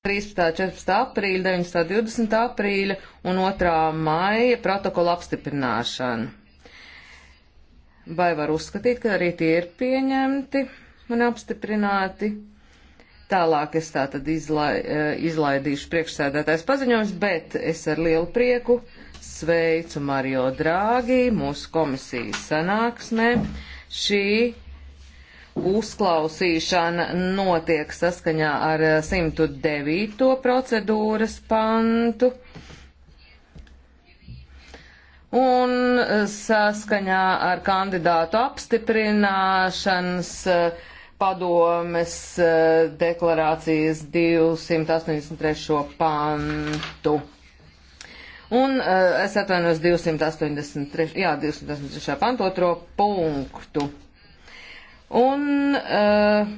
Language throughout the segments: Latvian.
13. un 14. aprīļa, 19. un 20. aprīļa un 2. maija protokola apstiprināšana. Vai var uzskatīt, ka arī tie ir pieņemti un apstiprināti? Tālāk es tā tad izlai, eh, izlaidīšu priekšsēdētājs paziņojums, bet es ar lielu prieku sveicu Mario Drāgi mūsu komisijas sanāksmē. Šī Uzklausīšana notiek saskaņā ar 109. procedūras pantu un saskaņā ar kandidātu apstiprināšanas eh, padomes eh, deklarācijas 283. pantu. Un eh, es atvainojos 283. jā, 283. pantu otro punktu. Un uh,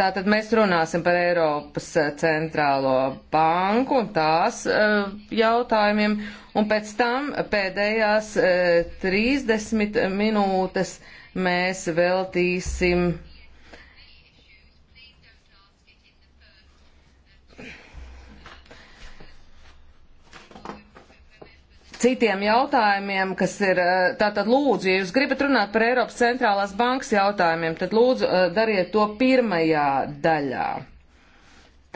tātad mēs runāsim par Eiropas centrālo banku un tās uh, jautājumiem, un pēc tam pēdējās uh, eh, 30 minūtes mēs veltīsim citiem jautājumiem, kas ir, eh, tātad lūdzu, ja jūs gribat runāt par Eiropas centrālās bankas jautājumiem, tad lūdzu eh, dariet to pirmajā daļā.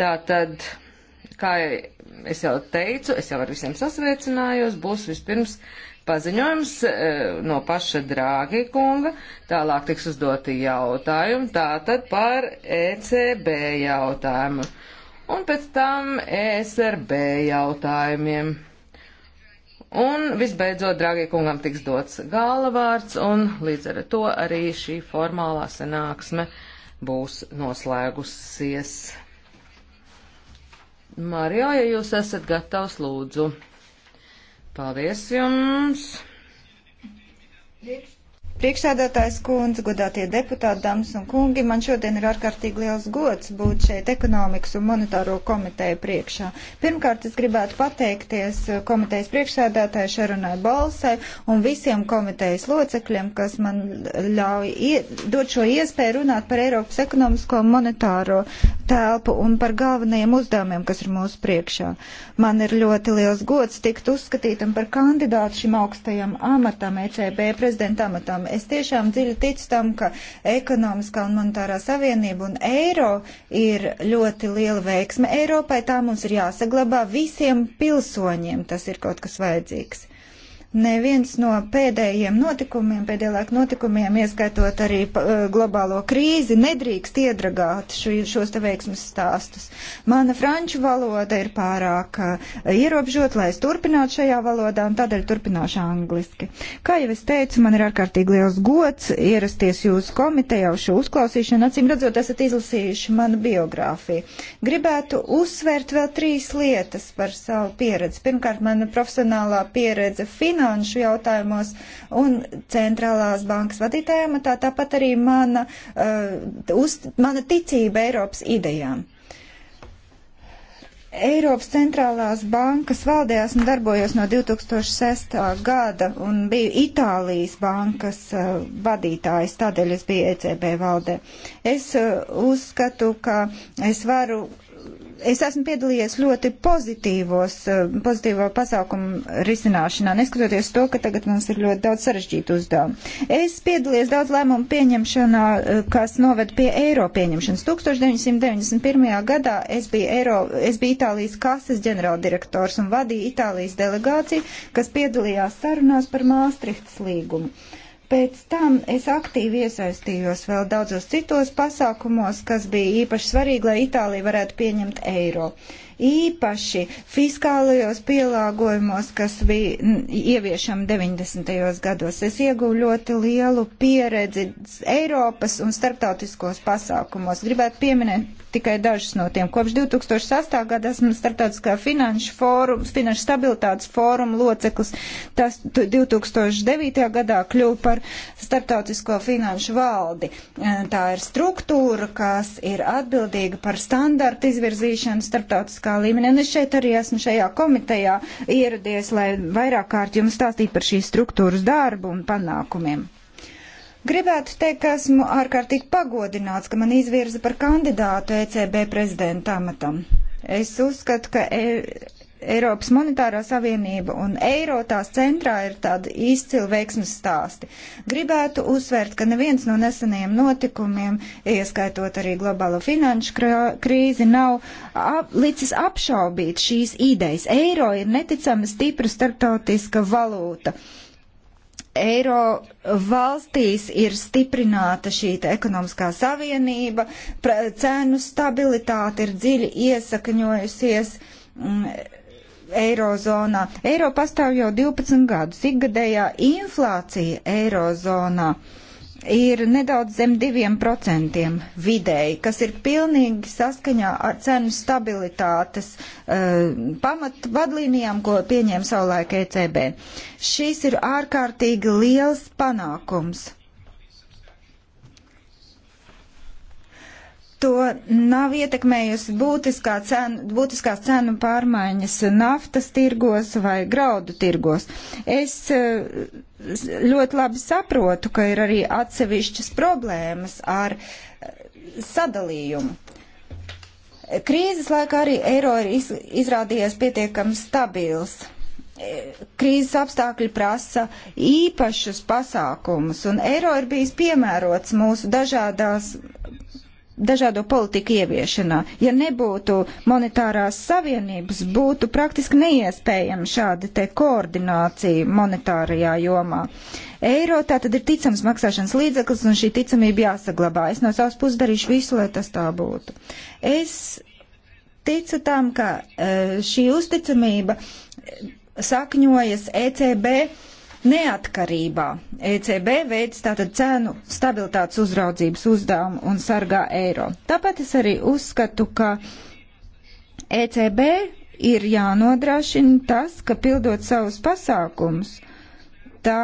Tātad, kā es jau teicu, es jau ar visiem sasveicinājos, būs vispirms paziņojums eh, no paša Drāgi kunga, tālāk tiks uzdoti jautājumi, tātad par ECB jautājumu. Un pēc tam ESRB jautājumiem. Un visbeidzot, draugie kungam, tiks dots galvārds, un līdz ar to arī šī formālā sanāksme būs noslēgusies. Mario, ja jūs esat gatavs, lūdzu. Paldies jums! Liks. Priekšsēdētājs kundze, godātie deputāti, dāmas un kungi, man šodien ir ārkārtīgi liels gods būt šeit ekonomikas un monetāro komiteju priekšā. Pirmkārt, es gribētu pateikties komitejas priekšsēdētāju Šarunai Balsai un visiem komitejas locekļiem, kas man ļauj dot šo iespēju runāt par Eiropas ekonomisko un monetāro telpu un par galvenajiem uzdevumiem, kas ir mūsu priekšā. Man ir ļoti liels gods tikt uzskatītam par kandidātu šim augstajam amatam, ECB prezidenta amatam. Es tiešām dziļi ticu tam, ka ekonomiskā un monetārā savienība un eiro ir ļoti liela veiksme Eiropai. Tā mums ir jāsaglabā visiem pilsoņiem. Tas ir kaut kas vajadzīgs. Neviens no pēdējiem notikumiem, pēdējā laika notikumiem, ieskaitot arī eh, globālo krīzi, nedrīkst iedragāt ši, šos te veiksmes stāstus. Mana franču valoda ir pārāk eh, ierobežota, lai es turpinātu šajā valodā, un tādēļ turpināšu angliski. Kā jau es teicu, man ir ārkārtīgi liels gods ierasties jūsu komitejā uz šo uzklausīšanu. Acīm redzot, esat izlasījuši manu biogrāfiju. Gribētu uzsvērt vēl trīs lietas par savu pieredzi. Pirmkārt, mana profesionālā pieredze finansējuma finanšu jautājumos un centrālās bankas vadītāja amatā, tāpat arī mana, uh, uz, mana ticība Eiropas idejām. Eiropas centrālās bankas valdē esmu darbojos no 2006. gada un biju Itālijas bankas uh, vadītājs, tādēļ es biju ECB valdē. Es uh, uzskatu, ka es varu es esmu piedalījies ļoti pozitīvos, eh, pozitīvo pasākumu risināšanā, neskatoties to, ka tagad mums ir ļoti daudz sarežģītu uzdevumu. Es piedalījos daudz lēmumu pieņemšanā, eh, kas noved pie eiro pieņemšanas. 1991. gadā es biju, eiro, es biju Itālijas kases ģenerāldirektors un vadīju Itālijas delegāciju, kas piedalījās sarunās par Māstrihtas līgumu. Uh, Pēc tam es aktīvi iesaistījos vēl daudzos citos pasākumos, kas bija īpaši svarīgi, lai Itālija varētu pieņemt eiro īpaši fiskālajos pielāgojumos, kas bija ieviešam 90. gados. Es ieguvu ļoti lielu pieredzi Eiropas un starptautiskos pasākumos. Gribētu pieminēt tikai dažus no tiem. Kopš 2008. gada esmu starptautiskā finanšu fórums, finanšu stabilitātes fóruma loceklis. Tas 2009. gadā kļuva par starptautisko finanšu valdi. E, tā ir struktūra, kas ir atbildīga par standartu izvirzīšanu starptautiskā politiskā līmenī, un es šeit arī esmu šajā komitejā ieradies, lai vairāk kārt jums stāstītu par šīs struktūras darbu un panākumiem. Gribētu teikt, ka esmu ārkārtīgi pagodināts, ka man izvirza par kandidātu ECB prezidenta amatam. Es uzskatu, ka e Eiropas monetārā savienība un eiro tās centrā ir tāda izcila veiksmes stāsti. Gribētu uzsvērt, ka neviens no nesenajiem notikumiem, ieskaitot arī globālo finanšu krīzi, nav ap, licis apšaubīt šīs idejas. Eiro ir neticami stipra starptautiska valūta. Eiro valstīs ir stiprināta šī ekonomiskā savienība, cēnu stabilitāte ir dziļi iesakņojusies. Mm, Eirozonā. Eiro pastāv jau 12 gadus. Ikgadējā inflācija Eirozonā ir nedaudz zem 2% vidēji, kas ir pilnīgi saskaņā ar cenu stabilitātes uh, pamat vadlīnijām, ko pieņēma savulaik ECB. Šis ir ārkārtīgi liels panākums. to nav ietekmējusi būtiskā cenu, būtiskās cenu pārmaiņas naftas tirgos vai graudu tirgos. Es eh, ļoti labi saprotu, ka ir arī atsevišķas problēmas ar eh, sadalījumu. Krīzes laikā arī eiro ir iz, izrādījies pietiekami stabils eh, krīzes apstākļi prasa īpašus pasākumus, un eiro ir bijis piemērots mūsu dažādās dažādo politiku ieviešanā. Ja nebūtu monetārās savienības, būtu praktiski neiespējama šāda te koordinācija monetārajā jomā. Eiro tā tad ir ticams maksāšanas līdzeklis un šī ticamība jāsaglabā. Es no savas puses darīšu visu, lai tas tā būtu. Es ticu tam, ka eh, šī uzticamība sakņojas ECB neatkarībā. ECB veids tātad cēnu stabilitātes uzraudzības uzdevumu un sargā eiro. Tāpēc es arī uzskatu, ka ECB ir jānodrošina tas, ka pildot savus pasākumus, tā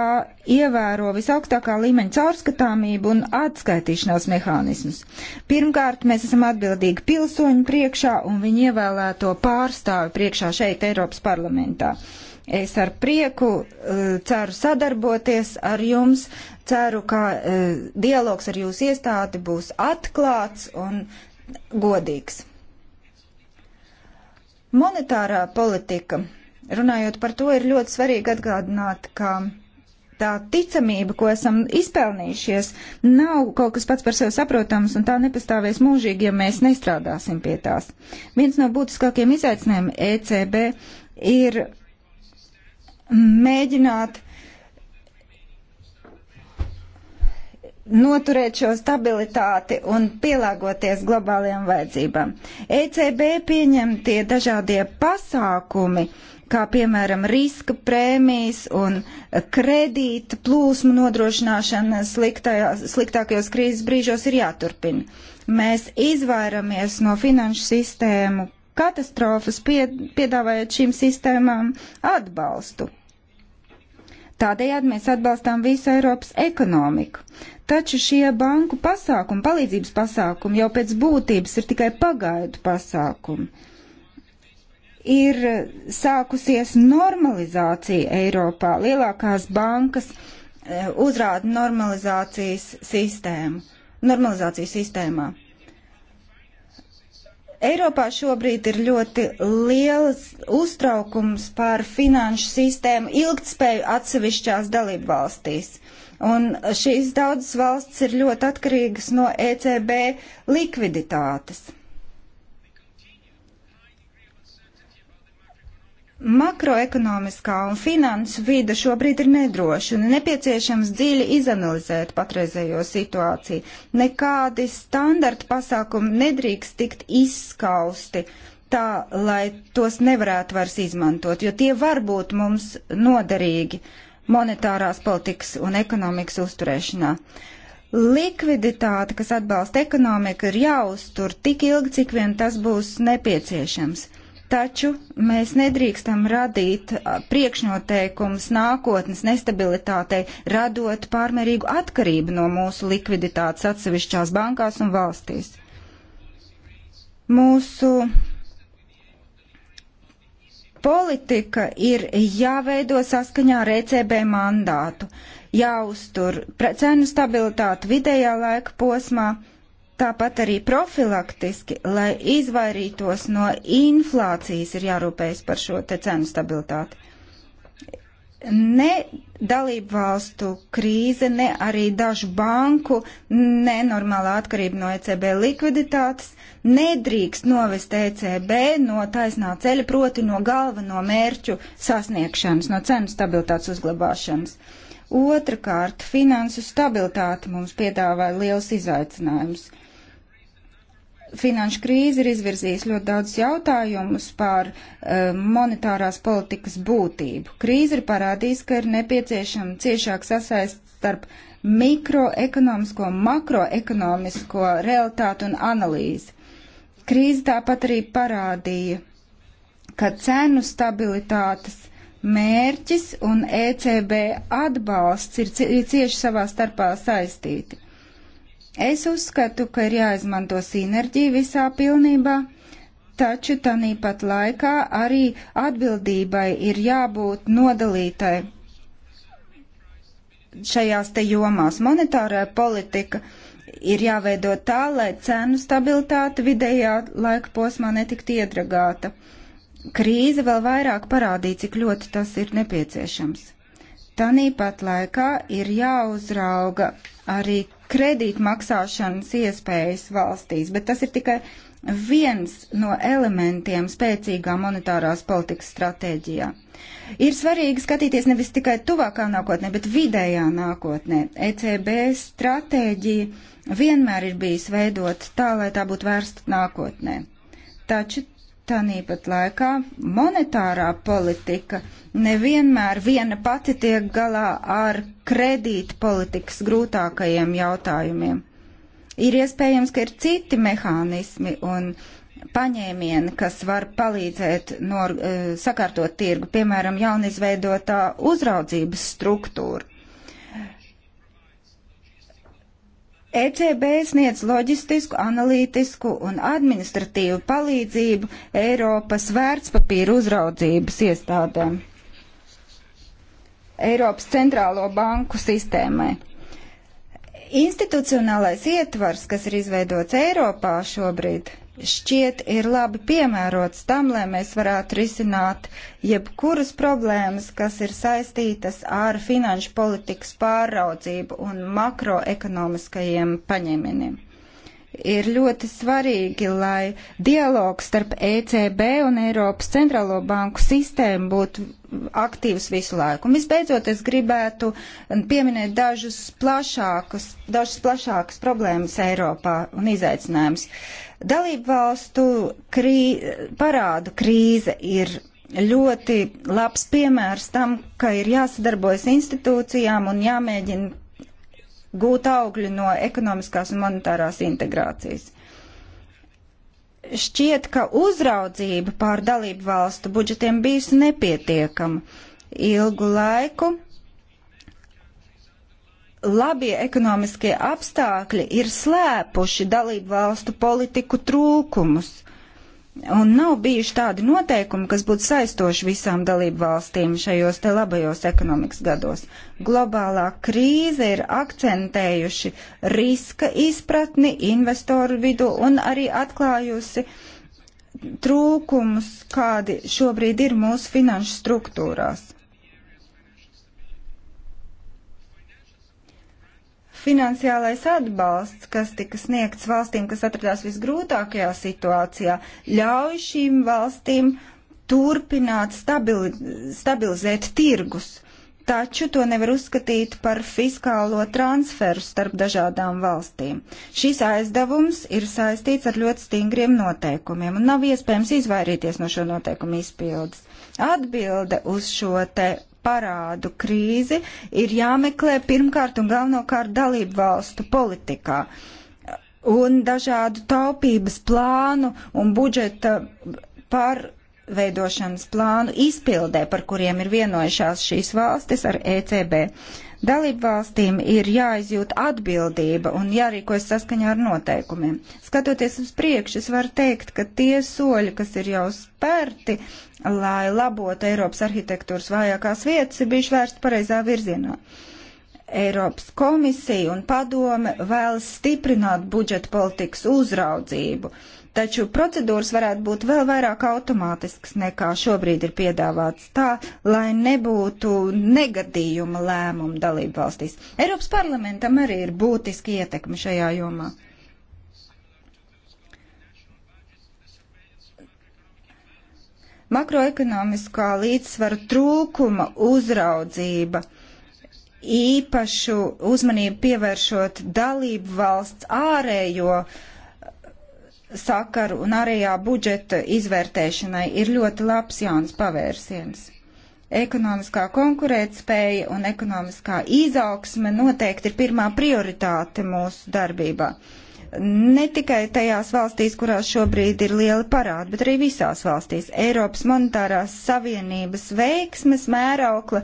ievēro visaugstākā līmeņa caurskatāmību un atskaitīšanās mehānismus. Pirmkārt, mēs esam atbildīgi pilsoņu priekšā un viņu ievēlēto pārstāvi priekšā šeit Eiropas parlamentā. Uh, Es ar prieku eh, ceru sadarboties ar jums, ceru, ka eh, dialogs ar jūsu iestādi būs atklāts un godīgs. Monetārā politika, runājot par to, ir ļoti svarīgi atgādināt, ka tā ticamība, ko esam izpelnījušies, nav kaut kas pats par sevi saprotams, un tā nepastāvēs mūžīgi, ja mēs nestrādāsim pie tās. Viens no būtiskākajiem izaicinājumiem ECB ir mēģināt noturēt šo stabilitāti un pielāgoties globālajām vajadzībām. ECB pieņemtie dažādie pasākumi, kā piemēram riska prēmijas un kredīta plūsmu nodrošināšana sliktājā, sliktākajos krīzes brīžos ir jāturpina. Mēs izvairamies no finanšu sistēmu, katastrofas, piedāvājot šīm sistēmām atbalstu. Tādējādi mēs atbalstām visu Eiropas ekonomiku. Taču šie banku pasākumi, palīdzības pasākumi jau pēc būtības ir tikai pagaidu pasākumi. Ir sākusies normalizācija Eiropā. Lielākās bankas eh, uzrāda normalizācijas sistēmu, normalizācijas sistēmā. Eiropā šobrīd ir ļoti liels uztraukums par finanšu sistēmu ilgtspēju atsevišķās dalību valstīs. Un šīs daudzas valsts ir ļoti atkarīgas no ECB likviditātes. Makroekonomiskā un finansu vīda šobrīd ir nedroša un nepieciešams dziļi izanalizēt patreizējo situāciju. Nekādi standarta pasākumi nedrīkst tikt izskausti tā, lai tos nevarētu vairs izmantot, jo tie var būt mums noderīgi monetārās politikas un ekonomikas uzturēšanā. Likviditāte, kas atbalsta ekonomiku, ir jāuztur tik ilgi, cik vien tas būs nepieciešams Taču mēs nedrīkstam radīt priekšnoteikumus nākotnes nestabilitātei, radot pārmērīgu atkarību no mūsu likviditātes atsevišķās bankās un valstīs. Mūsu politika ir jāveido saskaņā ar ECB mandātu, jāuztur cenu stabilitāti vidējā laika posmā Tāpat arī profilaktiski, lai izvairītos no inflācijas, ir jārūpējas par šo te cenu stabilitāti. Ne dalību valstu krīze, ne arī dažu banku nenormālā atkarība no ECB likviditātes nedrīkst novest ECB no taisnā ceļa, proti no galveno mērķu sasniegšanas, no cenu stabilitātes uzglabāšanas. Otrakārt, finansu stabilitāte mums piedāvāja liels izaicinājums finanšu krīze ir izvirzījusi ļoti daudz jautājumus par uh, monetārās politikas būtību. Krīze ir parādījusi, ka ir nepieciešama ciešāk sasaist starp mikroekonomisko, makroekonomisko realitātu un analīzi. Krīze tāpat arī parādīja, ka cenu stabilitātes mērķis un ECB atbalsts ir cieši savā starpā saistīti Es uzskatu, ka ir jāizmanto sinerģija visā pilnībā, taču tanīpat laikā arī atbildībai ir jābūt nodalītai šajās te jomās. Monetārā politika ir jāveido tā, lai cenu stabilitāte vidējā laika posmā netiktu iedragāta. Krīze vēl vairāk parādīja, cik ļoti tas ir nepieciešams. Tanīpat laikā ir jāuzrauga arī kredītmaksāšanas iespējas valstīs, bet tas ir tikai viens no elementiem spēcīgā monetārās politikas stratēģijā. Ir svarīgi skatīties nevis tikai tuvākā nākotnē, bet vidējā nākotnē. ECB stratēģija vienmēr ir bijis veidot tā, lai tā būtu vērsta nākotnē. Taču Tāpat laikā monetārā politika nevienmēr viena pati tiek galā ar kredīta politikas grūtākajiem jautājumiem. Ir iespējams, ka ir citi mehānismi un paņēmieni, kas var palīdzēt nor, eh, sakārtot tirgu, piemēram, jaunizveidotā uzraudzības struktūra. ECB sniedz loģistisku, analītisku un administratīvu palīdzību Eiropas vērtspapīru uzraudzības iestādēm, Eiropas centrālo banku sistēmai. Institucionālais ietvars, kas ir izveidots Eiropā šobrīd, šķiet ir labi piemērots tam, lai mēs varētu risināt jebkuras problēmas, kas ir saistītas ar finanšu politikas pārraudzību un makroekonomiskajiem paņēmieniem ir ļoti svarīgi, lai dialogs starp ECB un Eiropas centrālo banku sistēmu būtu aktīvs visu laiku. Un visbeidzot, es gribētu pieminēt dažus plašākus, dažus plašākus problēmas Eiropā un izaicinājumus. Dalību valstu krī, parādu krīze ir ļoti labs piemērs tam, ka ir jāsadarbojas institūcijām un jāmēģina gūt augļu no ekonomiskās un monetārās integrācijas. Šķiet, ka uzraudzība pār dalību valstu budžetiem bijusi nepietiekama. Ilgu laiku labie ekonomiskie apstākļi ir slēpuši dalību valstu politiku trūkumus Un nav bijuši tādi noteikumi, kas būtu saistoši visām dalību valstīm šajos te labajos ekonomikas gados. Globālā krīze ir akcentējuši riska izpratni investoru vidu un arī atklājusi trūkumus, kādi šobrīd ir mūsu finanšu struktūrās. Finansiālais atbalsts, kas tika sniegts valstīm, kas atradās visgrūtākajā situācijā, ļauj šīm valstīm turpināt stabili, stabilizēt tirgus, taču to nevar uzskatīt par fiskālo transferu starp dažādām valstīm. Šis aizdevums ir saistīts ar ļoti stingriem noteikumiem un nav iespējams izvairīties no šo noteikumu izpildes. Atbilde uz šo te parādu krīzi ir jāmeklē pirmkārt un galvenokārt dalību valstu politikā un dažādu taupības plānu un budžeta par veidošanas plānu izpildē, par kuriem ir vienojušās šīs valstis ar ECB. Dalību valstīm ir jāizjūt atbildība un jārīkojas saskaņā ar noteikumiem. Skatoties uz priekšu, es varu teikt, ka tie soļi, kas ir jau spērti, lai labotu Eiropas arhitektūras vājākās vietas, ir bijuši vērsti pareizā virzienā. Eiropas komisija un padome vēlas stiprināt budžeta politikas uzraudzību taču procedūras varētu būt vēl vairāk automātiskas nekā šobrīd ir piedāvāts tā, lai nebūtu negadījuma lēmumu dalību valstīs. Eiropas parlamentam arī ir būtiski ietekme šajā jomā. Makroekonomiskā līdzsvara trūkuma uzraudzība īpašu uzmanību pievēršot dalību valsts ārējo uh, sakaru un arējā budžeta izvērtēšanai ir ļoti labs jauns pavērsiens. Ekonomiskā konkurētspēja un ekonomiskā izaugsme noteikti ir pirmā prioritāte mūsu darbībā. Ne tikai tajās valstīs, kurās šobrīd ir lieli parādi, bet arī visās valstīs. Eiropas monetārās savienības veiksmes mēraukla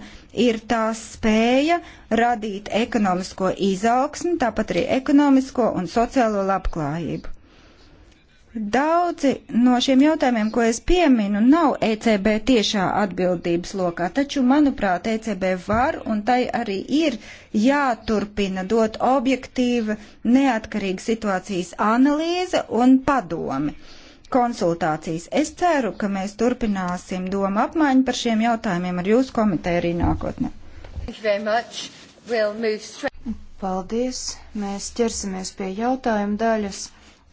ir tā spēja radīt ekonomisko izaugsmu, tāpat arī ekonomisko un sociālo labklājību Daudzi no šiem jautājumiem, ko es pieminu, nav ECB tiešā atbildības lokā, taču, manuprāt, ECB var un tai arī ir jāturpina dot objektīva, neatkarīga situācijas analīze un padomi konsultācijas. Es ceru, ka mēs turpināsim domu apmaiņu par šiem jautājumiem ar jūsu komiteju arī nākotnē. We'll Paldies! Mēs ķersimies pie jautājuma daļas.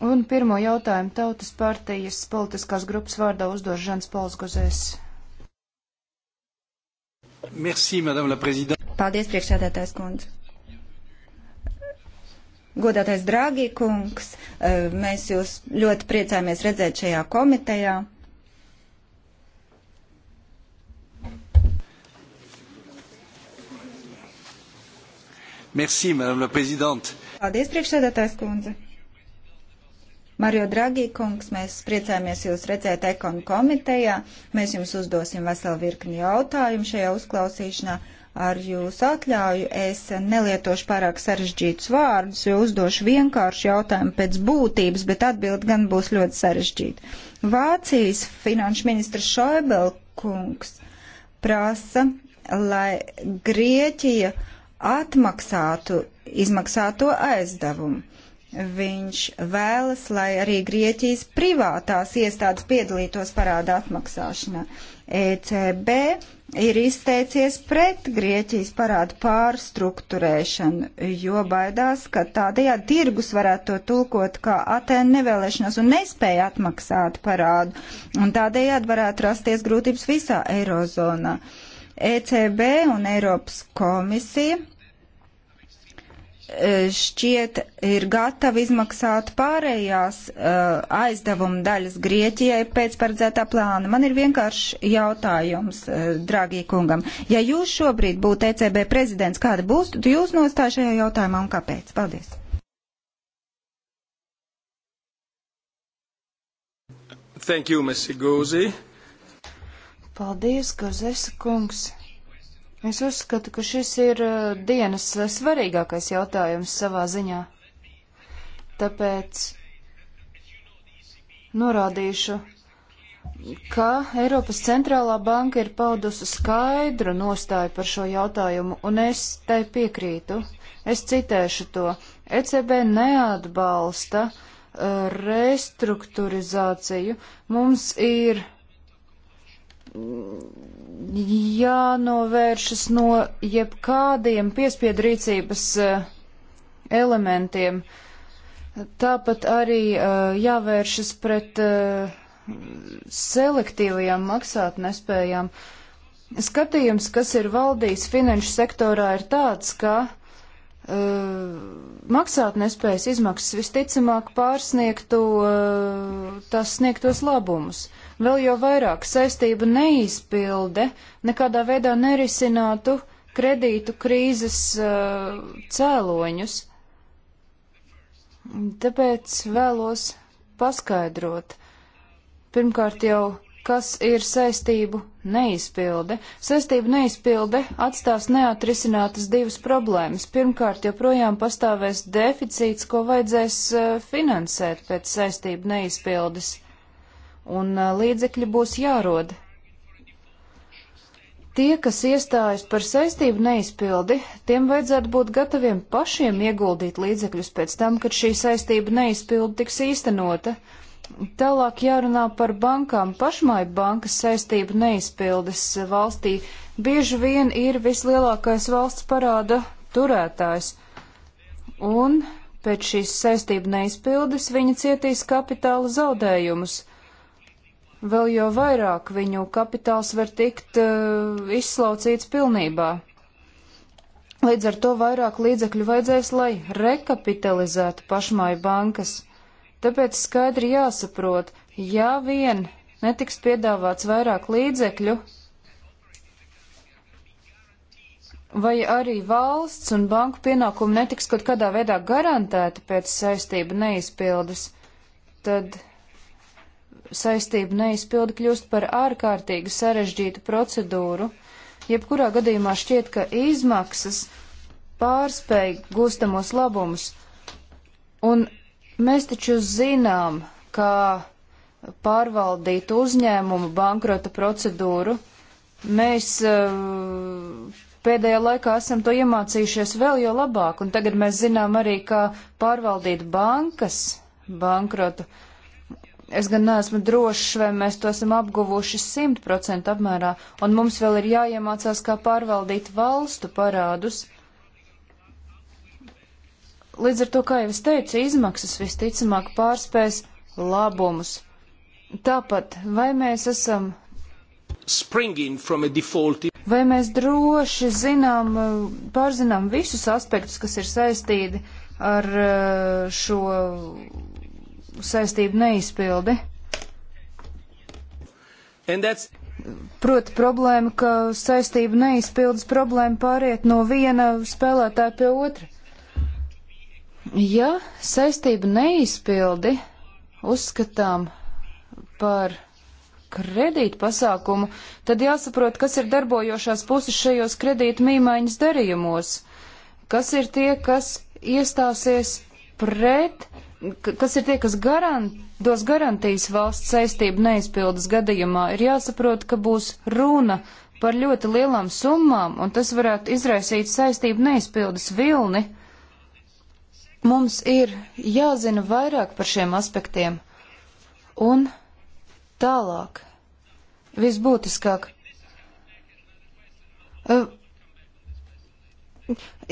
Un pirmo jautājumu Tautas partijas politiskās grupas vārdā uzdos Žans Pauls Gozēs. Merci, Madame la Présidente. Paldies, priekšsēdētājs kundze. Godātais Drāgī kungs, eh, mēs jūs ļoti priecājamies redzēt šajā komitejā. Merci, Madame la Présidente. Paldies, priekšsēdētājs kundze. Mario Dragī kungs, mēs priecājamies jūs redzēt ekonu komitejā. Mēs jums uzdosim veselu virkni jautājumu šajā uzklausīšanā. Ar jūsu atļauju es nelietošu pārāk sarežģītus vārdus, jo uzdošu vienkāršu jautājumu pēc būtības, bet atbild gan būs ļoti sarežģīta. Vācijas finanšu ministrs Šoibel kungs prasa, lai Grieķija atmaksātu izmaksāto aizdevumu. Viņš vēlas, lai arī Grieķijas privātās iestādes piedalītos parāda atmaksāšanā. ECB ir izteicies pret Grieķijas parādu pārstruktūrēšanu, jo baidās, ka tādējādi tirgus varētu to tulkot kā Atēna nevēlēšanos un nespēja atmaksāt parādu, un tādējādi varētu rasties grūtības visā Eirozonā. ECB un Eiropas komisija šķiet ir gatavi izmaksāt pārējās uh, aizdevuma daļas Grieķijai pēc paredzētā plāna. Man ir vienkārši jautājums, uh, dragī kungam. Ja jūs šobrīd būtu ECB prezidents, kāda būs jūs nostāja šajā jautājumā un kāpēc? Paldies. Thank you, Messi Gozi. Paldies, Gozesa kungs. Es uzskatu, ka šis ir eh, dienas svarīgākais jautājums savā ziņā. Tāpēc norādīšu, ka Eiropas centrālā banka ir paudusi skaidru nostāju par šo jautājumu, un es tai piekrītu. Es citēšu to. ECB neatbalsta eh, restruktūrizāciju. Mums ir jānovēršas no jebkādiem piespiedu rīcības eh, elementiem. Tāpat arī eh, jāvēršas pret eh, selektīvajām maksātnespējām. Skatījums, kas ir valdījis finanšu sektorā, ir tāds, ka Uh, maksātnespējas izmaksas visticamāk pārsniegtu uh, tās sniegtos labumus. Vēl jau vairāk saistība neizpilde nekādā veidā nerisinātu kredītu krīzes uh, cēloņus. Tāpēc vēlos paskaidrot. Pirmkārt jau kas ir saistību neizpilde. Saistību neizpilde atstās neatrisinātas divas problēmas. Pirmkārt, joprojām pastāvēs deficīts, ko vajadzēs eh, finansēt pēc saistību neizpildes, un eh, līdzekļi būs jārod. Tie, kas iestājas par saistību neizpildi, tiem vajadzētu būt gataviem pašiem ieguldīt līdzekļus pēc tam, kad šī saistība neizpildi tiks īstenota, Tālāk jārunā par bankām. Pašmai bankas saistību neizpildes valstī bieži vien ir vislielākais valsts parāda turētājs. Un pēc šīs saistību neizpildes viņi cietīs kapitāla zaudējumus. Vēl jo vairāk viņu kapitāls var tikt uh, izslaucīts pilnībā. Līdz ar to vairāk līdzekļu vajadzēs, lai rekapitalizētu pašmai bankas. Tāpēc skaidri jāsaprot, ja vien netiks piedāvāts vairāk līdzekļu, vai arī valsts un banku pienākumi netiks kaut kādā veidā garantēti pēc saistību neizpildes, tad saistību neizpildi kļūst par ārkārtīgi sarežģītu procedūru. Jebkurā gadījumā šķiet, ka izmaksas pārspēj gūstamos labumus, un Mēs taču zinām, kā pārvaldīt uzņēmumu bankrota procedūru. Mēs uh, pēdējā laikā esam to iemācījušies vēl jo labāk, un tagad mēs zinām arī, kā pārvaldīt bankas bankrotu. Es gan neesmu drošs, vai mēs to esam apguvuši 100% apmērā, un mums vēl ir jāiemācās, kā pārvaldīt valstu parādus. Uh, Līdz ar to, kā jau es teicu, izmaksas visticamāk pārspēs labumus. Tāpat, vai mēs esam. Vai mēs droši zinām, pārzinām visus aspektus, kas ir saistīti ar eh, šo saistību neizpildi? Proti problēma, ka saistību neizpildes problēma pāriet no viena spēlētāja pie otra. Ja saistību neizpildi uzskatām par kredītu pasākumu, tad jāsaprot, kas ir darbojošās puses šajos kredītu mīmaiņas darījumos, kas ir tie, kas iestāsies pret, kas ir tie, kas garant, dos garantijas valsts saistību neizpildas gadījumā, ir jāsaprot, ka būs runa par ļoti lielām summām, un tas varētu izraisīt saistību neizpildas vilni. Mums ir jāzina vairāk par šiem aspektiem un tālāk. Visbūtiskāk.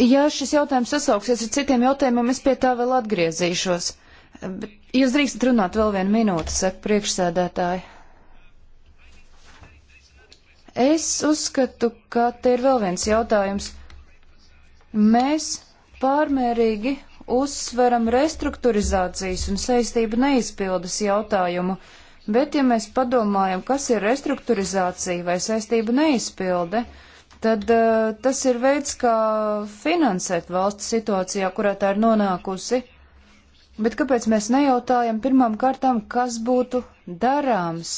Ja šis jautājums sasauksies ar citiem jautājumiem, es pie tā vēl atgriezīšos. Bet jūs drīkstat runāt vēl vienu minūti, saka priekšsēdētāji. Es uzskatu, ka te ir vēl viens jautājums. Mēs pārmērīgi uzsveram restruktūrizācijas un saistību neizpildes jautājumu, bet ja mēs padomājam, kas ir restruktūrizācija vai saistību neizpilde, tad uh, tas ir veids, kā finansēt valsts situācijā, kurā tā ir nonākusi. Bet kāpēc mēs nejautājam pirmām kārtām, kas būtu darāms?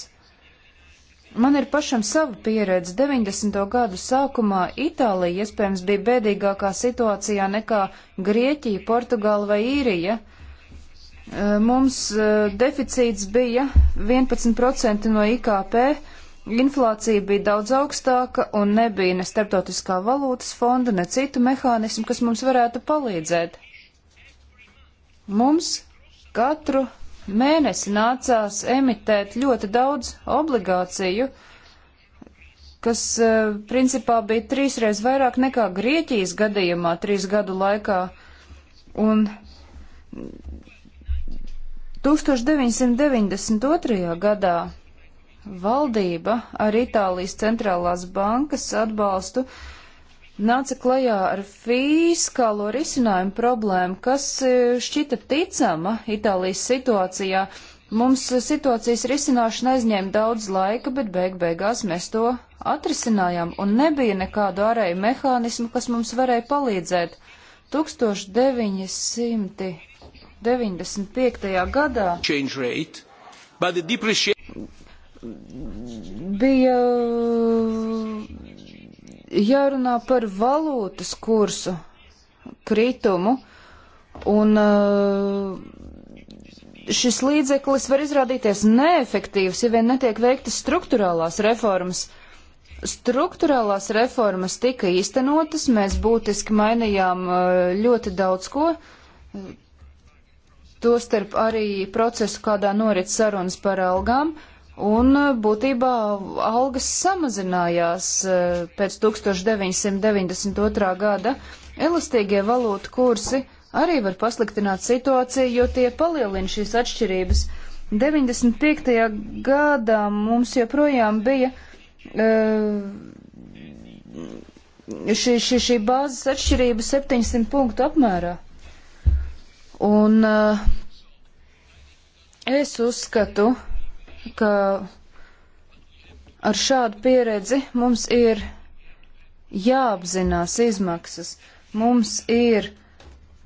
Man ir pašam sava pieredze. 90. gadu sākumā Itālija iespējams bija bēdīgākā situācijā nekā Grieķija, Portugāla vai Īrija. Eh, mums eh, deficīts bija 11% no IKP, inflācija bija daudz augstāka un nebija ne starptautiskā valūtas fonda, ne citu mehānismu, kas mums varētu palīdzēt. Mums katru mēnesi nācās emitēt ļoti daudz obligāciju, kas e, principā bija trīsreiz vairāk nekā Grieķijas gadījumā trīs gadu laikā. Un 1992. gadā valdība ar Itālijas centrālās bankas atbalstu uh, nāca klajā ar fiskālo risinājumu problēmu, kas e, šķita ticama Itālijas situācijā. Mums situācijas risināšana aizņēma daudz laika, bet beig beigās mēs to atrisinājām, un nebija nekādu ārēju mehānismu, kas mums varēja palīdzēt. 1995. gadā bija Jārunā par valūtas kursu kritumu, un uh, šis līdzeklis var izrādīties neefektīvs, ja vien netiek veiktas struktūrālās reformas. Struktūrālās reformas tika īstenotas, mēs būtiski mainījām uh, ļoti daudz ko, uh, tostarp arī procesu, kādā norit sarunas par algām. Uh, Un eh, būtībā algas samazinājās eh, pēc 1992. gada. Elastīgie valūtu kursi arī var pasliktināt situāciju, jo tie palielina šīs atšķirības. 95. gadā mums joprojām bija eh, šī, šī, šī bāzes atšķirība 700 punktu apmērā. Un es uzskatu, ka ka ar šādu pieredzi mums ir jāapzinās izmaksas. Mums ir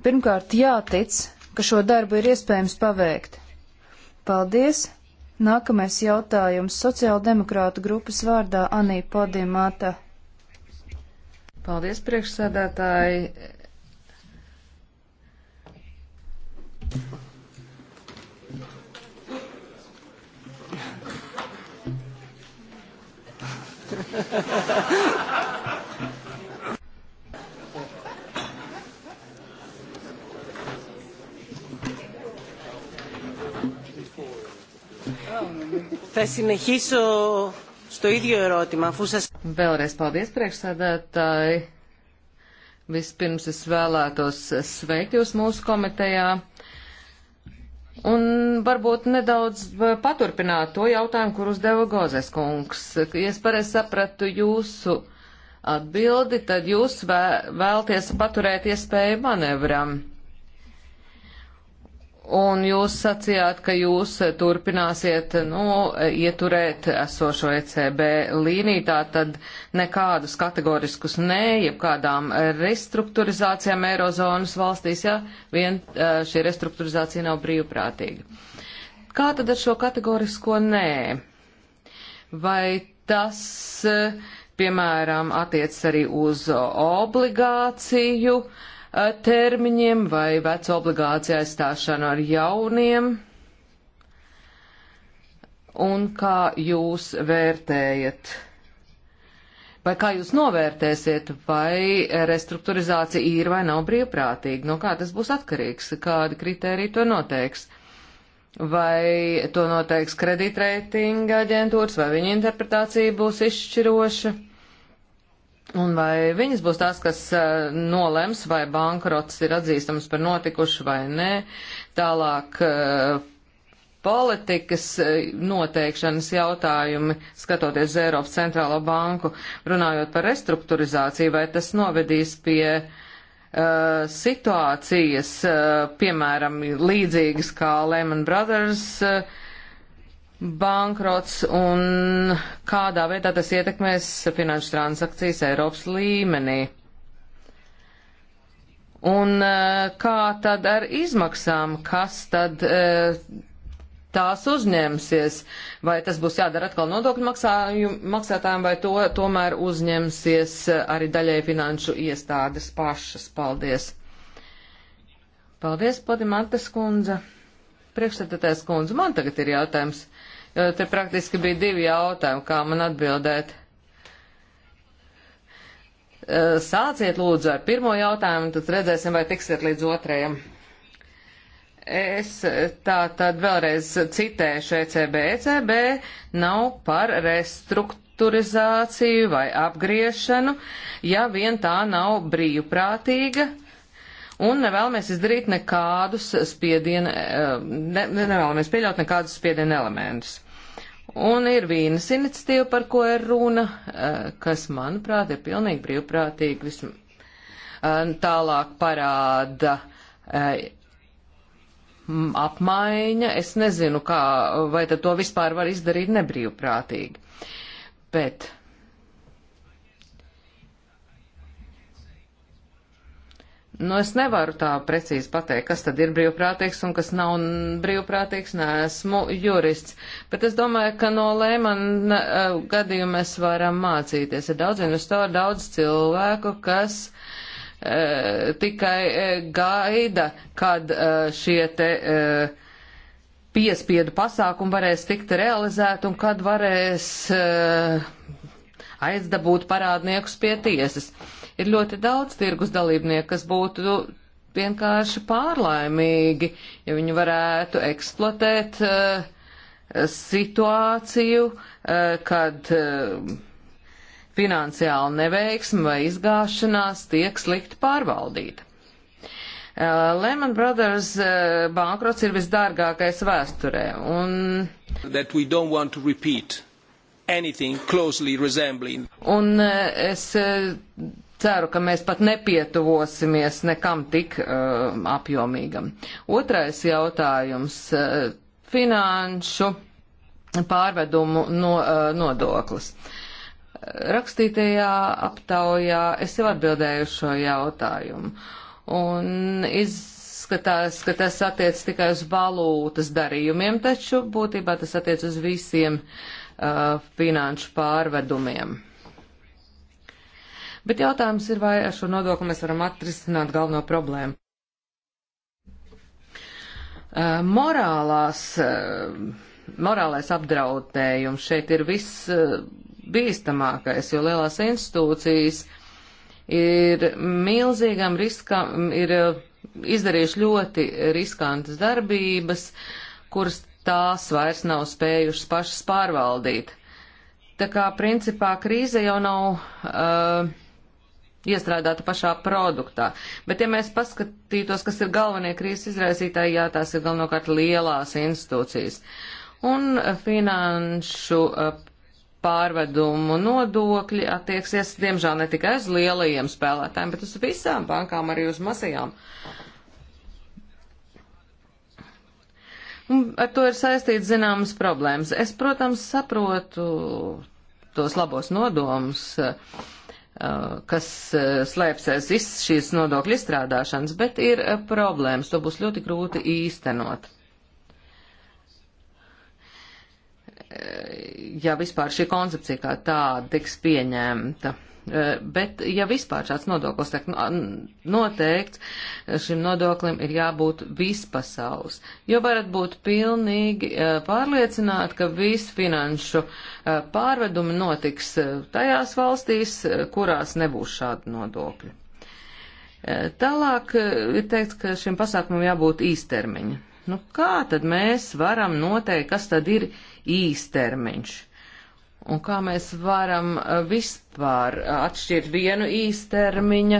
pirmkārt jātic, ka šo darbu ir iespējams paveikt. Paldies! Nākamais jautājums sociāldemokrāta grupas vārdā Anī Podimāta. Paldies, priekšsēdētāji! Θα συνεχίσω στο ίδιο ερώτημα, αφού σας... Vēlreiz paldies priekšsēdētāji. Vispirms es vēlētos sveikt jūs mūsu komitejā. Un varbūt nedaudz eh, paturpināt to jautājumu, kur uzdeva Gozes kungs. Ja es pareizi sapratu jūsu atbildi, tad jūs vēlties paturēt iespēju manevram. Un jūs sacījāt, ka jūs turpināsiet nu, ieturēt esošo ECB līniju, tātad nekādus kategoriskus nē, jebkādām restruktūrizācijām Eirozonas valstīs, ja vien šī restruktūrizācija nav brīvprātīga. Kā tad ar šo kategorisko nē? Vai tas, piemēram, attiec arī uz obligāciju? Uh, termiņiem vai vecu obligāciju aizstāšanu ar jauniem. Un kā jūs vērtējat? Vai kā jūs novērtēsiet, vai restruktūrizācija ir vai nav brīvprātīga? No kā tas būs atkarīgs? Kādi kriteriji to noteiks? Vai to noteiks kredītreitinga aģentūras, vai viņa interpretācija būs izšķiroša? Un vai viņas būs tās, kas uh, nolems, vai bankrots ir atzīstams par notikušu vai nē. Tālāk uh, politikas uh, noteikšanas jautājumi, skatoties uz Eiropas centrālo banku, runājot par restruktūrizāciju, vai tas novedīs pie situācijas, piemēram, līdzīgas kā Lehman Brothers bankrots un kādā veidā tas ietekmēs finanšu transakcijas Eiropas līmenī. Un eh, kā tad ar izmaksām, kas tad eh, tās uzņemsies? Vai tas būs jādara atkal nodokļu maksātājiem, vai to tomēr uzņemsies eh, arī daļai finanšu iestādes pašas? Paldies! Paldies, Podimantas kundze! Priekšstādātājs kundze, man tagad ir jautājums. Te praktiski bija divi jautājumi, kā man atbildēt. Sāciet lūdzu ar pirmo jautājumu, tad redzēsim, vai tiksiet līdz otrajam. Es tā tad vēlreiz citēšu ECB. ECB nav par restruktūru restruktūrizāciju vai apgriešanu, ja vien tā nav brīvprātīga. Un nevēlamies izdarīt nekādus spiedienu, ne, nevēlamies pieļaut nekādus spiedienu elementus. Un ir vīnas iniciatīva, par ko ir runa, eh, kas, manuprāt, ir pilnīgi brīvprātīgi. Vism... Eh, tālāk parāda eh, apmaiņa. Es nezinu, kā, vai tad to vispār var izdarīt nebrīvprātīgi. Bet Nu, es nevaru tā precīzi pateikt, kas tad ir brīvprātīgs un kas nav brīvprātīgs. Nē, esmu jurists. Bet es domāju, ka no Lēmana uh, eh, gadījuma mēs varam mācīties. Ir daudz investoru, daudz cilvēku, kas uh, tikai uh, gaida, kad uh, šie te. Uh, piespiedu pasākumu varēs tikt realizēt un kad varēs uh, aizdabūt parādniekus pie tiesas. Uh, Ir ļoti daudz tirgus dalībnieku, kas būtu vienkārši pārlaimīgi, ja viņi varētu eksploatēt uh, situāciju, uh, kad uh, eh, finansiāla neveiksme vai izgāšanās tiek slikti pārvaldīta. Uh, Lehman Brothers uh, bankrots ir visdārgākais vēsturē. Un, un uh, es uh, ceru, ka mēs pat nepietuvosimies nekam tik uh, apjomīgam. Otrais jautājums uh, - finanšu pārvedumu no, uh, nodoklis. Rakstītajā aptaujā es jau atbildēju šo jautājumu. Un izskatās, ka tas attiec tikai uz valūtas darījumiem, taču būtībā tas attiec uz visiem uh, finanšu pārvedumiem. Bet jautājums ir, vai ar šo nodokli mēs varam atrisināt galveno problēmu. Uh, morālās, uh, morālais apdraudējums šeit ir viss uh, bīstamākais, jo lielās institūcijas ir milzīgam riskam, ir izdarījuši ļoti riskantas darbības, kuras tās vairs nav spējušas pašas pārvaldīt. Tā kā principā krīze jau nav uh, iestrādāta pašā produktā. Bet, ja mēs paskatītos, kas ir galvenie krīzes izraisītāji, jā, tās ir galvenokārt lielās institūcijas. Un finanšu pārvedumu nodokļi attieksies, diemžēl, ne tikai uz lielajiem spēlētājiem, bet uz visām bankām, arī uz mazajām. Un ar to ir saistīts zināmas problēmas. Es, protams, saprotu tos labos nodomus, uh, kas eh, slēpsies iz šīs nodokļu izstrādāšanas, bet ir eh, problēmas, to būs ļoti grūti īstenot. Eh, ja vispār šī koncepcija kā tāda tiks pieņemta. Eh, bet, ja vispār šāds nodoklis tiek noteikts, eh, šim nodoklim ir jābūt vispasaules. Jo varat būt pilnīgi eh, pārliecināti, ka visi finanšu pārvedumi notiks tajās valstīs, kurās nebūs šādi nodokļi. Tālāk ir teikts, ka šim pasākumam jābūt īstermiņa. Nu, kā tad mēs varam noteikt, kas tad ir īstermiņš? un kā mēs varam eh, vispār eh, atšķirt vienu īstermiņa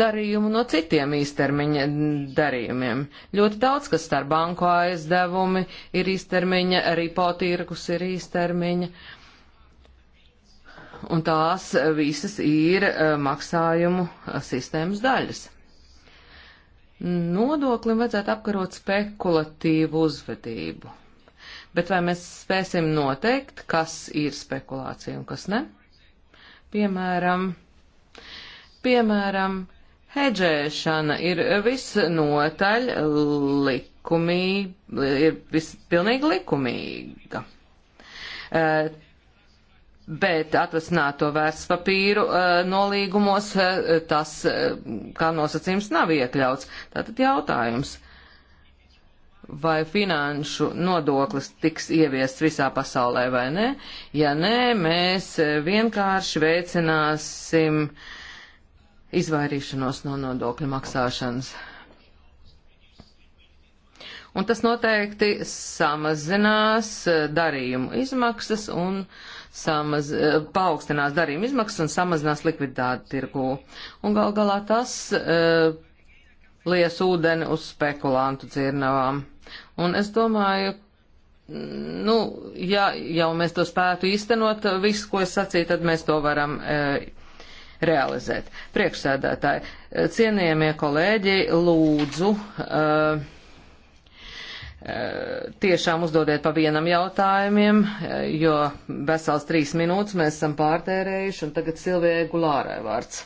darījumu no citiem īstermiņa darījumiem. Ļoti daudz, kas starp banku aizdevumi ir īstermiņa, arī potīrkus ir īstermiņa. Un tās eh, visas ir maksājumu sistēmas daļas. Nodoklim vajadzētu apkarot spekulatīvu uzvedību Bet vai mēs spēsim noteikt, kas ir spekulācija un kas ne? Piemēram, piemēram, hedžēšana ir visnotaļ likumīga, ir vis, pilnīgi likumīga. Uh, Bet atvasināt to vērtspapīru e, nolīgumos e, tas kā nosacījums nav iekļauts. Tātad jautājums, vai finanšu nodoklis tiks ieviests visā pasaulē vai nē. Ja nē, mēs vienkārši veicināsim izvairīšanos no nodokļu maksāšanas. Un tas noteikti samazinās eh, darījumu izmaksas un samaz, eh, paaugstinās darījumu izmaksas un samazinās likviditāti tirgū. Un gal galā tas uh, lies ūdeni uz spekulantu dzirnavām. Un es domāju, nu, ja jau mēs to spētu īstenot, visu, ko es sacīju, tad mēs to varam e, realizēt. Priekšsēdētāji, e, cienījamie kolēģi, lūdzu. E, e, tiešām uzdodiet pa vienam jautājumiem, e, jo vesels trīs minūtes mēs esam pārtērējuši, un tagad Silvijai Gulārai vārds.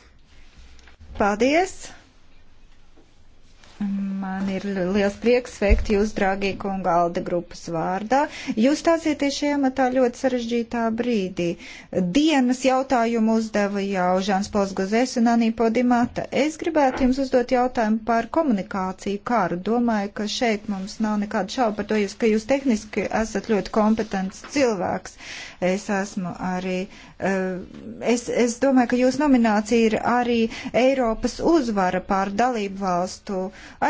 Paldies! Man ir liels prieks sveikt jūs, draugie kunga Alda grupas vārdā. Jūs stāsieties šajā matā ļoti sarežģītā brīdī. Dienas jautājumu uzdeva jau Žāns Pols Gozēs un Anī Podimata. Es gribētu jums uzdot jautājumu par komunikāciju kāru. Domāju, ka šeit mums nav nekāda šauba par to, ka jūs tehniski esat ļoti kompetents cilvēks. Es esmu arī Eh, es, es domāju, ka jūsu nominācija ir arī Eiropas uzvara pār dalību valstu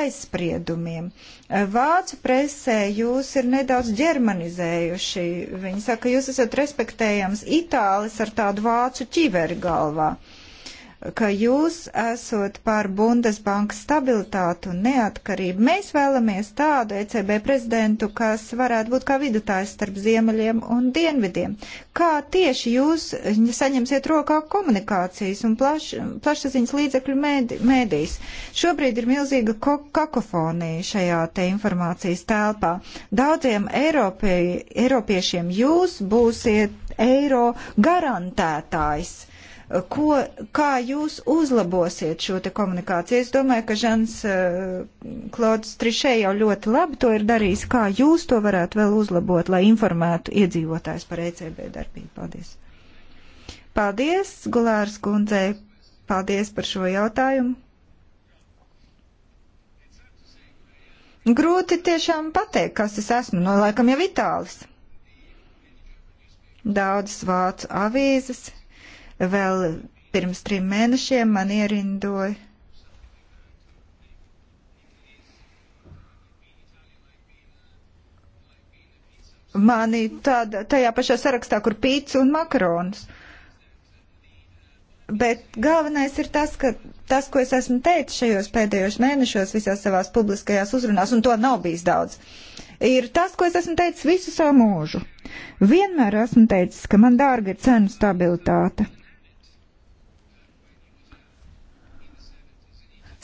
aizspriedumiem. Eh, vācu presē jūs ir nedaudz ģermanizējuši. Viņi saka, ka jūs esat respektējams itālis ar tādu vācu ķiveri galvā. Uh, ka jūs esat par Bundesbankas stabilitātu un neatkarību. Mēs vēlamies tādu ECB prezidentu, kas varētu būt kā vidutājs starp ziemeļiem un dienvidiem. Kā tieši jūs saņemsiet rokā komunikācijas un plaš, plašsaziņas līdzekļu mēdīs? Mēdī, Šobrīd ir milzīga kakofonija šajā te informācijas telpā. Daudziem Eiropie, Eiropiešiem jūs būsiet eiro garantētājs Ko, kā jūs uzlabosiet šo te komunikāciju? Es domāju, ka Žans eh, Klods Trišē jau ļoti labi to ir darījis. Kā jūs to varētu vēl uzlabot, lai informētu iedzīvotājs par ECB darbību? Paldies! Paldies, Gulārs kundzei! Paldies par šo jautājumu! Grūti tiešām pateikt, kas es esmu, no nu, laikam jau itālis. Daudzas vācu avīzes Vēl pirms trim mēnešiem man ierindoja. Mani tāda, tajā pašā sarakstā, kur pīcis un makaronus. Bet galvenais ir tas, ka tas, ko es esmu teicis šajos pēdējos mēnešos visās savās publiskajās uzrunās, un to nav bijis daudz, ir tas, ko es esmu teicis visu savu mūžu. Vienmēr esmu teicis, ka man dārga ir cenu stabilitāte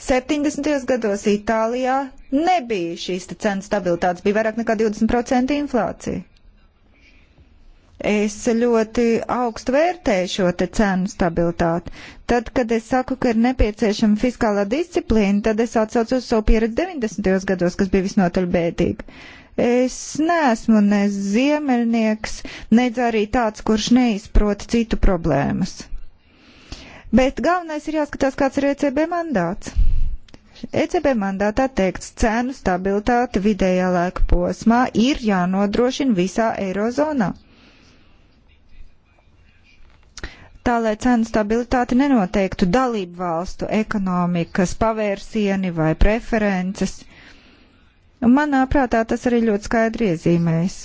70. gados Itālijā nebija šīs cenu stabilitātes, bija vairāk nekā 20% inflācija. Es ļoti augstu vērtēju šo te cenu stabilitāti. Tad, kad es saku, ka ir nepieciešama fiskālā disciplīna, tad es atsaucu uz savu pieredzi 90. gados, kas bija visnotaļ bēdīga. Es neesmu ne ziemeļnieks, nedz arī tāds, kurš neizprot citu problēmas. Bet galvenais ir jāskatās, kāds ir ECB mandāts. ECB mandātā teikts, cēnu stabilitāte vidējā laika posmā ir jānodrošina visā eirozonā. Tā, lai cēnu stabilitāte nenoteiktu dalību valstu ekonomikas pavērsieni vai preferences. Un manā prātā tas arī ļoti skaidri iezīmējas.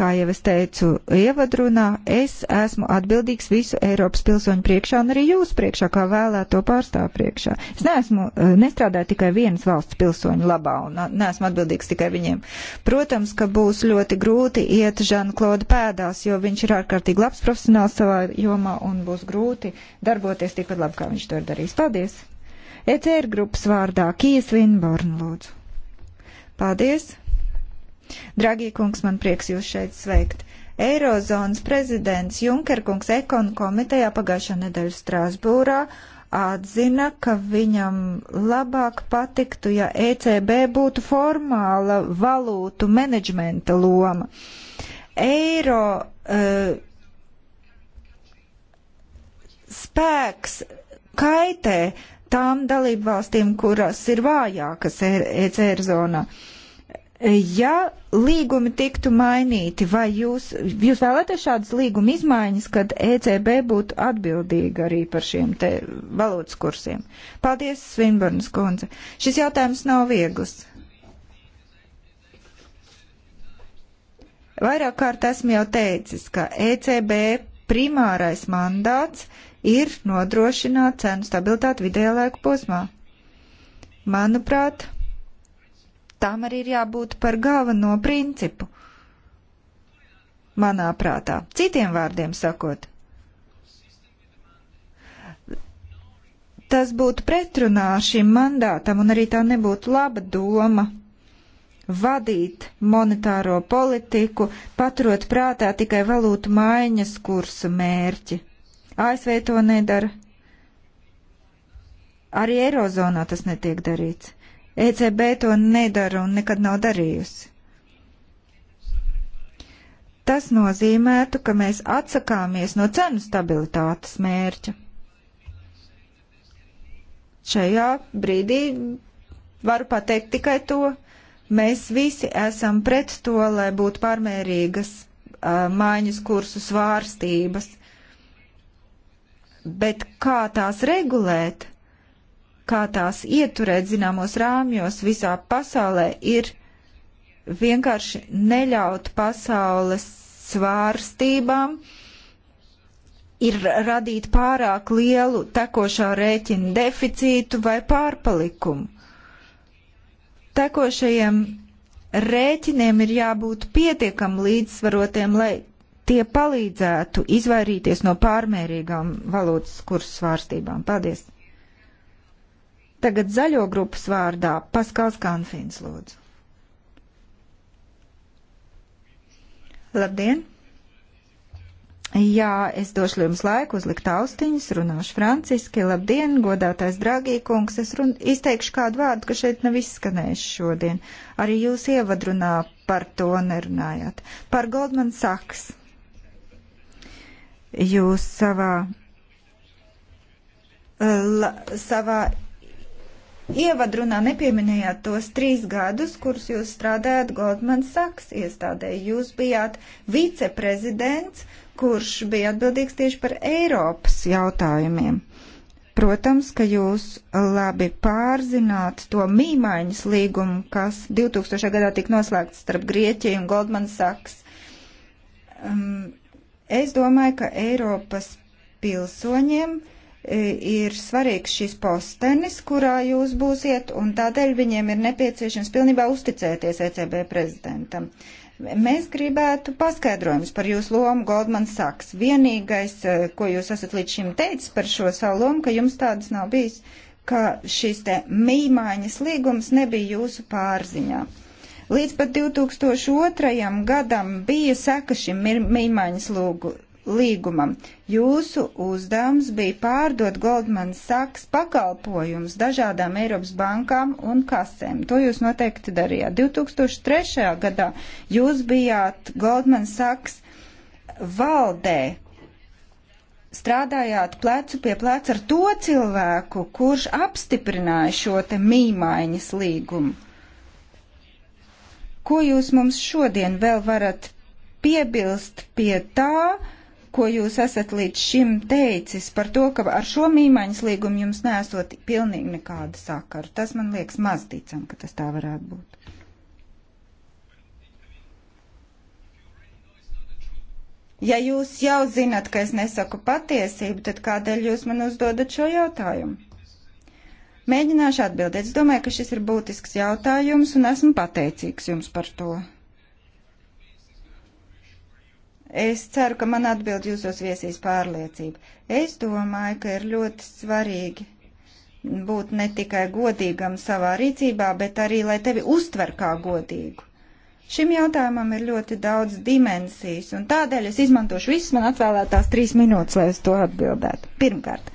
Kā jau es teicu ievadrunā, es esmu atbildīgs visu Eiropas pilsoņu priekšā un arī jūs priekšā, kā vēlēto pārstāvu priekšā. Es neesmu, eh, nestrādāju tikai vienas valsts pilsoņu labā un uh, neesmu atbildīgs tikai viņiem. Protams, ka būs ļoti grūti iet Žankloda pēdās, jo viņš ir ārkārtīgi labs profesionāls savā jomā un būs grūti darboties tikpat labi, kā viņš to ir darījis. Paldies! ECR grupas vārdā Kijas Vinborn lūdzu. Paldies! Dragie kungs, man prieks jūs šeit sveikt. Eirozonas prezidents Junkerkungs ekonu komitejā pagājušā nedēļa Strāsbūrā atzina, ka viņam labāk patiktu, ja ECB būtu formāla valūtu menedžmenta loma. Eiro uh, spēks kaitē tām dalību valstīm, kuras ir vājākas ECR zonā. Uh, Ja līgumi tiktu mainīti, vai jūs, jūs vēlaties šādas līguma izmaiņas, kad ECB būtu atbildīga arī par šiem te valūtas kursiem? Paldies, Svinbarnas kundze. Šis jautājums nav viegls. Vairāk kārt esmu jau teicis, ka ECB primārais mandāts ir nodrošināt cenu stabilitāti vidējā laika posmā. Manuprāt, Tām arī ir jābūt par galveno principu, manā prātā. Citiem vārdiem sakot, tas būtu pretrunā šim mandātam un arī tā nebūtu laba doma vadīt monetāro politiku, paturot prātā tikai valūtu maiņas kursu mērķi. ASV to nedara. Arī Eirozonā tas netiek darīts. ECB to nedara un nekad nav darījusi. Tas nozīmētu, ka mēs atsakāmies no cenu stabilitātes mērķa. Šajā brīdī varu pateikt tikai to, mēs visi esam pret to, lai būtu pārmērīgas uh, mājas kursu svārstības. Bet kā tās regulēt? kā tās ieturēt zināmos rāmjos visā pasaulē, ir vienkārši neļaut pasaules svārstībām, ir radīt pārāk lielu tekošā rēķina deficītu vai pārpalikumu. Tekošajiem rēķiniem ir jābūt pietiekam līdzsvarotiem, lai tie palīdzētu izvairīties no pārmērīgām valūtas kursu svārstībām. Paldies! Tagad zaļo grupas vārdā Paskals Kanfīns lūdzu. Labdien! Jā, es došu jums laiku uzlikt austiņas, runāšu franciski. Labdien, godātais dragī kungs, es run, izteikšu kādu vārdu, ka šeit nav izskanējis šodien. Arī jūs ievadrunā par to nerunājāt. Par Goldman Sachs. Jūs savā, eh, la, savā Ievadrunā nepieminējāt tos trīs gadus, kurus jūs strādājat Goldman Sachs iestādē. Jūs bijāt viceprezidents, kurš bija atbildīgs tieši par Eiropas jautājumiem. Protams, ka jūs labi pārzināt to mīmaiņas līgumu, kas 2000. gadā tika noslēgts starp Grieķiju un Goldman Sachs. Um, es domāju, ka Eiropas pilsoņiem uh, E, ir svarīgs šis postenis, kurā jūs būsiet, un tādēļ viņiem ir nepieciešams pilnībā uzticēties ECB prezidentam. Mēs gribētu paskaidrojumus par jūsu lomu Goldman Sachs. Vienīgais, e, ko jūs esat līdz šim teicis par šo savu lomu, ka jums tādas nav bijis, ka šis te mīmaiņas līgums nebija jūsu pārziņā. Līdz pat 2002. gadam bija seka šim mīmaiņas lūgu līgumam. Jūsu uzdevums bija pārdot Goldman Sachs pakalpojumus dažādām Eiropas bankām un kasēm. To jūs noteikti darījāt. 2003. gadā jūs bijāt Goldman Sachs valdē. Strādājāt plecu pie pleca ar to cilvēku, kurš apstiprināja šo te mīmaiņas līgumu. Ko jūs mums šodien vēl varat piebilst pie tā, uh, ko jūs esat līdz šim teicis par to, ka ar šo mīmaiņas līgumu jums nesot pilnīgi nekāda sakara. Tas man liekas mazticam, ka tas tā varētu būt. Ja jūs jau zinat, ka es nesaku patiesību, tad kādēļ jūs man uzdodat šo jautājumu? Mēģināšu atbildēt. Es domāju, ka šis ir būtisks jautājums un esmu pateicīgs jums par to. Es ceru, ka man atbild jūsos viesīs pārliecība. Es domāju, ka ir ļoti svarīgi būt ne tikai godīgam savā rīcībā, bet arī, lai tevi uztver kā godīgu. Šim jautājumam ir ļoti daudz dimensijas, un tādēļ es izmantošu visas man atvēlētās trīs minūtes, lai uz to atbildētu. Pirmkārt,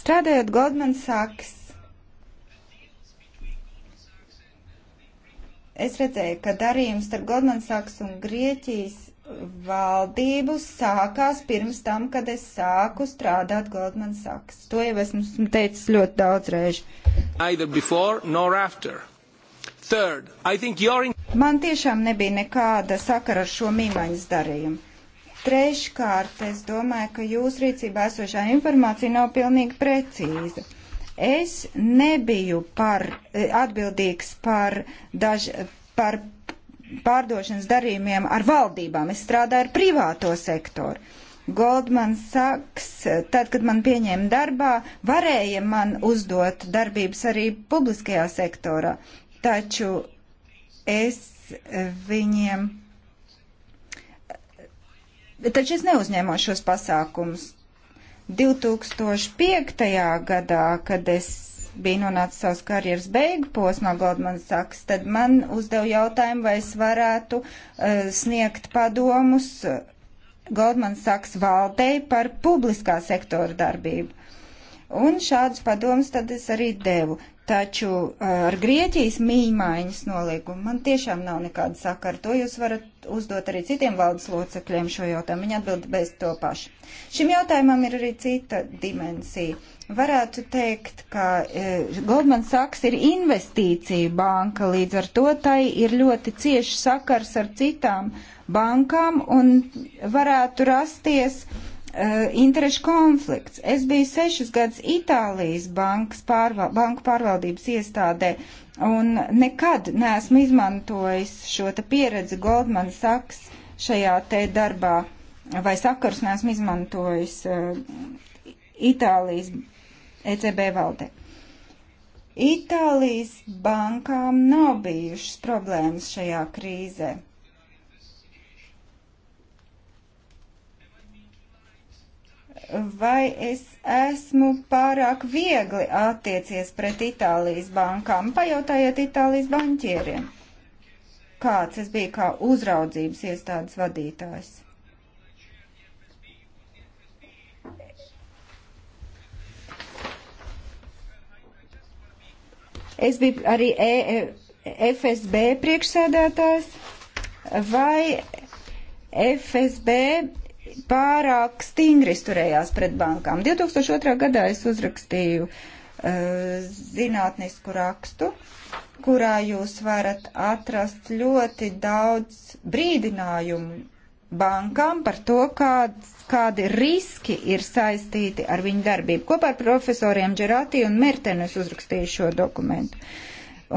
strādājot Goldman Sachs, es redzēju, ka darījums starp Goldman Sachs un Grieķijas valdību sākās pirms tam, kad es sāku strādāt Goldman Sachs. To jau esmu teicis ļoti daudz reižu. Third, in... Man tiešām nebija nekāda sakara ar šo mīmaiņas darījumu. Treškārt, es domāju, ka jūsu rīcībā esošā informācija nav pilnīgi precīza. Es nebiju par, eh, atbildīgs par, daž, par pārdošanas darījumiem ar valdībām. Es strādāju ar privāto sektoru. Goldman Sachs, tad, kad man pieņēma darbā, varēja man uzdot darbības arī publiskajā sektorā, taču es viņiem. Taču es neuzņēmos šos pasākumus. 2005. gadā, kad es bija nonācis savas karjeras beigu posmā Goldman Sachs, tad man uzdeva jautājumu, vai es varētu uh, sniegt padomus eh, Goldman Sachs valdei par publiskā sektora darbību. Un šādus padomus tad es arī devu. Taču eh, ar Grieķijas mīmaiņas noliegumu man tiešām nav nekāda sakara. To jūs varat uzdot arī citiem valdes locekļiem šo jautājumu. Viņi atbild bez to pašu. Šim jautājumam ir arī cita dimensija. Varētu teikt, ka e, Goldman Sachs ir investīcija banka, līdz ar to tai ir ļoti cieši sakars ar citām bankām un varētu rasties uh, interešu konflikts. Es biju sešus gadus Itālijas bankas pārval banku pārvaldības iestādē un nekad neesmu izmantojis šo te pieredzi Goldman Sachs šajā te darbā vai sakars neesmu izmantojis uh, Itālijas ECB valdē. Itālijas bankām nav bijušas problēmas šajā krīzē. vai es esmu pārāk viegli attiecies pret Itālijas bankām. Pajautājiet Itālijas banķieriem, kāds es biju kā uzraudzības iestādes vadītājs. Es biju arī e, e FSB priekšsēdētājs. Vai FSB pārāk stingri turējās pret bankām? 2002. gadā es uzrakstīju uh, zinātnisku rakstu, kurā jūs varat atrast ļoti daudz brīdinājumu bankām par to, kāds, kādi riski ir saistīti ar viņu darbību. Kopā ar profesoriem Džerātī un Mertenu es uzrakstīju šo dokumentu.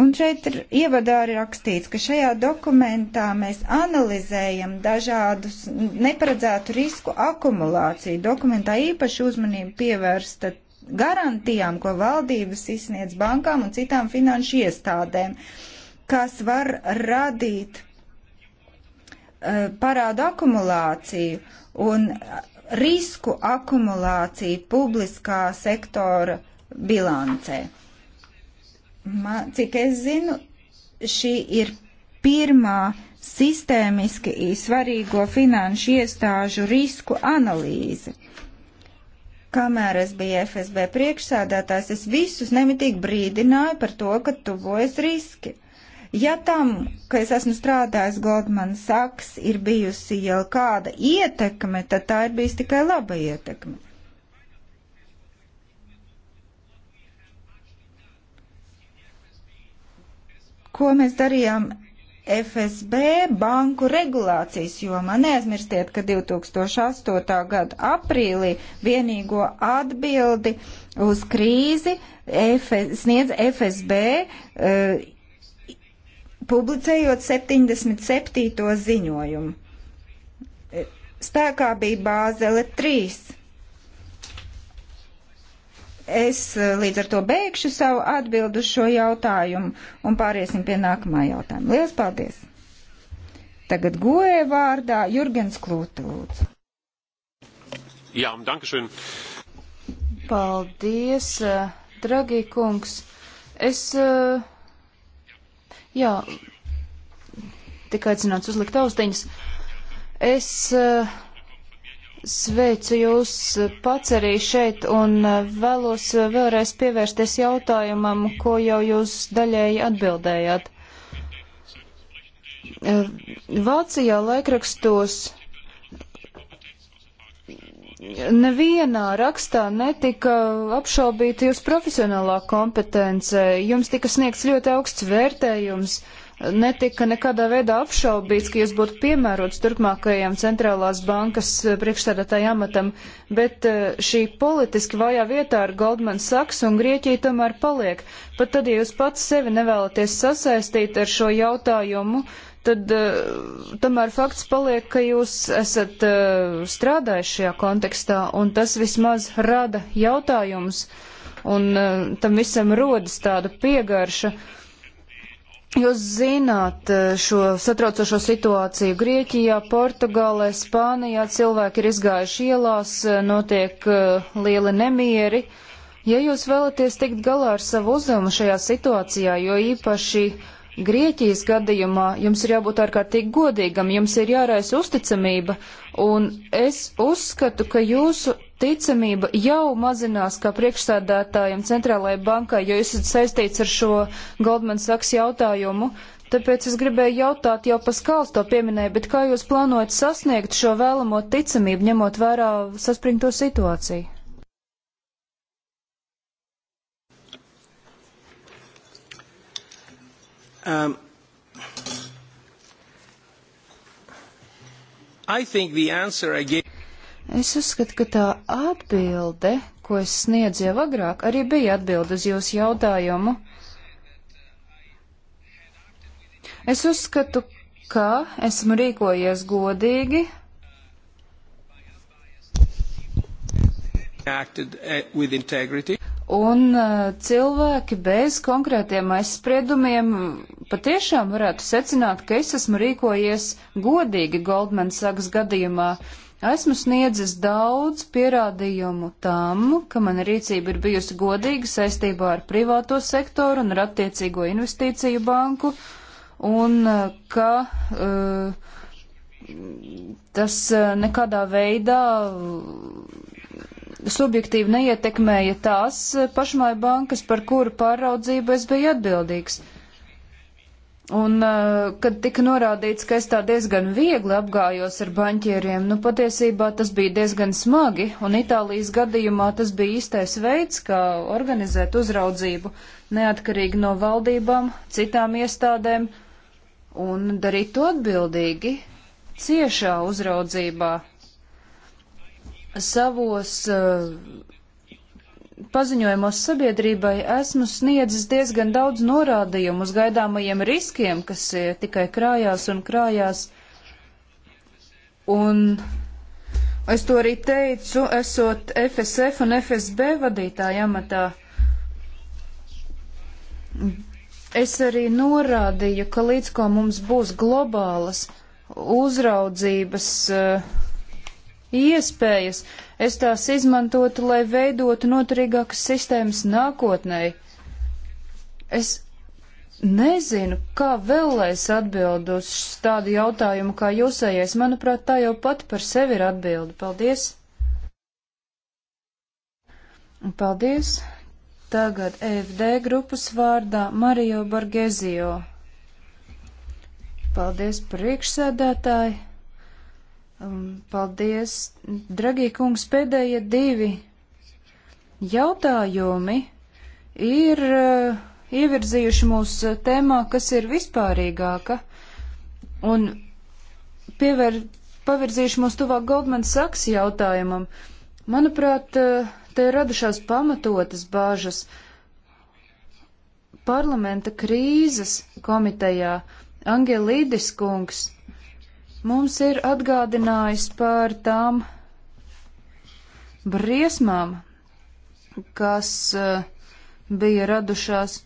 Un šeit ir ievadā arī rakstīts, ka šajā dokumentā mēs analizējam dažādus neparedzētu risku akumulāciju. Dokumentā īpaši uzmanību pievērsta garantijām, ko valdības izsniedz bankām un citām finanšu iestādēm, kas var radīt Eh, parādu akumulāciju un risku akumulāciju publiskā sektora bilancē. Man, cik es zinu, šī ir pirmā sistēmiski svarīgo finanšu iestāžu risku analīze. Kamēr es biju FSB priekšsādātājs, es visus nemitīgi brīdināju par to, ka tuvojas riski. Ja tam, ka es esmu strādājis Goldman Sachs, ir bijusi jau kāda ietekme, tad tā ir bijusi tikai laba ietekme. Ko mēs darījām FSB banku regulācijas jomā. Neaizmirstiet, ka 2008. gada aprīlī vienīgo atbildi uz krīzi F, sniedz FSB uh, eh, publicējot 77. ziņojumu. Spēkā bija Bāzele 3. Es eh, līdz ar to beigšu savu atbildu šo jautājumu un pāriesim pie nākamā jautājuma. Lielas paldies! Tagad goē vārdā Jurgens Klūte lūdzu. Jā, dankašvien. Paldies, eh, dragie kungs. Es uh, Jā, tika aicināts uzlikt austiņas. Es uh, sveicu jūs pats arī šeit un eh, vēlos eh, vēlreiz pievērsties jautājumam, ko jau jūs daļēji atbildējāt. Vācijā laikrakstos Nevienā rakstā netika apšaubīta jūsu profesionālā kompetence, jums tika sniegts ļoti augsts vērtējums, netika nekādā veidā apšaubīts, ka jūs būtu piemērots turpmākajam centrālās bankas priekšstādātāja amatam, bet eh, šī politiski vājā vietā ar Goldman Sachs un Grieķiju tomēr paliek. Pat tad, ja jūs pats sevi nevēlaties sasaistīt ar šo jautājumu, uh, tad uh, tomēr fakts paliek, ka jūs esat uh, eh, strādājuši šajā kontekstā, un tas vismaz rada jautājumus, un uh, tam visam rodas tāda piegarša. Jūs zināt šo satraucošo situāciju Grieķijā, Portugālē, Spānijā, cilvēki ir izgājuši ielās, notiek lieli nemieri. Ja jūs vēlaties tikt galā ar savu uzdevumu šajā situācijā, jo īpaši uh, Grieķijas gadījumā jums ir jābūt ārkārtīgi godīgam, jums ir jāraisa uzticamība, un es uzskatu, ka jūsu ticamība jau mazinās kā priekšsādātājiem centrālajai bankai, jo jūs esat saistīts ar šo Goldman Sachs jautājumu. Tāpēc es gribēju jautāt, jau Paskals to pieminēja, bet kā jūs plānojat sasniegt šo vēlamo ticamību, ņemot vērā saspringto situāciju? Um, gave... Es uzskatu, ka tā atbilde, ko es sniedzu jau agrāk, arī bija atbilde uz jūsu jautājumu. Es uzskatu, ka esmu rīkojies godīgi. Acted, uh, Un uh, cilvēki bez konkrētiem aizspriedumiem patiešām varētu secināt, ka es esmu rīkojies godīgi Goldman Sachs gadījumā. Esmu sniedzis daudz pierādījumu tam, ka mana rīcība ir bijusi godīga saistībā ar privāto sektoru un ar attiecīgo investīciju banku, un uh, ka uh, tas uh, nekādā veidā subjektīvi neietekmēja tās pašmai bankas, par kuru pāraudzību es biju atbildīgs. Un, uh, kad tika norādīts, ka es tā diezgan viegli apgājos ar baņķieriem, nu patiesībā tas bija diezgan smagi, un Itālijas gadījumā tas bija īstais veids, kā organizēt uzraudzību neatkarīgi no valdībām, citām iestādēm, un darīt to atbildīgi, ciešā uzraudzībā, savos eh, paziņojumos sabiedrībai esmu sniedzis diezgan daudz norādījumu uz gaidāmajiem riskiem, kas eh, tikai krājās un krājās. Un es to arī teicu, esot FSF un FSB vadītāja amatā. Es arī norādīju, ka līdz ko mums būs globālas uzraudzības uh, iespējas, es tās izmantotu, lai veidotu noturīgākas sistēmas nākotnēji. Es nezinu, kā vēl lai es atbildu uz tādu jautājumu kā jūsējais. Manuprāt, tā jau pat par sevi ir atbildi. Paldies! Paldies! Tagad EFD grupas vārdā Mario Bargezio. Paldies, priekšsēdētāji! Um, paldies, dragī kungs, pēdējie divi jautājumi ir uh, ievirzījuši mūs uh, tēmā, kas ir vispārīgāka, un pievēr, pavirzījuši mūs tuvāk Goldman Sachs jautājumam. Manuprāt, uh, te ir radušās pamatotas bāžas parlamenta krīzes komitejā Angelīdis kungs mums ir atgādinājis par tām briesmām, kas uh, bija radušās,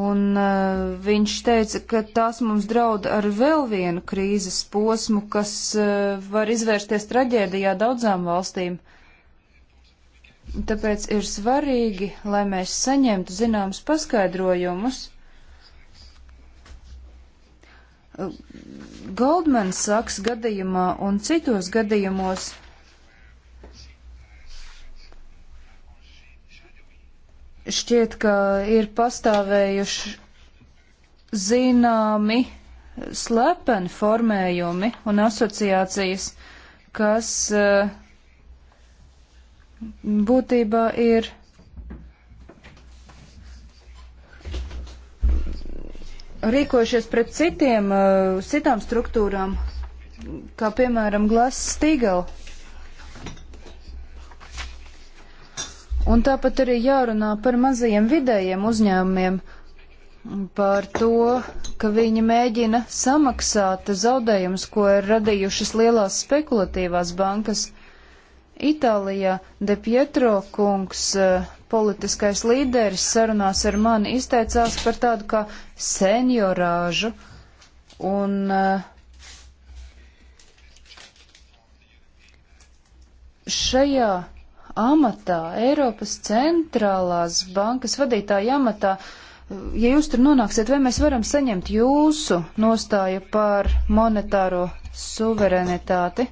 un uh, viņš teica, ka tās mums draud ar vēl vienu krīzes posmu, kas uh, var izvērsties traģēdijā daudzām valstīm. Tāpēc ir svarīgi, lai mēs saņemtu zināmus paskaidrojumus Goldman Sachs gadījumā un citos gadījumos šķiet, ka ir pastāvējuši zināmi slepeni formējumi un asociācijas, kas eh, būtībā ir rīkojušies pret citiem, uh, citām struktūrām, kā piemēram Glass Stigl. Un tāpat arī jārunā par mazajiem vidējiem uzņēmumiem, par to, ka viņi mēģina samaksāt zaudējumus, ko ir radījušas lielās spekulatīvās bankas. Itālijā De Pietro kungs uh, politiskais līderis sarunās ar mani izteicās par tādu kā seniorāžu un eh, šajā amatā, Eiropas centrālās bankas vadītāja amatā, eh, ja jūs tur nonāksiet, vai mēs varam saņemt jūsu nostāju par monetāro suverenitāti?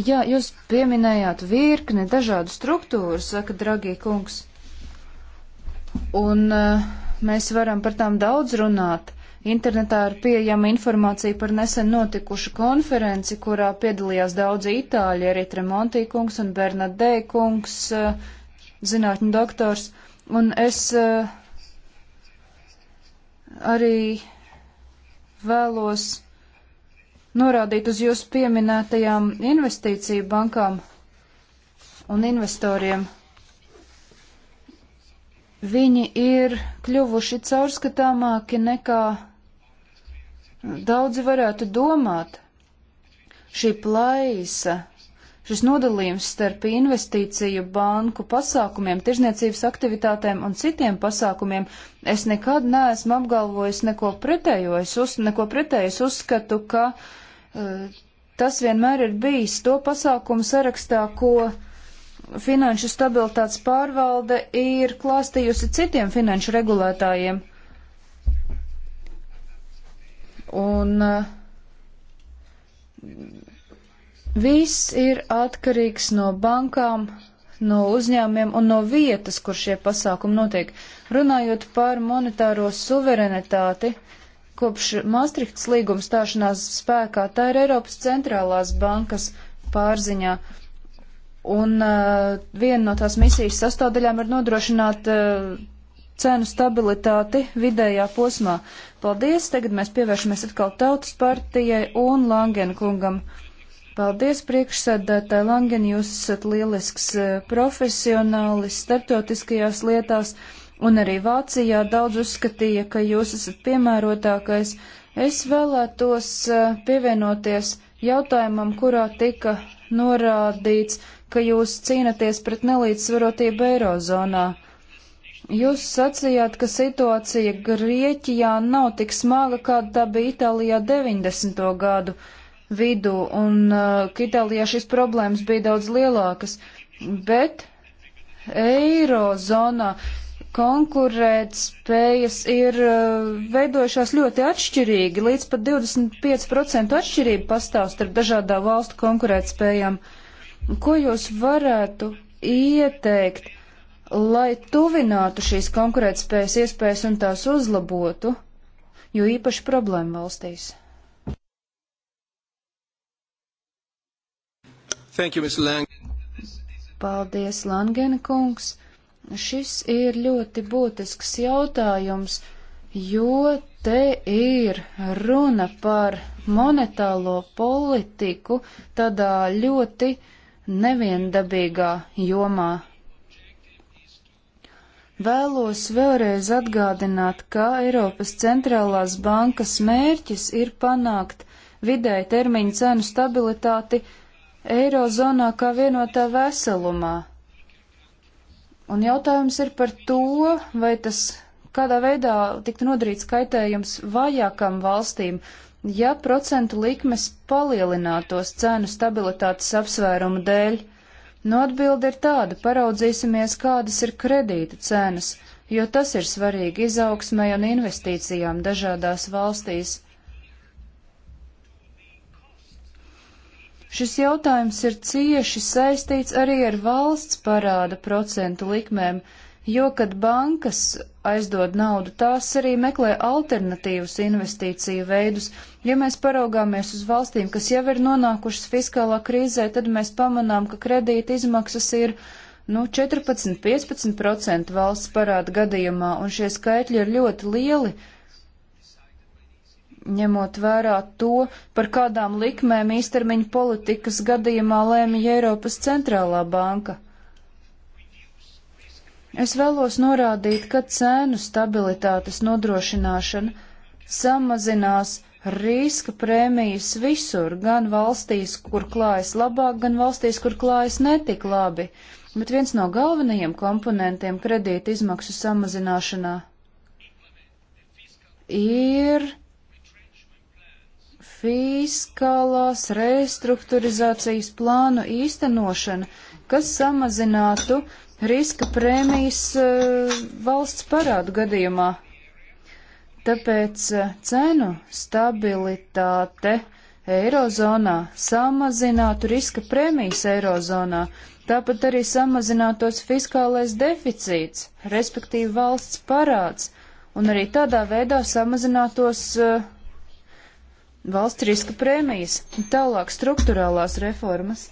Jā, jūs pieminējāt virkni dažādu struktūru, saka Dragī kungs, un uh, mēs varam par tām daudz runāt. Internetā ir pieejama informācija par nesen notikušu konferenci, kurā piedalījās daudzi itāļi, arī Tremontī kungs un Bernadē kungs, uh, zinātņu doktors, un es uh, arī vēlos norādīt uz jūsu pieminētajām investīciju bankām un investoriem. Viņi ir kļuvuši caurskatāmāki nekā daudzi varētu domāt. Šī plaisa, šis nodalījums starp investīciju banku pasākumiem, tirzniecības aktivitātēm un citiem pasākumiem, es nekad neesmu apgalvojis neko pretējo. Es, uz, neko pretēju. es uzskatu, ka uh, Eh, tas vienmēr ir bijis to pasākumu sarakstā, ko finanšu stabilitātes pārvalde ir klāstījusi citiem finanšu regulētājiem. Un eh, viss ir atkarīgs no bankām, no uzņēmumiem un no vietas, kur šie pasākumi notiek. Runājot par monetāro suverenitāti, uh, Kopš Maastrichtas līguma stāšanās spēkā tā ir Eiropas centrālās bankas pārziņā. Un uh, viena no tās misijas sastāvdaļām ir nodrošināt uh, cenu stabilitāti vidējā posmā. Paldies, tagad mēs pievēršamies atkal tautas partijai un Langena kungam. Paldies, priekšsēdētāji Langen, jūs esat lielisks uh, profesionālis starptautiskajās lietās. Uh, un arī Vācijā daudz uzskatīja, ka jūs esat piemērotākais. Es vēlētos eh, pievienoties jautājumam, kurā tika norādīts, ka jūs cīnaties pret nelīdzsvarotību Eirozonā. Jūs sacījāt, ka situācija Grieķijā nav tik smaga, kāda tā bija Itālijā 90. gadu vidu, un eh, ka Itālijā šīs problēmas bija daudz lielākas, bet Eirozonā konkurēt spējas ir uh, veidojušās ļoti atšķirīgi, līdz pat 25% atšķirība pastāv starp dažādā valstu konkurēt spējām. Ko jūs varētu ieteikt, lai tuvinātu šīs konkurēt spējas iespējas un tās uzlabotu, jo īpaši problēma valstīs? Thank you, Ms. Lang. Paldies, Langena kungs. Šis ir ļoti būtisks jautājums, jo te ir runa par monetālo politiku tādā ļoti neviendabīgā jomā. Vēlos vēlreiz atgādināt, ka Eiropas centrālās bankas mērķis ir panākt vidēji termiņu cenu stabilitāti Eirozonā kā vienotā veselumā. Un jautājums ir par to, vai tas kādā veidā tiktu nodarīts kaitējums vājākām valstīm, ja procentu likmes palielinātos cenu stabilitātes apsvērumu dēļ. Nu, atbildi ir tāda, paraudzīsimies, kādas ir kredīta cenas, jo tas ir svarīgi izaugsmai un investīcijām dažādās valstīs. Šis jautājums ir cieši saistīts arī ar valsts parāda procentu likmēm, jo, kad bankas aizdod naudu, tās arī meklē alternatīvus investīciju veidus. Ja mēs paraugāmies uz valstīm, kas jau ir nonākušas fiskālā krīzē, tad mēs pamanām, ka kredīta izmaksas ir nu, 14-15% valsts parāda gadījumā, un šie skaitļi ir ļoti lieli ņemot vērā to, par kādām likmēm īstermiņa politikas gadījumā lēmīja Eiropas centrālā banka. Es vēlos norādīt, ka cēnu stabilitātes nodrošināšana samazinās riska prēmijas visur, gan valstīs, kur klājas labāk, gan valstīs, kur klājas netik labi, bet viens no galvenajiem komponentiem kredīta izmaksu samazināšanā ir fiskālās restruktūrizācijas plānu īstenošana, kas samazinātu riska prēmijas eh, valsts parādu gadījumā. Tāpēc eh, cenu stabilitāte Eirozonā samazinātu riska prēmijas Eirozonā, tāpat arī samazinātos fiskālais deficīts, respektīvi valsts parāds, un arī tādā veidā samazinātos uh, valsts riska prēmijas un tālāk struktūrālās reformas.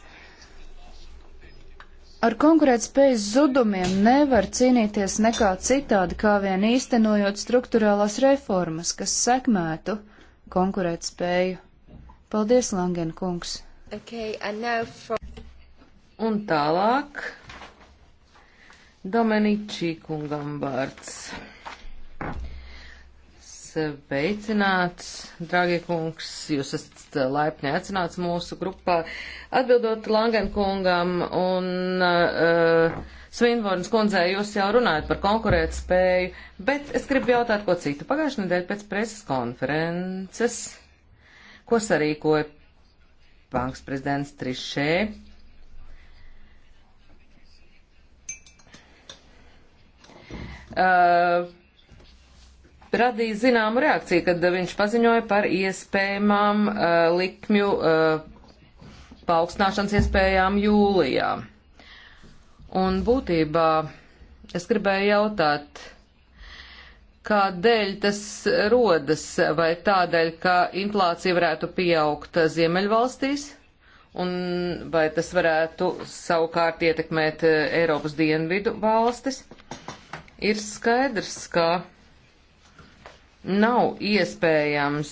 Ar konkurētspējas zudumiem nevar cīnīties nekā citādi, kā vien īstenojot struktūrālās reformas, kas sekmētu konkurētspēju. Paldies, Langen kungs! Okay, for... Un tālāk Domeničī kungam vārds. Sveicināts, dragie kungs, jūs esat laipni aicināts mūsu grupā. Atbildot Langenkungam un uh, eh, Svinvornas kundzei, jūs jau runājat par konkurēt spēju, bet es gribu jautāt ko citu. Pagājušajā nedēļā pēc preses konferences, ko sarīkoja bankas prezidents Trišē, uh, radīja zināmu reakciju, kad eh, viņš paziņoja par iespējamām uh, likmju uh, paaugstināšanas iespējām jūlijā. Un būtībā es gribēju jautāt, kādēļ tas rodas, vai tādēļ, ka inflācija varētu pieaugt Ziemeļvalstīs? Un vai tas varētu savukārt ietekmēt Eiropas dienvidu valstis? Ir skaidrs, ka nav iespējams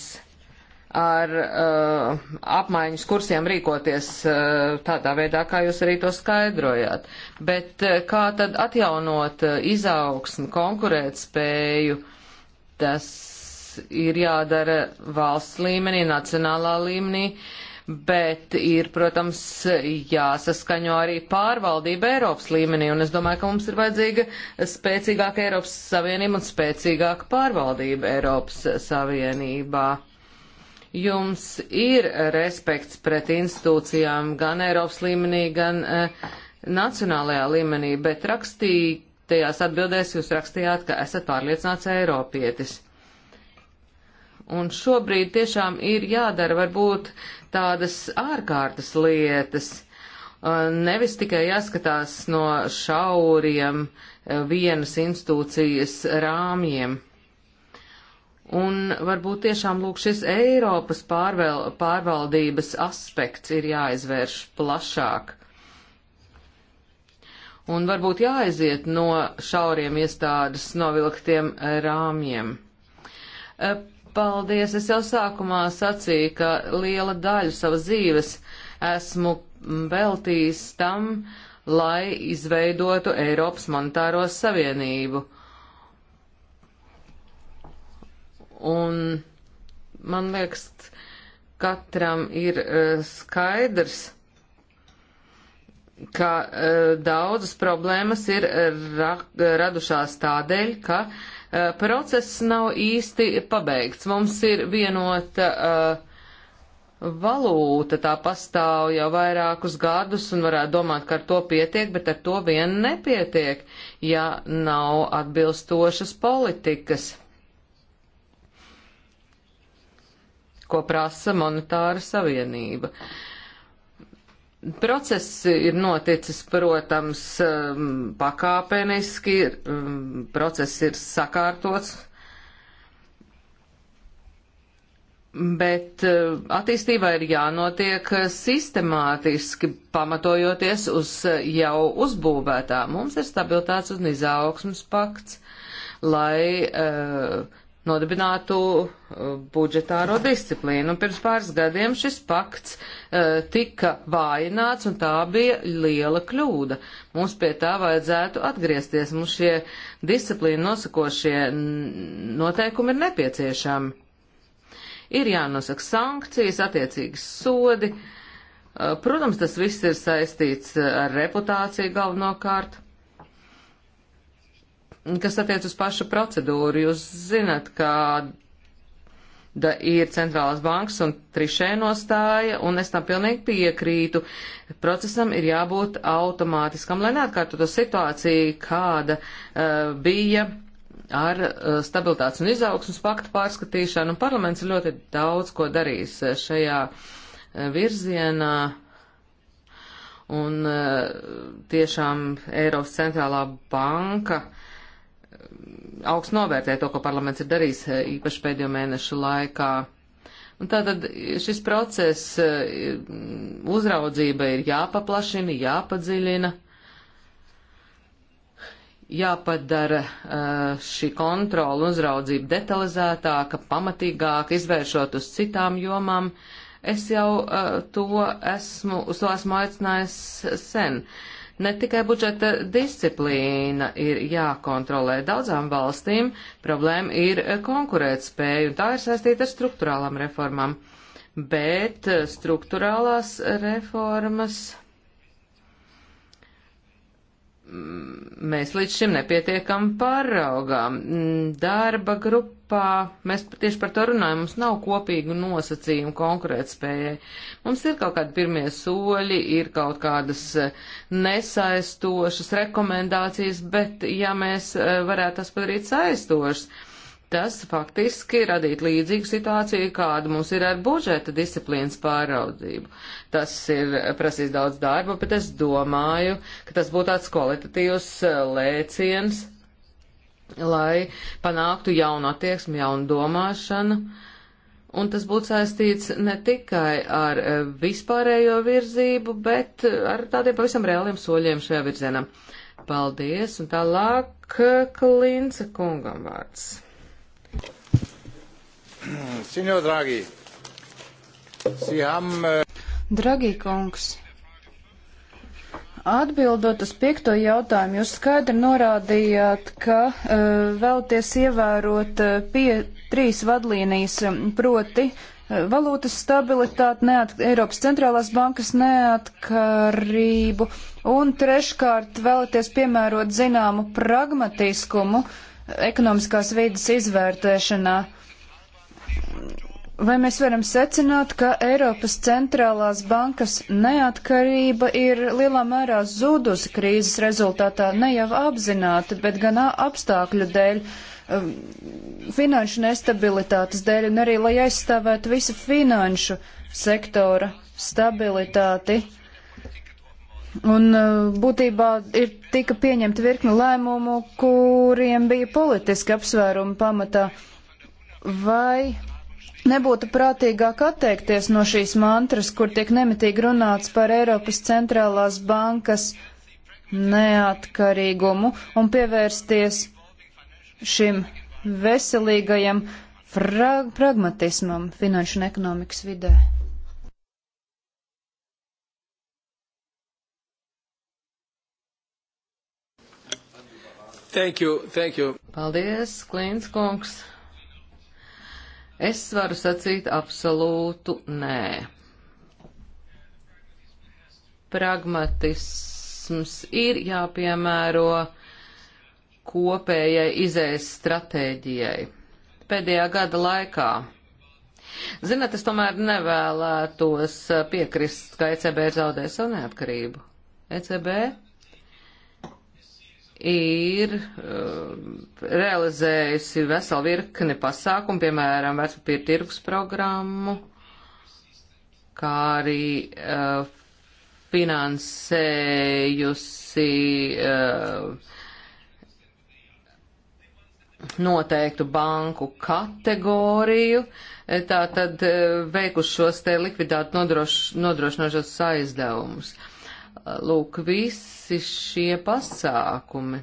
ar uh, apmaiņas kursiem rīkoties uh, tādā veidā, kā jūs arī to skaidrojāt. Bet uh, kā tad atjaunot uh, izaugsmu, konkurētspēju, tas ir jādara valsts līmenī, nacionālā līmenī, uh, bet ir, protams, jāsaskaņo arī pārvaldība Eiropas līmenī, un es domāju, ka mums ir vajadzīga spēcīgāka Eiropas Savienība un spēcīgāka pārvaldība Eiropas Savienībā. Jums ir respekts pret institūcijām gan Eiropas līmenī, gan uh, nacionālajā līmenī, bet rakstītajās atbildēs jūs rakstījāt, ka esat pārliecināts Eiropietis. Un šobrīd tiešām ir jādara varbūt tādas ārkārtas lietas, uh, nevis tikai jāskatās no šauriem uh, vienas institūcijas rāmjiem. Un varbūt tiešām lūk šis Eiropas pārvēl, pārvaldības aspekts ir jāizvērš plašāk. Un varbūt jāaiziet no šauriem iestādes novilktiem rāmjiem. Uh, Paldies! Es jau sākumā sacīju, ka liela daļa savas dzīves esmu veltījis tam, lai izveidotu Eiropas monetāro savienību. Un man liekas, katram ir uh, skaidrs, ka uh, daudzas problēmas ir ra radušās tādēļ, ka uh, Eh, process nav īsti pabeigts. Mums ir vienota eh, valūta, tā pastāv jau vairākus gadus un varētu domāt, ka ar to pietiek, bet ar to vien nepietiek, ja nav atbilstošas politikas, ko prasa monetāra savienība. Uh, Process ir noticis, protams, um, pakāpeniski, um, process ir sakārtots, bet uh, attīstībai ir jānotiek sistemātiski, pamatojoties uz jau uzbūvētā. Mums ir stabilitātes un izaugsmas pakts, lai uh, nodibinātu uh, budžetāro disciplīnu. Un pirms pāris gadiem šis pakts uh, tika vājināts, un tā bija liela kļūda. Mums pie tā vajadzētu atgriezties. Mums šie disciplīnu nosakošie noteikumi ir nepieciešami. Ir jānosaka sankcijas, attiecīgas sodi. Uh, protams, tas viss ir saistīts uh, ar reputāciju galvenokārt Kas attiec uz pašu procedūru, jūs zinat, kāda ir centrālās bankas un trišē nostāja, un es tam pilnīgi piekrītu. Procesam ir jābūt automātiskam, lai neatkārtotu situāciju, kāda uh, bija ar uh, stabilitātes un izaugsmas paktu pārskatīšanu, un parlaments ļoti daudz ko darīs eh, šajā virzienā. Un uh, tiešām Eiropas centrālā banka uh, augstu novērtē to, ko parlaments ir darījis eh, īpaši pēdējo mēnešu laikā. Un tātad šis process eh, uzraudzība ir jāpaplašina, jāpadziļina, jāpadara eh, šī kontrola uzraudzība detalizētāka, pamatīgāka, izvēršot uz citām jomām. Es jau to esmu, uz to esmu aicinājis sen. Uh, Ne tikai budžeta disciplīna ir jākontrolē. Daudzām valstīm problēma ir konkurētspēja, un tā ir saistīta ar struktūrālām reformām. Bet eh, struktūrālās reformas mm, mēs līdz šim nepietiekam pāraugām. Mm, darba grupa Eiropā mēs tieši par to runājam, mums nav kopīgu nosacījumu konkurētspējai. Mums ir kaut kādi pirmie soļi, ir kaut kādas eh, nesaistošas rekomendācijas, bet ja mēs eh, varētu tas padarīt saistošas, tas faktiski radīt līdzīgu situāciju, kāda mums ir ar budžeta disciplīnas pāraudzību. Tas ir eh, prasīs daudz darba, bet es domāju, ka tas būtu tāds kvalitatīvs lēciens lai panāktu jaunu attieksmi, jaunu domāšanu. Un tas būtu saistīts ne tikai ar e, vispārējo virzību, bet ar tādiem pavisam reāliem soļiem šajā virzienā. Paldies, un tālāk e, Klinca kungam vārds. Signor Draghi, Sie haben... Draghi kungs, Atbildot uz piekto jautājumu, jūs skaidri norādījāt, ka uh, e, vēlties ievērot uh, pie trīs vadlīnijas, proti uh, valūtas stabilitāti, neat, Eiropas centrālās bankas neatkarību un treškārt vēlaties piemērot zināmu pragmatiskumu ekonomiskās vīdes izvērtēšanā. Vai mēs varam secināt, ka Eiropas centrālās bankas neatkarība ir lielā mērā zudusi krīzes rezultātā ne jau apzināti, bet gan apstākļu dēļ, um, finanšu nestabilitātes dēļ un arī, lai aizstāvētu visu finanšu sektora stabilitāti? Un uh, būtībā ir tika pieņemta virkni lēmumu, kuriem bija politiski apsvērumi pamatā. Vai Nebūtu prātīgāk atteikties no šīs mantras, kur tiek nemitīgi runāts par Eiropas centrālās bankas neatkarīgumu un pievērsties šim veselīgajam pragmatismam finanšu un ekonomikas vidē. Thank you, thank you. Paldies, Klīns kungs. Es varu sacīt absolūtu nē. Pragmatisms ir jāpiemēro kopējai izējas stratēģijai. Pēdējā gada laikā. Ziniet, es tomēr nevēlētos piekrist, ka ECB ir zaudējis savu neatkarību. ECB ir uh, realizējusi veselu virkni pasākumu, piemēram, vērtspapīra tirgus programmu, kā arī uh, finansējusi uh, noteiktu banku kategoriju, tātad uh, veikušos te likvidāt nodroš, nodrošinošos aizdevumus. Uh, Lūk, visi šie pasākumi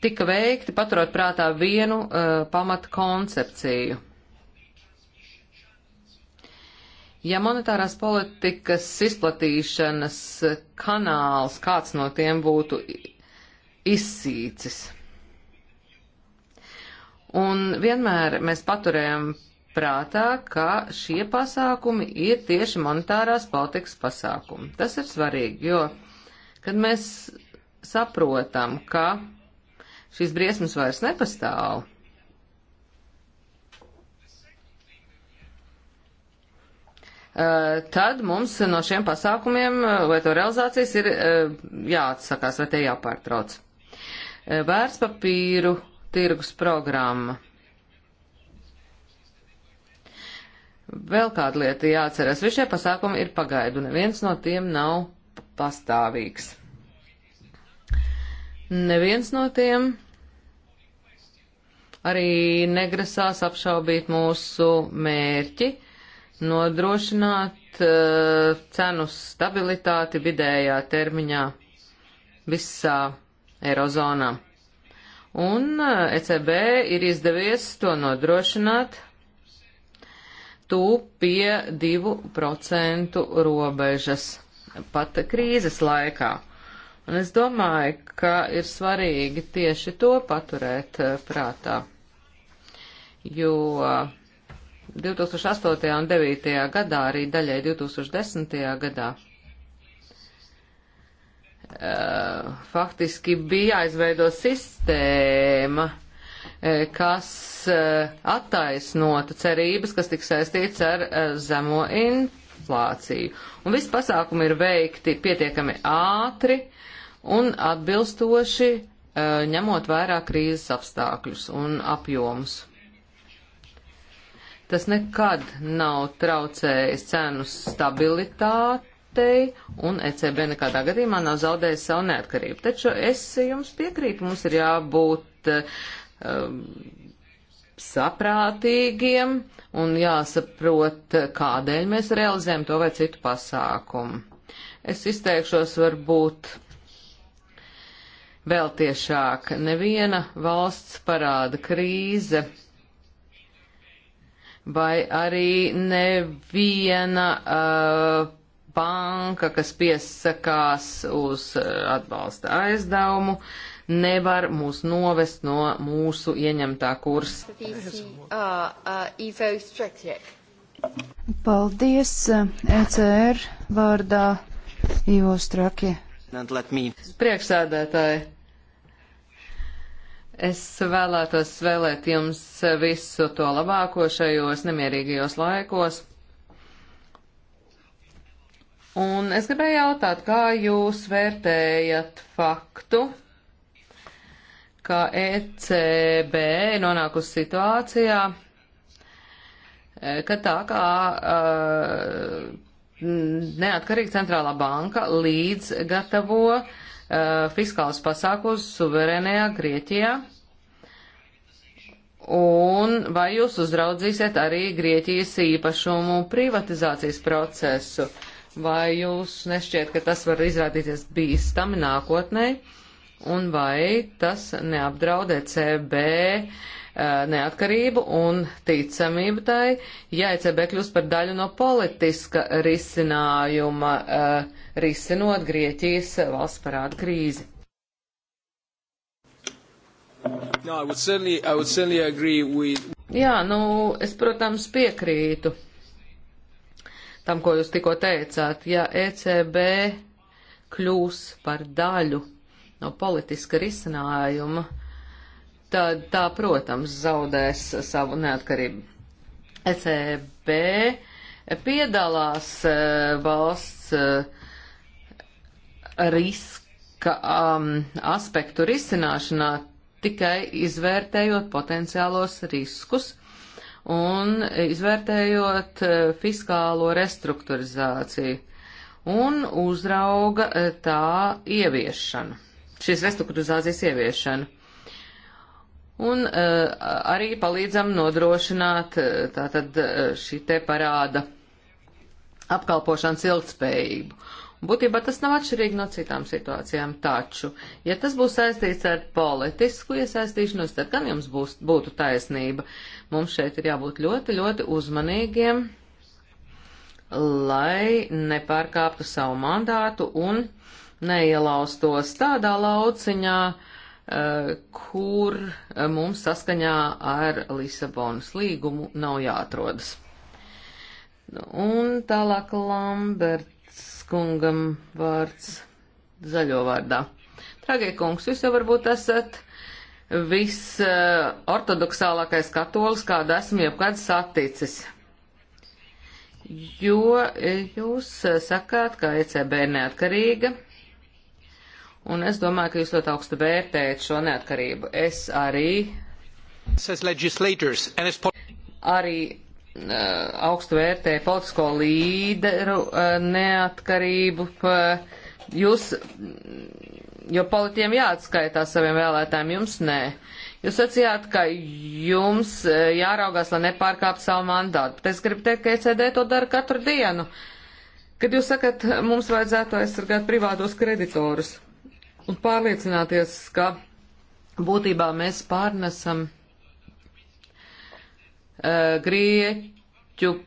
tika veikti paturot prātā vienu uh, pamatu koncepciju. Ja monetārās politikas izplatīšanas kanāls kāds no tiem būtu izsīcis. Un vienmēr mēs paturējam prātā, ka šie pasākumi ir tieši monetārās politikas pasākumi. Tas ir svarīgi, jo, kad mēs saprotam, ka šīs briesmas vairs nepastāv, eh, tad mums no šiem pasākumiem eh, vai to realizācijas ir eh, jāatsakās vai te jāpārtrauc. Vērtspapīru tirgus programma. Vēl kāda lieta jāatcerās. Visi šie pasākumi ir pagaidu, neviens no tiem nav pastāvīgs. Neviens no tiem arī negrasās apšaubīt mūsu mērķi nodrošināt uh, cenu stabilitāti vidējā termiņā visā Eirozonā. Un ECB eh, e ir izdevies to nodrošināt tu pie 2% robežas pat krīzes laikā. Un es domāju, ka ir svarīgi tieši to paturēt eh, prātā, jo 2008. un 2009. gadā, arī daļai 2010. gadā, eh, faktiski bija aizveido sistēma, eh, kas Eh, attaisnotu cerības, kas tik saistīts ar eh, zemo inflāciju. Un visi pasākumi ir veikti pietiekami ātri un atbilstoši eh, ņemot vērā krīzes apstākļus un apjomus. Tas nekad nav traucējis cenu stabilitātei, un ECB nekādā gadījumā nav zaudējis savu neatkarību. Taču es jums piekrītu, mums ir jābūt um, saprātīgiem un jāsaprot, kādēļ mēs realizējam to vai citu pasākumu. Es izteikšos varbūt vēl tiešāk. Neviena valsts parāda krīze vai arī neviena uh, banka, kas piesakās uz uh, atbalsta aizdevumu, uh, nevar mūs novest no mūsu ieņemtā kursa. Paldies, ECR eh, e vārdā Ivo Strakie. Priekšsēdētāji, es vēlētos vēlēt jums visu to labāko šajos nemierīgajos laikos. Un es gribēju jautāt, kā jūs vērtējat faktu, ka ECB nonākusi situācijā, eh, ka tā kā uh, neatkarīga centrālā banka līdz gatavo uh, fiskālus pasākus suverēnajā Grieķijā. Un vai jūs uzraudzīsiet arī Grieķijas īpašumu privatizācijas procesu? Vai jūs nešķiet, ka tas var izrādīties bīstami nākotnē? Uh, un vai tas neapdraudē CB eh, neatkarību un ticamību tai, ja ECB kļūst par daļu no politiska risinājuma, eh, risinot Grieķijas valsts parāda krīzi. No, I would certainly, I would certainly agree with... Jā, nu, es, protams, piekrītu tam, ko jūs tikko teicāt. Ja ECB kļūs par daļu no politiska risinājuma, tad tā, protams, zaudēs savu neatkarību. ECB piedalās e, valsts e, riska aspektu risināšanā tikai izvērtējot potenciālos riskus un izvērtējot e, fiskālo restruktūrizāciju un uzrauga tā ieviešanu šīs restruktūrizācijas ieviešanu. Un uh, arī palīdzam nodrošināt eh, tātad eh, šī te parāda apkalpošanas ilgtspējību. Būtībā tas nav atšķirīgi no citām situācijām, taču, ja tas būs saistīts ar politisku iesaistīšanos, tad gan jums būs, būtu taisnība. Mums šeit ir jābūt ļoti, ļoti uzmanīgiem, lai nepārkāptu savu mandātu un uh, neielaustos tādā lauciņā, eh, kur eh, mums saskaņā ar Lisabonas līgumu nav jāatrodas. Un tālāk Lamberts kungam vārds zaļo vārdā. Tragie kungs, jūs jau varbūt esat visortodoksālākais katolis, kādu esmu jebkad saticis. Jo jūs sakāt, ka ECB ir neatkarīga, Un es domāju, ka jūs ļoti augstu vērtējat šo neatkarību. Es arī. Arī uh, augstu vērtēju politisko līderu uh, neatkarību. Uh, jūs, jo politiem jāatskaitās saviem vēlētājiem, jums nē. Jūs sacījāt, ka jums uh, jāraugās, lai nepārkāptu savu mandātu. Bet es gribu teikt, ka ECD to dara katru dienu. Kad jūs sakat, mums vajadzētu aizsargāt privātos kreditorus un pārliecināties, ka būtībā mēs pārnesam uh, grieķu eh,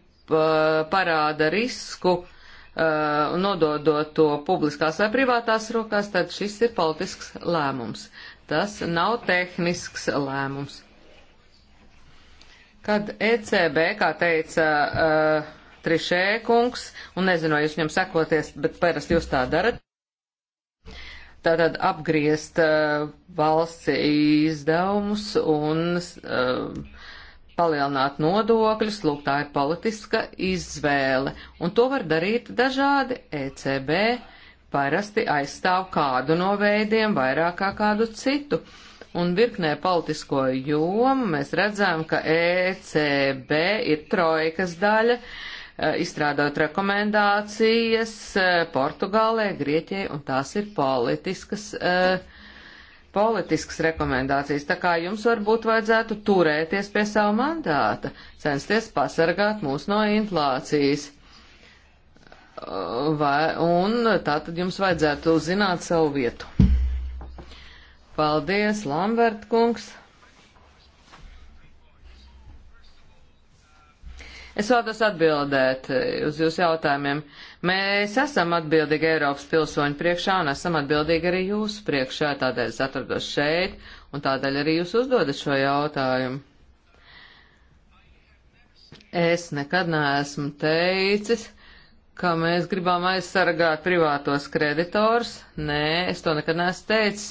parāda risku eh, un uh, nododot to publiskās vai privātās rokās, tad šis ir politisks lēmums. Tas nav tehnisks lēmums. Kad ECB, kā teica uh, Trišē kungs, un nezinu, vai jūs viņam sekoties, bet parasti jūs tā darat tātad apgriezt uh, valsts izdevumus un uh, palielināt nodokļus, lūk, tā ir politiska izvēle. Un to var darīt dažādi. ECB parasti aizstāv kādu no veidiem, vairāk kā kādu citu. Un virknē politisko jomu mēs redzam, ka ECB ir trojkas daļa. Uh, Eh, izstrādot rekomendācijas eh, Portugālē, Grieķijai, un tās ir politiskas, eh, politiskas rekomendācijas. Tā kā jums varbūt vajadzētu turēties pie savu mandāta, censties pasargāt mūs no inflācijas. Vai, un tā tad jums vajadzētu zināt savu vietu. Paldies, Lambert kungs! Es vēlos atbildēt eh, uz jūsu jautājumiem. Mēs esam atbildīgi Eiropas pilsoņu priekšā un esam atbildīgi arī jūsu priekšā, tādēļ es atrodos šeit un tādēļ arī jūs uzdodat šo jautājumu. Es nekad neesmu teicis, ka mēs gribam aizsargāt privātos kreditors. Nē, es to nekad neesmu teicis.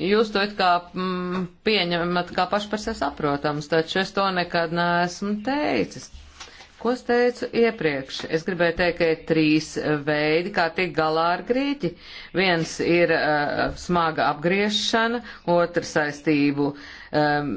Jūs to it kā mm, pieņemat kā paši par sevi saprotams, taču es to nekad neesmu teicis. Ko es teicu iepriekš? Es gribēju teikt, ka ir trīs veidi, kā tikt galā ar grīķi. Viens ir uh, smaga apgriešana, otrs saistību, um,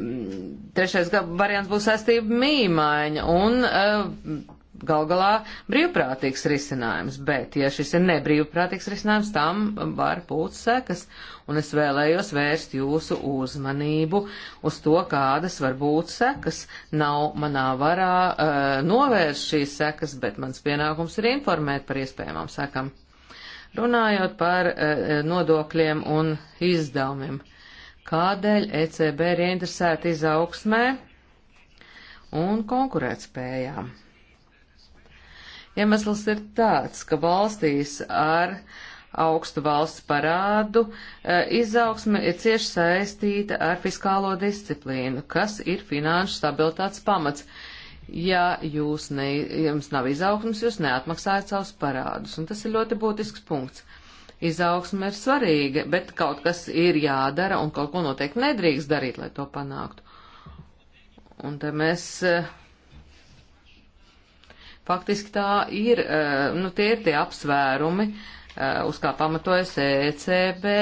trešais variants būs saistību mīmaiņa un uh, gal galā brīvprātīgs risinājums, bet ja šis ir nebrīvprātīgs risinājums, tam var būt sekas. Un es vēlējos vērst jūsu uzmanību uz to, kādas var būt sekas. Nav manā varā uh, novērst šīs sekas, bet mans pienākums ir informēt par iespējamām sekām. Runājot par uh, nodokļiem un izdevumiem, kādēļ ECB ir ieinteresēta izaugsmē un konkurētspējām? Iemesls ir tāds, ka valstīs ar augstu valsts parādu e, izaugsme ir cieši saistīta ar fiskālo disciplīnu, kas ir finanšu stabilitātes pamats. Ja jūs ne, jums nav izaugsmes, jūs neatmaksājat savus parādus, un tas ir ļoti būtisks punkts. Izaugsme ir svarīga, bet kaut kas ir jādara, un kaut ko noteikti nedrīkst darīt, lai to panāktu. Un te mēs uh, Faktiski tā ir, eh, nu tie ir tie apsvērumi, eh, uz kā pamatojas ECB.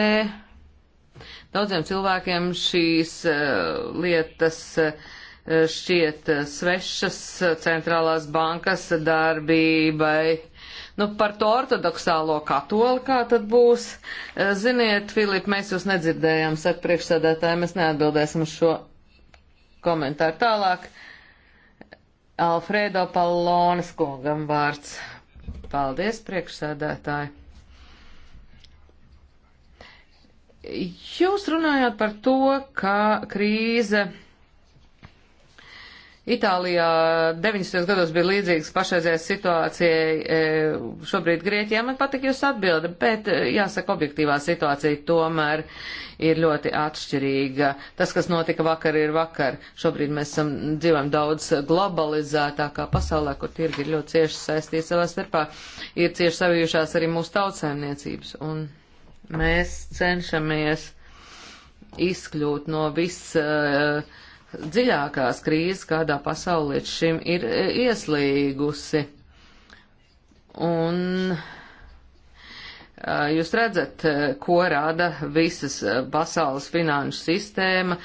Daudziem cilvēkiem šīs eh, lietas šķiet svešas centrālās bankas darbībai. Nu, par to ortodoksālo katoli kā tad būs? Ziniet, Filip, mēs jūs nedzirdējām, saka priekšsēdētāji, mēs neatbildēsim uz šo komentāru tālāk. Uh, Alfredo Pallonis kungam vārds. Paldies, priekšsēdētāji. Jūs runājāt par to, ka krīze Itālijā 90. gados bija līdzīgas pašreizējās situācijai, e, šobrīd Grieķijā man patika jūs atbildi, bet e, jāsaka, objektīvā situācija tomēr ir ļoti atšķirīga. Tas, kas notika vakar, ir vakar. Šobrīd mēs esam dzīvojam daudz globalizētākā pasaulē, kur tirgi ir ļoti cieši saistīti savā starpā, ir cieši savijušās arī mūsu tautsēmniecības, un mēs cenšamies izkļūt no viss. Uh, dziļākās krīzes, kādā pasaulē līdz šim ir e, ieslīgusi. Un e, Jūs redzat, e, ko rada visas pasaules finanšu sistēma,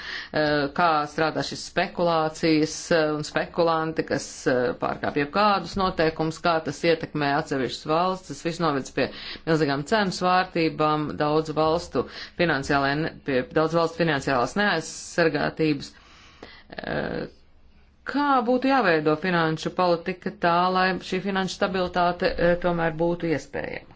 kā strādā šis spekulācijas un spekulanti, kas pārkāpj jebkādus noteikumus, kā tas ietekmē atsevišķas valsts. Tas viss novedz pie milzīgām cenu svārtībām, daudz valstu, pie daudz valstu finansiālās neaizsargātības. Kā būtu jāveido finanšu politika tā, lai šī finanšu stabilitāte eh, tomēr būtu iespējama?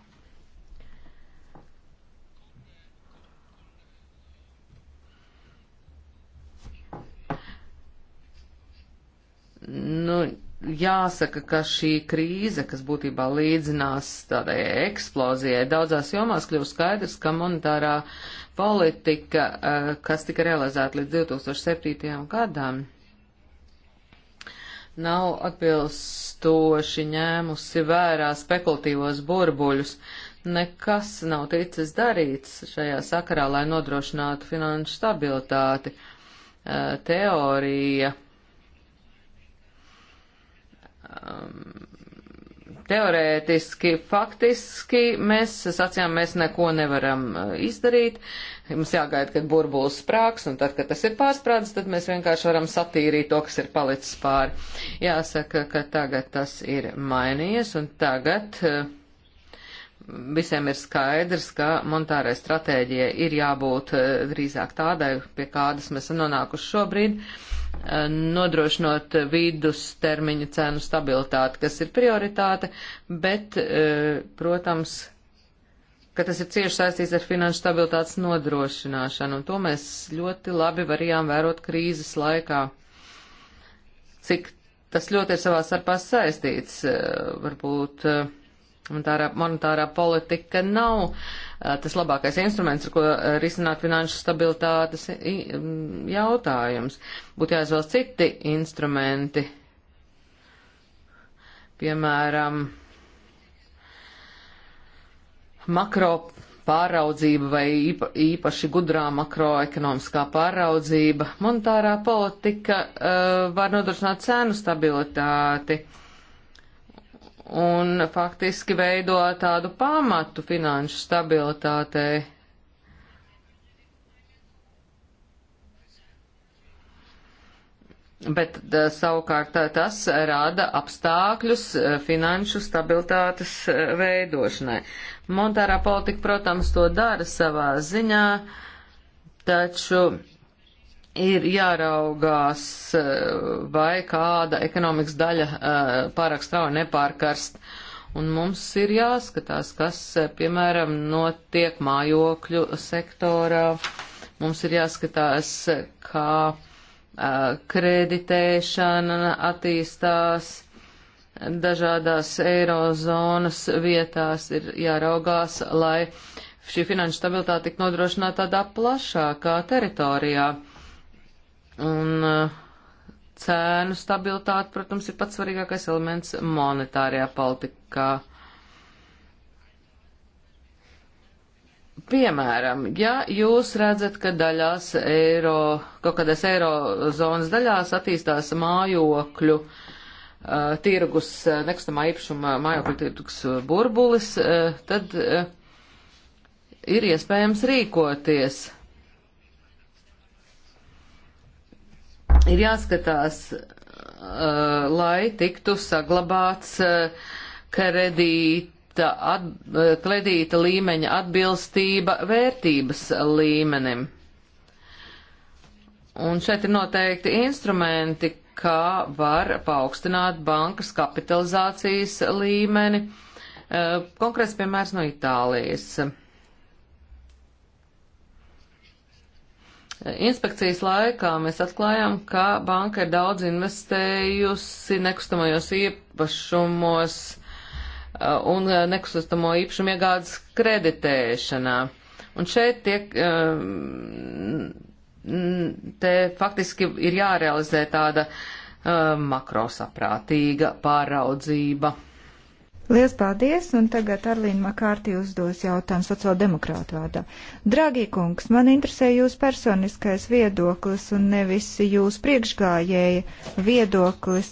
Nu, jāsaka, ka šī krīze, kas būtībā līdzinās tādai eksplozijai, daudzās jomās kļūst skaidrs, ka monetārā politika, eh, kas tika realizēta līdz 2007. gadam, nav atbilstoši ņēmusi vērā spekulatīvos burbuļus. Nekas nav ticis darīts šajā sakarā, lai nodrošinātu finanšu stabilitāti. Eh, teorija Um, teorētiski, faktiski mēs sacījām, mēs neko nevaram uh, izdarīt. Mums jāgaida, kad burbulis sprāks, un tad, kad tas ir pārsprādzis, tad mēs vienkārši varam satīrīt to, kas ir palicis pāri. Jāsaka, ka tagad tas ir mainījies, un tagad uh, visiem ir skaidrs, ka monetārai stratēģijai ir jābūt uh, drīzāk tādai, pie kādas mēs esam nonākuši šobrīd nodrošinot vidus termiņa cenu stabilitāti, kas ir prioritāte, bet, eh, protams, ka tas ir cieši saistīts ar finanšu stabilitātes nodrošināšanu, un to mēs ļoti labi varējām vērot krīzes laikā. Cik tas ļoti ir savā starpā saistīts, eh, varbūt eh, monetārā politika nav Eh, tas labākais instruments, ar ko eh, risināt finanšu stabilitātes jautājums. Būtu jāizvēlas citi instrumenti, piemēram, makro pāraudzība vai īpa, īpaši gudrā makroekonomiskā pāraudzība. Monetārā politika uh, var nodrošināt cēnu stabilitāti. Uh, un faktiski veido tādu pamatu finanšu stabilitātei. Bet savukārt tas rada apstākļus eh, finanšu stabilitātes eh, veidošanai. Monetārā politika, protams, to dara savā ziņā, taču ir jāraugās, eh, vai kāda ekonomikas daļa eh, pārāk strauji nepārkarst. Un mums ir jāskatās, kas, eh, piemēram, notiek mājokļu sektorā. Mums ir jāskatās, kā kreditēšana attīstās dažādās eirozonas vietās. Ir jāraugās, lai šī finanšu stabilitāte tik nodrošināta tādā plašākā teritorijā. Uh, Un uh, cēnu stabilitāte, protams, ir pats svarīgākais elements monetārajā politikā. Piemēram, ja jūs redzat, ka daļās eiro, kaut kādās eiro zonas daļās attīstās mājokļu uh, tirgus, eh, nekustamā īpašuma mājokļu tirgus burbulis, uh, tad uh, ir iespējams rīkoties. Uh, ir jāskatās, uh, lai tiktu saglabāts uh, kredīta, at, uh, kredīta līmeņa atbilstība vērtības līmenim. Un šeit ir noteikti instrumenti, kā var paaugstināt bankas kapitalizācijas līmeni. Uh, konkrēts piemērs no Itālijas Inspekcijas laikā mēs atklājām, ka banka ir daudz investējusi nekustamajos īpašumos uh, un uh, nekustamo īpašumu iegādes kreditēšanā. Un šeit tiek, um, te faktiski ir jārealizē tāda uh, makrosaprātīga pāraudzība. Lielas paldies, un tagad Arlīna Makārtī uzdos jautājumu sociāldemokrātu vārdā. Dragī kungs, man interesē jūs personiskais viedoklis un nevis jūs priekšgājēja viedoklis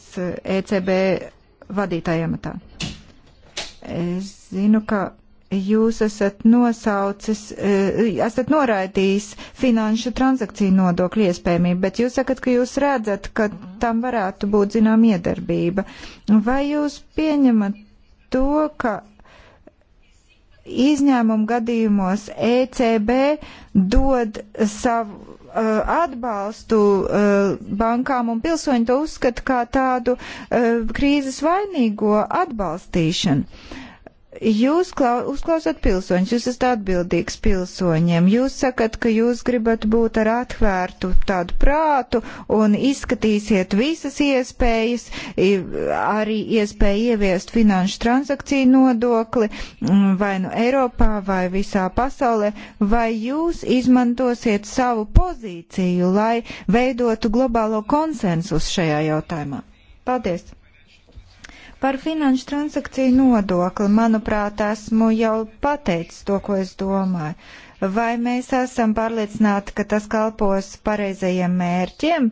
ECB vadītājamatā. Es zinu, ka jūs esat nosaucis, e, esat noraidījis finanšu transakciju nodokļu iespējamību, bet jūs sakat, ka jūs redzat, ka tam varētu būt zinām iedarbība. Vai jūs pieņemat to, ka izņēmumu gadījumos ECB dod savu uh, atbalstu uh, bankām un pilsoņi to uzskata kā tādu uh, krīzes vainīgo atbalstīšanu. Jūs uzklausat pilsoņus, jūs esat atbildīgs pilsoņiem. Jūs sakat, ka jūs gribat būt ar atvērtu tādu prātu un izskatīsiet visas iespējas, arī iespēju ieviest finanšu transakciju nodokli mm, vai nu Eiropā vai visā pasaulē. Vai jūs izmantosiet savu pozīciju, lai veidotu globālo konsensus šajā jautājumā? Paldies! Par finanšu transakciju nodokli, manuprāt, esmu jau pateicis to, ko es domāju. Vai mēs esam pārliecināti, ka tas kalpos pareizajiem mērķiem?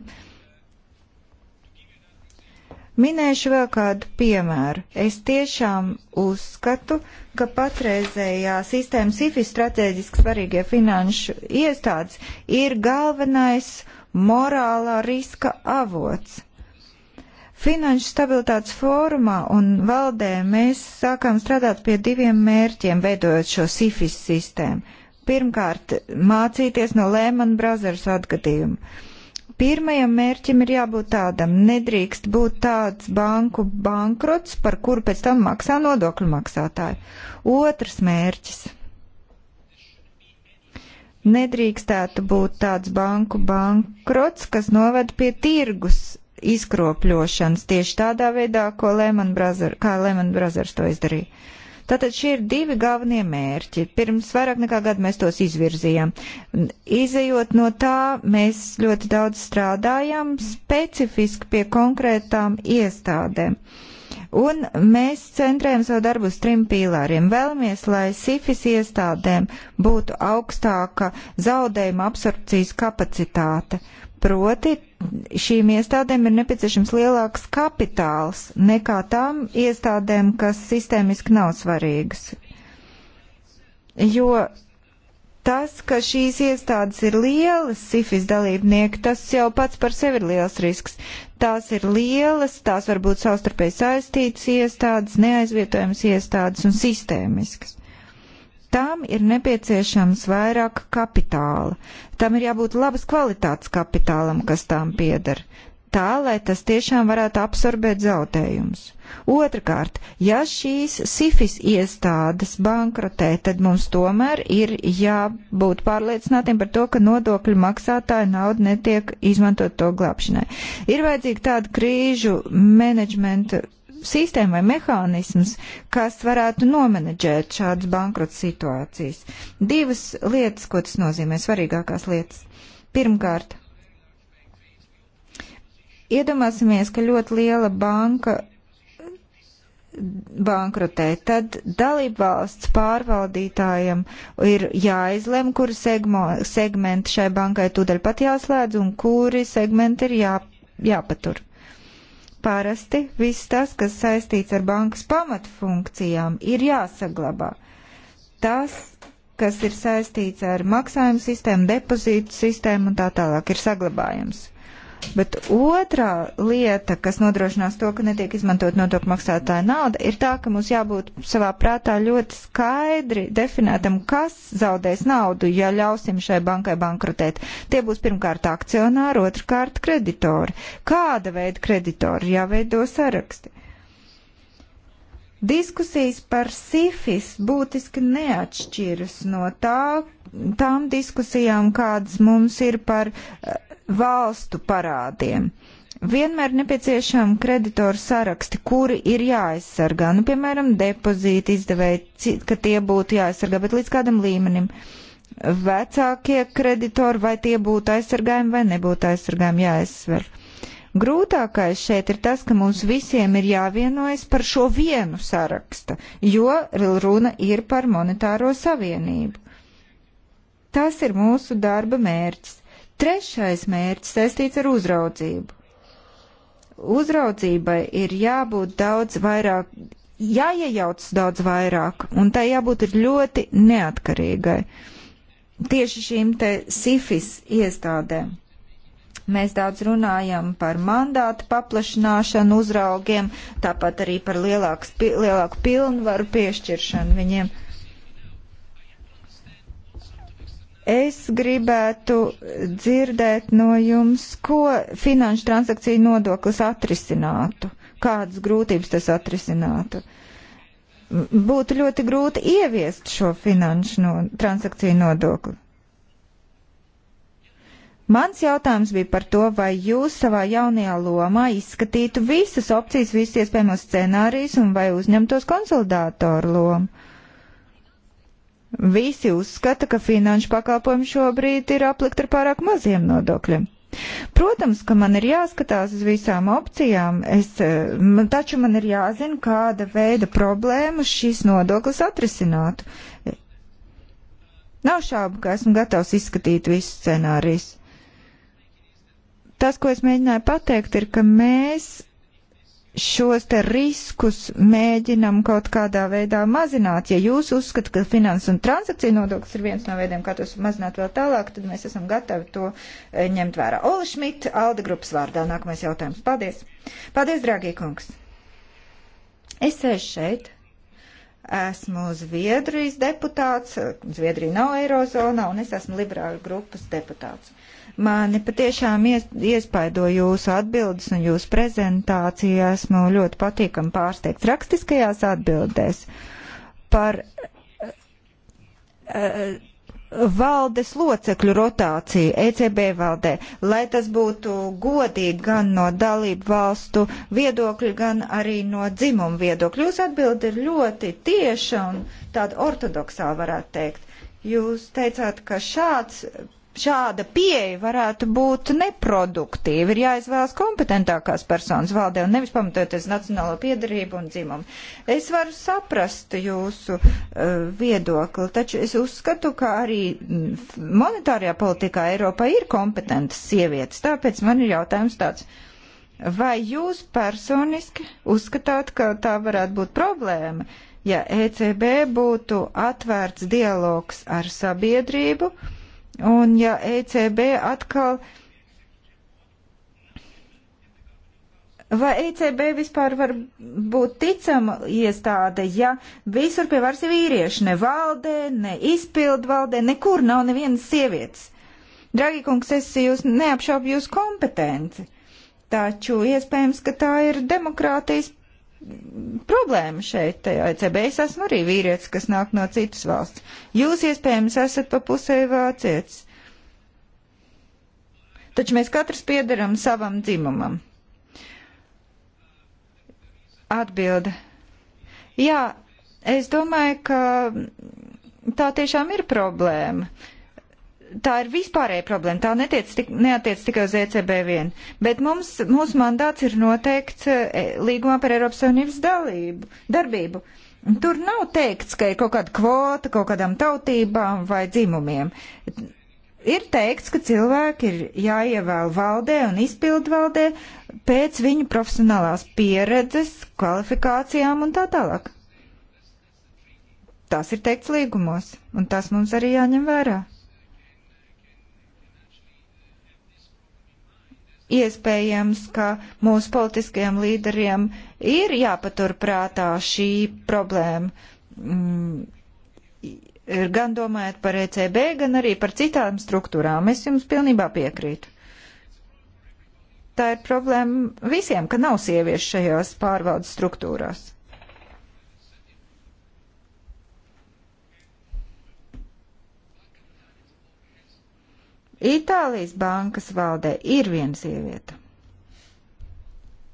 Minēšu vēl kādu piemēru. Es tiešām uzskatu, ka patreizējā sistēma SIFI strateģiski svarīgie finanšu iestādes ir galvenais morālā riska avots Finanšu stabilitātes fórumā un valdē mēs sākām strādāt pie diviem mērķiem, veidojot šo SIFIS sistēmu. Pirmkārt, mācīties no Lehman Brothers atgadījuma. Pirmajam mērķim ir jābūt tādam, nedrīkst būt tāds banku bankrots, par kuru pēc tam maksā nodokļu maksātāji. Otrs mērķis nedrīkstētu būt tāds banku bankrots, kas noved pie tirgus izkropļošanas tieši tādā veidā, ko Lehman Brothers, kā Lehman Brothers to izdarīja. Tātad šie ir divi galvenie mērķi. Pirms vairāk nekā gadu mēs tos izvirzījām. Izejot no tā, mēs ļoti daudz strādājām specifiski pie konkrētām iestādēm. Uh, Un mēs centrējam savu darbu uz trim pīlāriem. Vēlamies, lai SIFIS iestādēm būtu augstāka zaudējuma absorpcijas kapacitāte. Proti šīm iestādēm ir nepieciešams lielāks kapitāls nekā tām iestādēm, kas sistēmiski nav svarīgas. Jo Tas, ka šīs iestādes ir lielas sifis dalībnieki, tas jau pats par sevi ir liels risks. Tās ir lielas, tās var būt savstarpēji saistītas iestādes, neaizvietojamas iestādes un sistēmiskas. Tām ir nepieciešams vairāk kapitāla. Tam ir jābūt labas kvalitātes kapitālam, kas tām pieder tā, lai tas tiešām varētu absorbēt zaudējumus. Otrakārt, ja šīs sifis iestādes bankrotē, tad mums tomēr ir jābūt pārliecinātiem par to, ka nodokļu maksātāja nauda netiek izmantot to glābšanai. Ir vajadzīga tāda krīžu menedžmenta sistēma vai mehānisms, kas varētu nomenedžēt šādas bankrota situācijas. Divas lietas, ko tas nozīmē, svarīgākās lietas. Pirmkārt, Iedomāsimies, ka ļoti liela banka bankrotē, tad dalībvalsts pārvaldītājiem ir jāizlem, kuri segmo, segmenti šai bankai tūdaļ pat jāslēdz un kuri segmenti ir jā, jāpatur. Parasti viss tas, kas saistīts ar bankas pamatfunkcijām, ir jāsaglabā. Tas, kas ir saistīts ar maksājumu sistēmu, depozītu sistēmu un tā tālāk, ir saglabājams. Bet otrā lieta, kas nodrošinās to, ka netiek izmantot nodokļu maksātāja nauda, ir tā, ka mums jābūt savā prātā ļoti skaidri definētam, kas zaudēs naudu, ja ļausim šai bankai bankrotēt. Tie būs pirmkārt akcionāri, otrkārt kreditori. Kāda veida kreditori jāveido saraksti? Diskusijas par sifis būtiski neatšķiras no tā, tām diskusijām, kādas mums ir par uh, valstu parādiem. Vienmēr nepieciešama kreditoru saraksti, kuri ir jāaizsargā. Nu, piemēram, depozīti izdevēji, ka tie būtu jāaizsargā, bet līdz kādam līmenim. Vecākie kreditori, vai tie būtu aizsargājumi vai nebūtu aizsargājumi, jāaizsver. Grūtākais šeit ir tas, ka mums visiem ir jāvienojas par šo vienu sarakstu, jo runa ir par monetāro savienību. Tas ir mūsu darba mērķis. Trešais mērķis saistīts ar uzraudzību. Uzraudzībai ir jābūt daudz vairāk, jāiejaucas daudz vairāk, un tai jābūt ļoti neatkarīgai. Tieši šīm te sifis iestādēm. Mēs daudz runājam par mandātu paplašināšanu uzraugiem, tāpat arī par lielāku, lielāku pilnvaru piešķiršanu viņiem. Mm. Es gribētu dzirdēt no jums, ko finanšu transakciju nodoklis atrisinātu, kādas grūtības tas atrisinātu būtu ļoti grūti ieviest šo finanšu no, transakciju nodokli. Mans jautājums bija par to, vai jūs savā jaunajā lomā izskatītu visas opcijas, visas iespējamos scenārijus un vai uzņemtos konsolidātoru lomu. Visi uzskata, ka finanšu pakalpojumi šobrīd ir aplikt ar pārāk maziem nodokļiem. Protams, ka man ir jāskatās uz visām opcijām, es, eh, man, taču man ir jāzina, kāda veida problēmas šīs nodoklis atrisinātu. Nav šābu, ka esmu gatavs izskatīt visus scenārijus. Tas, ko es mēģināju pateikt, ir, ka mēs šos te riskus mēģinam kaut kādā veidā mazināt. Ja jūs uzskatāt, ka finanses un transakciju nodoklis ir viens no veidiem, kā tos mazināt vēl tālāk, tad mēs esam gatavi to eh, ņemt vērā. Ola Šmit, Alda grupas vārdā, nākamais jautājums. Paldies! Paldies, draugie kungs! Es sēžu šeit. Esmu Zviedrijas deputāts, Zviedrija nav Eirozonā, un es esmu liberāļu grupas deputāts. Mani patiešām iespaido jūsu atbildes un jūsu prezentācija. Esmu ļoti patīkami pārsteigts rakstiskajās atbildēs par uh, valdes locekļu rotāciju ECB valdē, lai tas būtu godīgi gan no dalību valstu viedokļu, gan arī no dzimumu viedokļu. Jūs atbildi ir ļoti tieša un tāda ortodoksāla varētu teikt. Jūs teicāt, ka šāds šāda pieeja varētu būt neproduktīva. Ir jāizvēlas kompetentākās personas valdē un nevis pamatoties nacionālo piedarību un dzimumu. Es varu saprast jūsu uh, viedokli, taču es uzskatu, ka arī mm, monetārajā politikā Eiropā ir kompetentas sievietes. Tāpēc man ir jautājums tāds. Vai jūs personiski uzskatāt, ka tā varētu būt problēma? ja ECB būtu atvērts dialogs ar sabiedrību Un ja ECB atkal. Vai ECB vispār var būt ticama iestāde, ja visur pie varas ir vīrieši, ne valdē, ne izpildu valdē, nekur nav nevienas sievietes? Dragi kungs, es jūs neapšaubu jūsu kompetenci, taču iespējams, ka tā ir demokrātijas problēma šeit, tajā ECB. Es esmu arī vīrietis, kas nāk no citas valsts. Jūs iespējams esat pa pusē vācietis. Taču mēs katrs piedaram savam dzimumam. Atbilde. Jā, es domāju, ka tā tiešām ir problēma. Uh, tā ir vispārēja problēma. Tā netiec, tik, neatiec tikai uz ECB vien. Bet mums, mūsu mandāts ir noteikts e, līgumā par Eiropas Savienības dalību, darbību. Tur nav teikts, ka ir kaut kāda kvota kaut kādām tautībām vai dzimumiem. Ir teikts, ka cilvēki ir jāievēl valdē un izpildu valdē pēc viņu profesionālās pieredzes, kvalifikācijām un tā tālāk. Tas ir teikts līgumos, un tas mums arī jāņem vērā. Iespējams, ka mūsu politiskajiem līderiem ir jāpaturprātā šī problēma. Mm, gan domājot par ECB, gan arī par citām struktūrām. Es jums pilnībā piekrītu. Tā ir problēma visiem, ka nav sieviešu šajās pārvaldes struktūrās. Itālijas bankas valdē ir viena sieviete.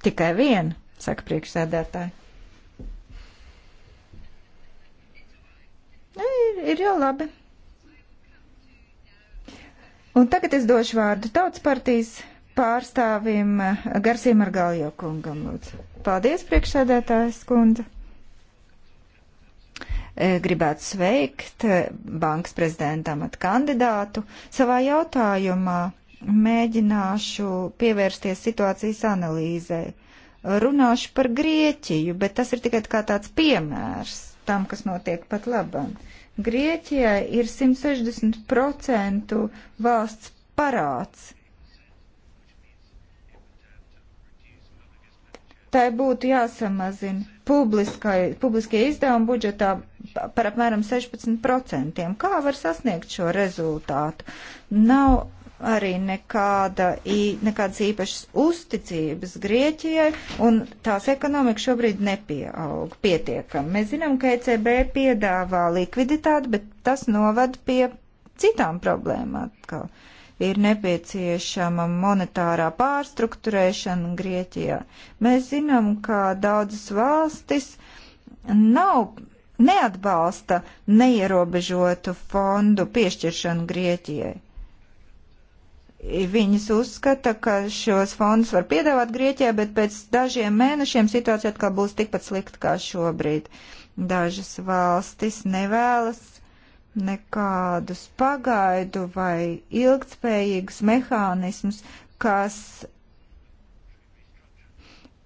Tikai viena, saka priekšsēdētāji. Nu, ir, ir jau labi. Un tagad es došu vārdu tautas partijas pārstāvim eh, Garsiem Argaljo kungam. Lūdzu. Paldies, priekšsēdētājs kundze. Eh, gribētu sveikt eh, bankas prezidentam at kandidātu. Savā jautājumā mēģināšu pievērsties situācijas analīzei. Runāšu par Grieķiju, bet tas ir tikai kā tāds piemērs tam, kas notiek pat labam. Grieķijai ir 160% valsts parāds. Tai būtu jāsamazina publiskie izdevumi budžetā par apmēram 16%. Kā var sasniegt šo rezultātu? Nav arī nekāda, nekādas īpašas uzticības Grieķijai, un tās ekonomika šobrīd nepieaug pietiekami. Mēs zinām, ka ECB piedāvā likviditāti, bet tas novad pie citām problēmām atkal. Ir nepieciešama monetārā pārstruktūrēšana Grieķijā. Mēs zinām, ka daudzas valstis nav neatbalsta neierobežotu fondu piešķiršanu Grieķijai. Viņas uzskata, ka šos fondus var piedāvāt Grieķijai, bet pēc dažiem mēnešiem situācija atkal būs tikpat slikta kā šobrīd. Dažas valstis nevēlas nekādus pagaidu vai ilgtspējīgus mehānismus, kas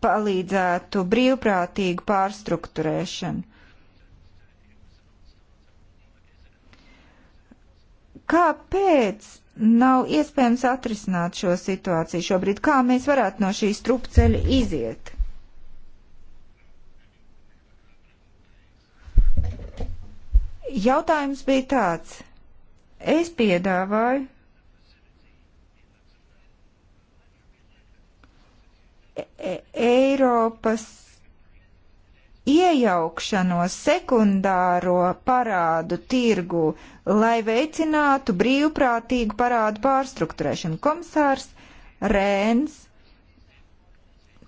palīdzētu brīvprātīgu pārstruktūrēšanu. Kāpēc nav iespējams atrisināt šo situāciju šobrīd? Kā mēs varētu no šīs trupceļa iziet? Jautājums bija tāds. Es piedāvāju. E, e- Eiropas iejaukšanos sekundāro parādu tirgu, lai veicinātu brīvprātīgu parādu pārstruktūrēšanu. Komisārs Rēns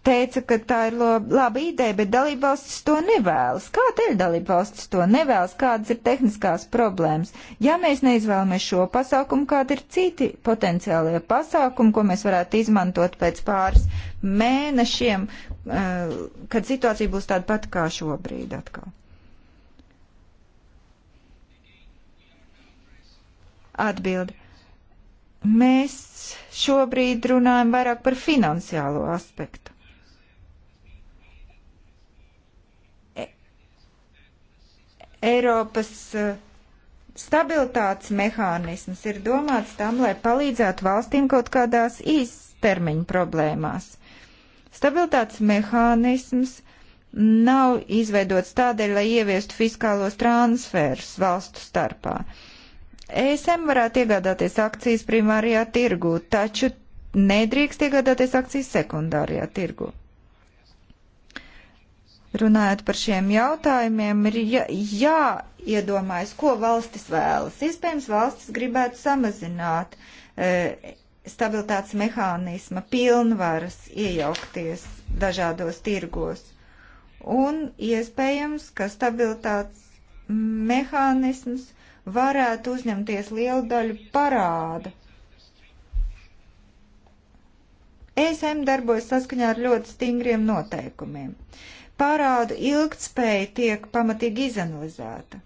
teica, ka tā ir laba ideja, bet dalībvalstis to nevēlas. Kādēļ dalībvalstis to nevēlas? Kādas ir tehniskās problēmas? Ja mēs neizvēlamies šo pasākumu, kādi ir citi potenciālie pasākumi, ko mēs varētu izmantot pēc pāris mēnešiem, eh, kad situācija būs tāda pati kā šobrīd atkal? Atbildi. Mēs šobrīd runājam vairāk par finansiālo aspektu. Eiropas eh, stabilitātes mehānisms ir domāts tam, lai palīdzētu valstīm kaut kādās īstermiņa problēmās. Stabilitātes mehānisms nav izveidots tādēļ, lai ieviestu fiskālos transferus valstu starpā. ESM varētu iegādāties akcijas primārajā tirgū, taču nedrīkst iegādāties akcijas sekundārajā tirgū runājot par šiem jautājumiem, ir jā, jāiedomājas, ko valstis vēlas. Iespējams, valstis gribētu samazināt e, stabilitātes mehānisma pilnvaras iejaukties dažādos tirgos. Un iespējams, ka stabilitātes mehānisms varētu uzņemties lielu daļu parāda. ESM darbojas saskaņā ar ļoti stingriem noteikumiem. Uh, parādu ilgtspēja tiek pamatīgi izanalizēta.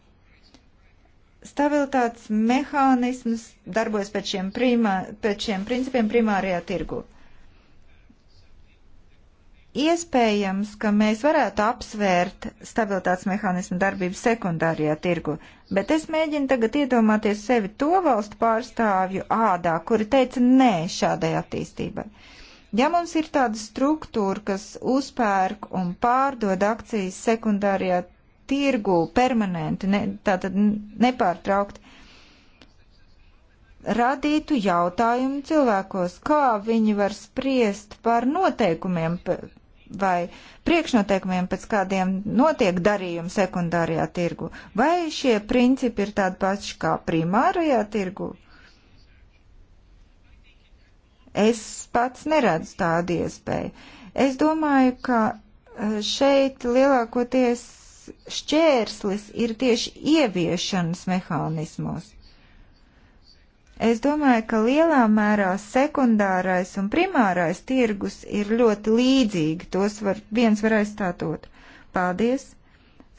Stabilitātes mehānisms darbojas pēc šiem, primā, pēc šiem principiem primārajā tirgu. Iespējams, ka mēs varētu apsvērt stabilitātes mehānismu darbību sekundārajā tirgu, bet es mēģinu tagad iedomāties sevi to valstu pārstāvju ādā, kuri teica nē šādai attīstībai. Uh, Ja mums ir tāda struktūra, kas uzpērk un pārdod akcijas sekundārajā tirgu permanenti, ne, tātad nepārtraukti, radītu jautājumu cilvēkos, kā viņi var spriest par noteikumiem vai priekšnoteikumiem, pēc kādiem notiek darījumi sekundārajā tirgu, vai šie principi ir tādi paši kā primārajā tirgu, Es pats neredzu tādu iespēju. Es domāju, ka e, šeit lielākoties šķērslis ir tieši ieviešanas mehānismos. Es domāju, ka lielā mērā sekundārais un primārais tirgus ir ļoti līdzīgi, tos var, viens var aizstātot. Paldies!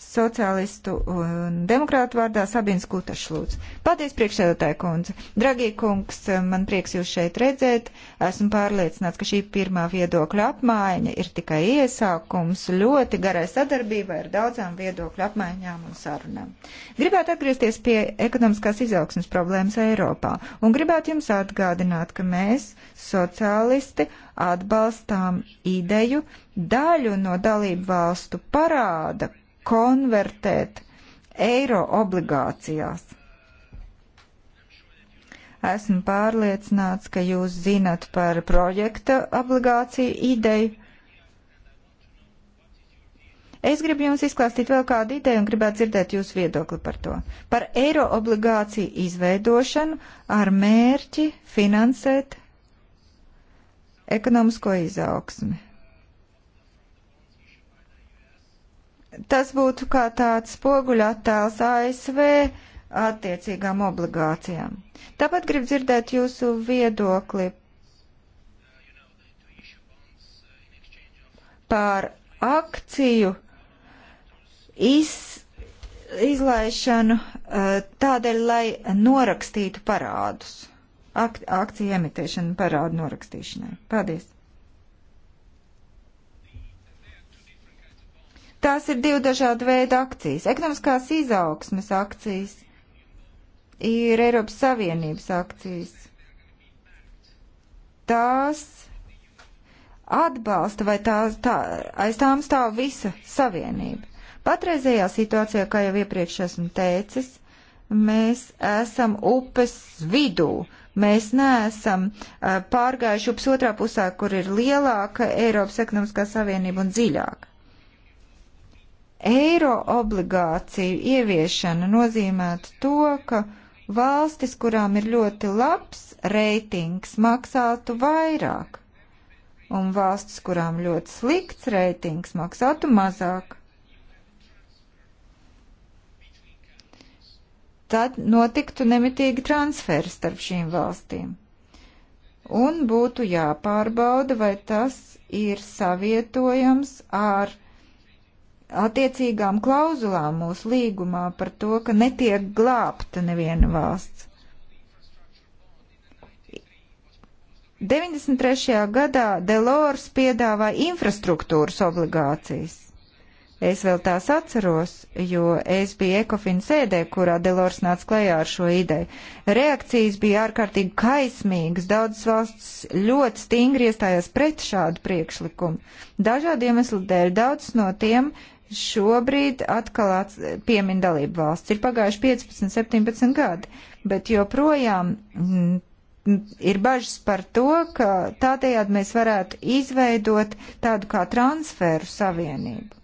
sociālistu un demokrātu vārdā Sabins Kutašs lūdzu. Paldies priekšsēdētāja kundze. Dragie kungs, man prieks jūs šeit redzēt. Esmu pārliecināts, ka šī pirmā viedokļa apmaiņa ir tikai iesākums ļoti garai sadarbībai ar daudzām viedokļu apmaiņām un sarunām. Gribētu atgriezties pie ekonomiskās izaugsmas problēmas Eiropā un gribētu jums atgādināt, ka mēs, sociālisti, atbalstām ideju daļu no dalību valstu parāda konvertēt eiro obligācijās. Esmu pārliecināts, ka jūs zinat par projekta obligāciju ideju. Es gribu jums izklāstīt vēl kādu ideju un gribētu dzirdēt jūsu viedokli par to. Par eiro obligāciju izveidošanu ar mērķi finansēt ekonomisko izaugsmi. Tas būtu kā tāds spoguļattēls ASV attiecīgām obligācijām. Tāpat grib dzirdēt jūsu viedokli par akciju iz, izlaišanu eh, tādēļ, lai norakstītu parādus. Ak, akciju emitēšanu parādu norakstīšanai. Paldies! Tās ir divi dažādi veidi akcijas. Ekonomiskās izaugsmes akcijas ir Eiropas Savienības akcijas. Tās atbalsta vai tās, tā, aiz tām stāv visa Savienība. Patreizējā situācijā, kā jau iepriekš esmu teicis, mēs esam upes vidū. Mēs neesam uh, pārgājuši upes otrā pusē, kur ir lielāka Eiropas ekonomiskā savienība un dziļāka. Eiro obligāciju ieviešana nozīmētu to, ka valstis, kurām ir ļoti labs reitings, maksātu vairāk, un valstis, kurām ļoti slikts reitings, maksātu mazāk. Tad notiktu nemitīgi transferi starp šīm valstīm, un būtu jāpārbauda, vai tas ir savietojams ar attiecīgām klauzulām mūsu līgumā par to, ka netiek glābta neviena valsts. 93. gadā Delors piedāvāja infrastruktūras obligācijas. Es vēl tās atceros, jo es biju Ekofina sēdē, kurā Delors nāca klajā ar šo ideju. Reakcijas bija ārkārtīgi kaismīgas, daudzas valsts ļoti stingri iestājās pret šādu priekšlikumu. Dažādu iemeslu dēļ daudzas no tiem šobrīd atkal piemin dalību valsts. Ir pagājuši 15, 17 gadi, bet joprojām m, mm, ir bažas par to, ka tādējādi mēs varētu izveidot tādu kā transferu savienību.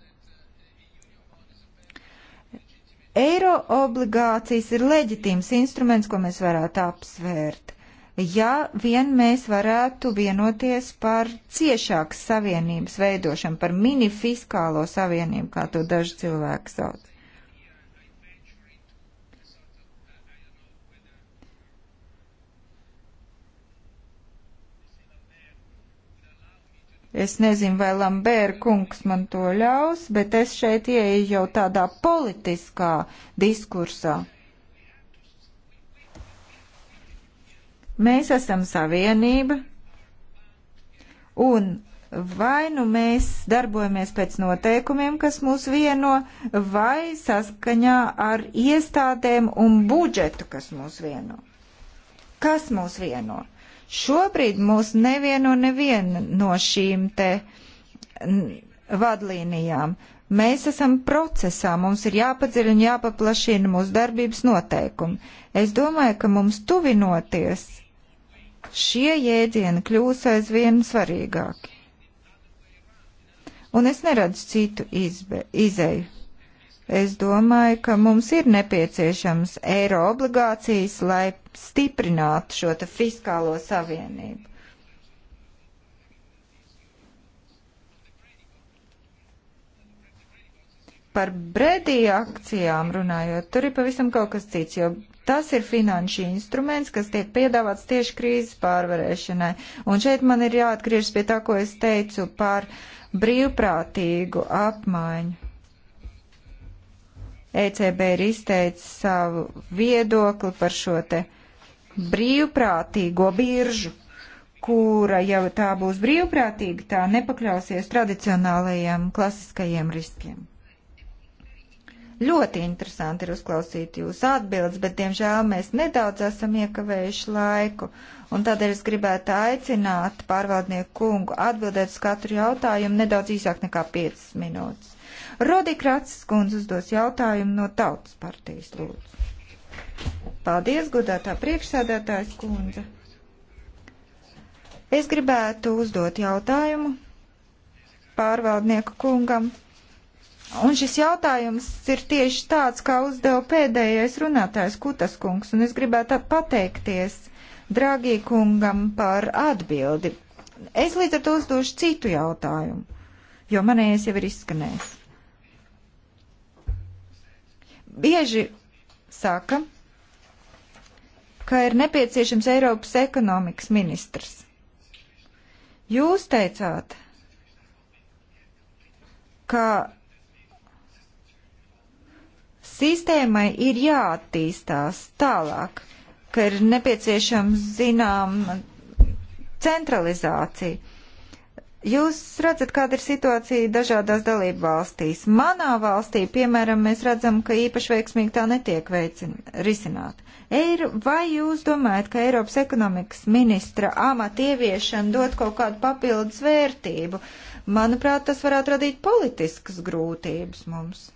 Eiro obligācijas ir leģitīms instruments, ko mēs varētu apsvērt ja vien mēs varētu vienoties par ciešākas savienības veidošanu, par minifiskālo savienību, kā to daži cilvēki sauc. Es nezinu, vai Lambēra kungs man to ļaus, bet es šeit ieeju jau tādā politiskā diskursā. Mēs esam savienība, un vai nu mēs darbojamies pēc noteikumiem, kas mūs vieno, vai saskaņā ar iestādēm un budžetu, kas mūs vieno. Kas mūs vieno? Šobrīd mūs nevieno neviena no šīm te vadlīnijām. Mēs esam procesā, mums ir jāpadziļina, jāpaplašina mūsu darbības noteikumi. Es domāju, ka mums tuvinoties Šie jēdzieni kļūs aizvien svarīgāki. Un es neredzu citu izbe, izēju. Es domāju, ka mums ir nepieciešams eiro obligācijas, lai stiprinātu šo te fiskālo savienību. Par bredī akcijām runājot, tur ir pavisam kaut kas cits, jo Tas ir finanšu instruments, kas tiek piedāvāts tieši krīzes pārvarēšanai. Un šeit man ir jāatgriežas pie tā, ko es teicu par brīvprātīgu apmaiņu. ECB ir izteicis savu viedokli par šo te brīvprātīgo biržu, kura jau tā būs brīvprātīga, tā nepakļausies tradicionālajiem klasiskajiem riskiem. Ļoti interesanti ir uzklausīt jūsu atbildes, bet, diemžēl, mēs nedaudz esam iekavējuši laiku. Un tādēļ es gribētu aicināt pārvaldnieku kungu atbildēt uz katru jautājumu nedaudz īsāk nekā 5 minūtes. Rodi Kratsas kundze uzdos jautājumu no tautas partijas lūdzu. Paldies, godātā priekšsēdētājs kundze. Es gribētu uzdot jautājumu pārvaldnieku kungam Un šis jautājums ir tieši tāds, kā uzdeva pēdējais runātājs Kutas kungs, un es gribētu pateikties Dragī kungam par atbildi. Es līdz ar to uzdošu citu jautājumu, jo manējais jau ir izskanējis. Bieži saka, ka ir nepieciešams Eiropas ekonomikas ministrs. Jūs teicāt, ka Sistēmai ir jāattīstās tālāk, ka ir nepieciešams zinām centralizācija. Jūs redzat, kāda ir situācija dažādās dalību valstīs. Manā valstī, piemēram, mēs redzam, ka īpaši veiksmīgi tā netiek veicin, risināt. Eir, vai jūs domājat, ka Eiropas ekonomikas ministra amata ieviešana dod kaut kādu papildus vērtību? Manuprāt, tas varētu radīt politiskas grūtības mums.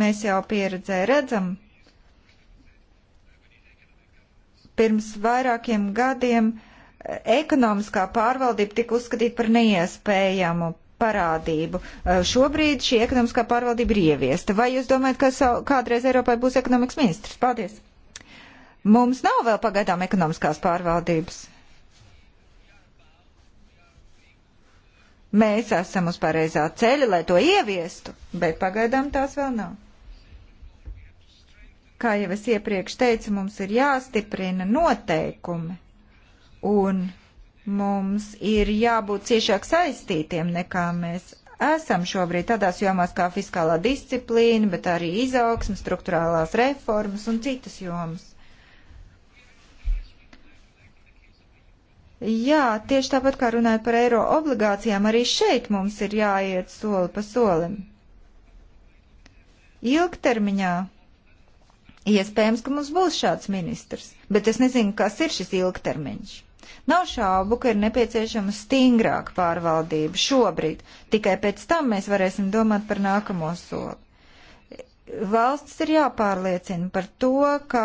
Mēs jau pieredzē redzam, pirms vairākiem gadiem eh, ekonomiskā pārvaldība tika uzskatīta par neiespējamu parādību. Eh, šobrīd šī ekonomiskā pārvaldība ir ieviesta. Vai jūs domājat, ka savu, kādreiz Eiropai būs ekonomikas ministrs? Paldies! Mums nav vēl pagaidām ekonomiskās pārvaldības. Mēs esam uz pareizā ceļa, lai to ieviestu, bet pagaidām tās vēl nav. Kā jau es iepriekš teicu, mums ir jāstiprina noteikumi un mums ir jābūt ciešāk saistītiem nekā mēs esam šobrīd tādās jomās kā fiskālā disciplīna, bet arī izaugsme, struktūrālās reformas un citas jomas. Jā, tieši tāpat kā runājot par eiro obligācijām, arī šeit mums ir jāiet soli pa solim. Ilgtermiņā Iespējams, ka mums būs šāds ministrs, bet es nezinu, kas ir šis ilgtermiņš. Nav šaubu, ka ir nepieciešama stingrāka pārvaldība šobrīd, tikai pēc tam mēs varēsim domāt par nākamo soli valsts ir jāpārliecina par to, ka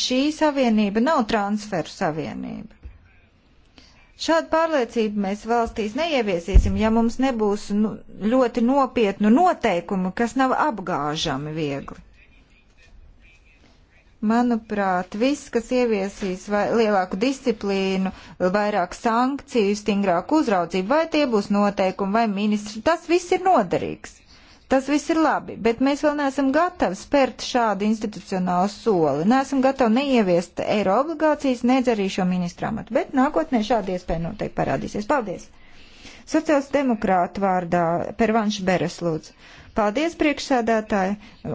šī savienība nav transferu savienība. Šādu pārliecību mēs valstīs neieviesīsim, ja mums nebūs nu, ļoti nopietnu noteikumu, kas nav apgāžami viegli. Manuprāt, viss, kas ieviesīs vai, lielāku disciplīnu, vairāk sankciju, stingrāku uzraudzību, vai tie būs noteikumi vai ministri, tas viss ir noderīgs. Tas viss ir labi, bet mēs vēl neesam gatavi spērt šādu institucionālu soli. Neesam gatavi neieviest eiro obligācijas, nedz arī šo ministru amatu, bet nākotnē šāda iespēja noteikti parādīsies. Paldies! Sociāls demokrātu vārdā Pervanš Beres lūdzu. Paldies, priekšsēdētāji,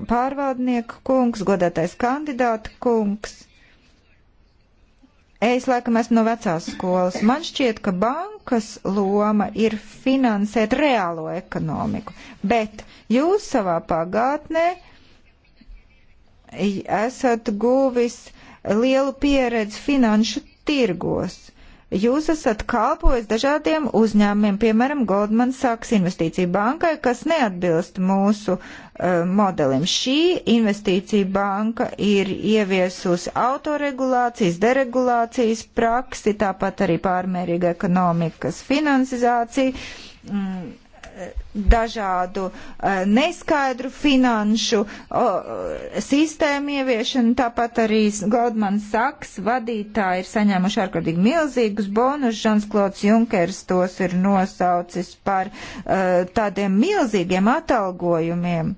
pārvaldnieku kungs, godātais kandidāta kungs. Es laikam esmu no vecās skolas. Man šķiet, ka bankas loma ir finansēt reālo ekonomiku, bet jūs savā pagātnē esat guvis lielu pieredzi finanšu tirgos. Jūs esat kalpojis dažādiem uzņēmumiem, piemēram, Goldman Sachs investīcija bankai, kas neatbilst mūsu uh, modelim. Šī investīcija banka ir ieviesusi autoregulācijas, deregulācijas praksi, tāpat arī pārmērīga ekonomikas finansizācija. Mm dažādu eh, neskaidru finanšu sistēmu ieviešanu, tāpat arī Goldman Sachs vadītāji ir saņēmuši ārkārtīgi milzīgus bonus. Žansklots Junkers tos ir nosaucis par eh, tādiem milzīgiem atalgojumiem.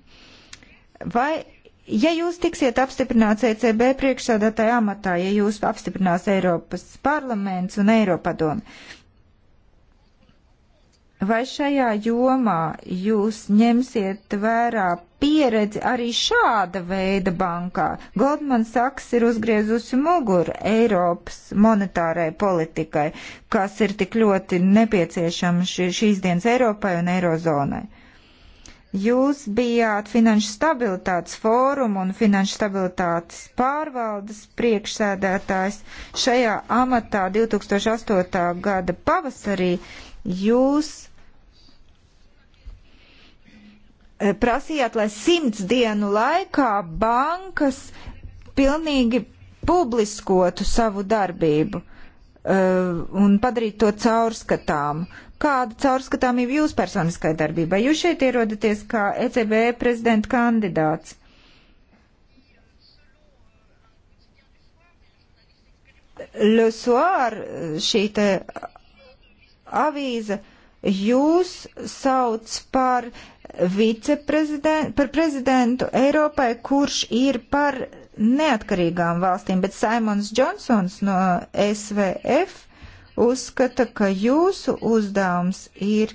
Vai Ja jūs tiksiet apstiprināts ECB priekšsādātāja amatā, ja jūs apstiprinās Eiropas parlaments un Eiropadomu, Vai šajā jomā jūs ņemsiet vērā pieredzi arī šāda veida bankā? Goldman Sachs ir uzgriezusi muguru Eiropas monetārai politikai, kas ir tik ļoti nepieciešama šīs dienas Eiropai un Eirozonai. Jūs bijāt Finanšu stabilitātes fóruma un Finanšu stabilitātes pārvaldes priekšsēdētājs. Šajā amatā 2008. gada pavasarī jūs Eh, prasījāt, lai simts dienu laikā bankas pilnīgi publiskotu savu darbību uh, un padarītu to caurskatām. Kāda caurskatāmība jūs personiskai darbībai? Jūs šeit ierodaties kā ECB prezidenta kandidāts. Le Soir, šī te avīze, jūs sauc par uh, par prezidentu Eiropai, kurš ir par neatkarīgām valstīm, bet Simons Džonsons no SVF uzskata, ka jūsu uzdevums ir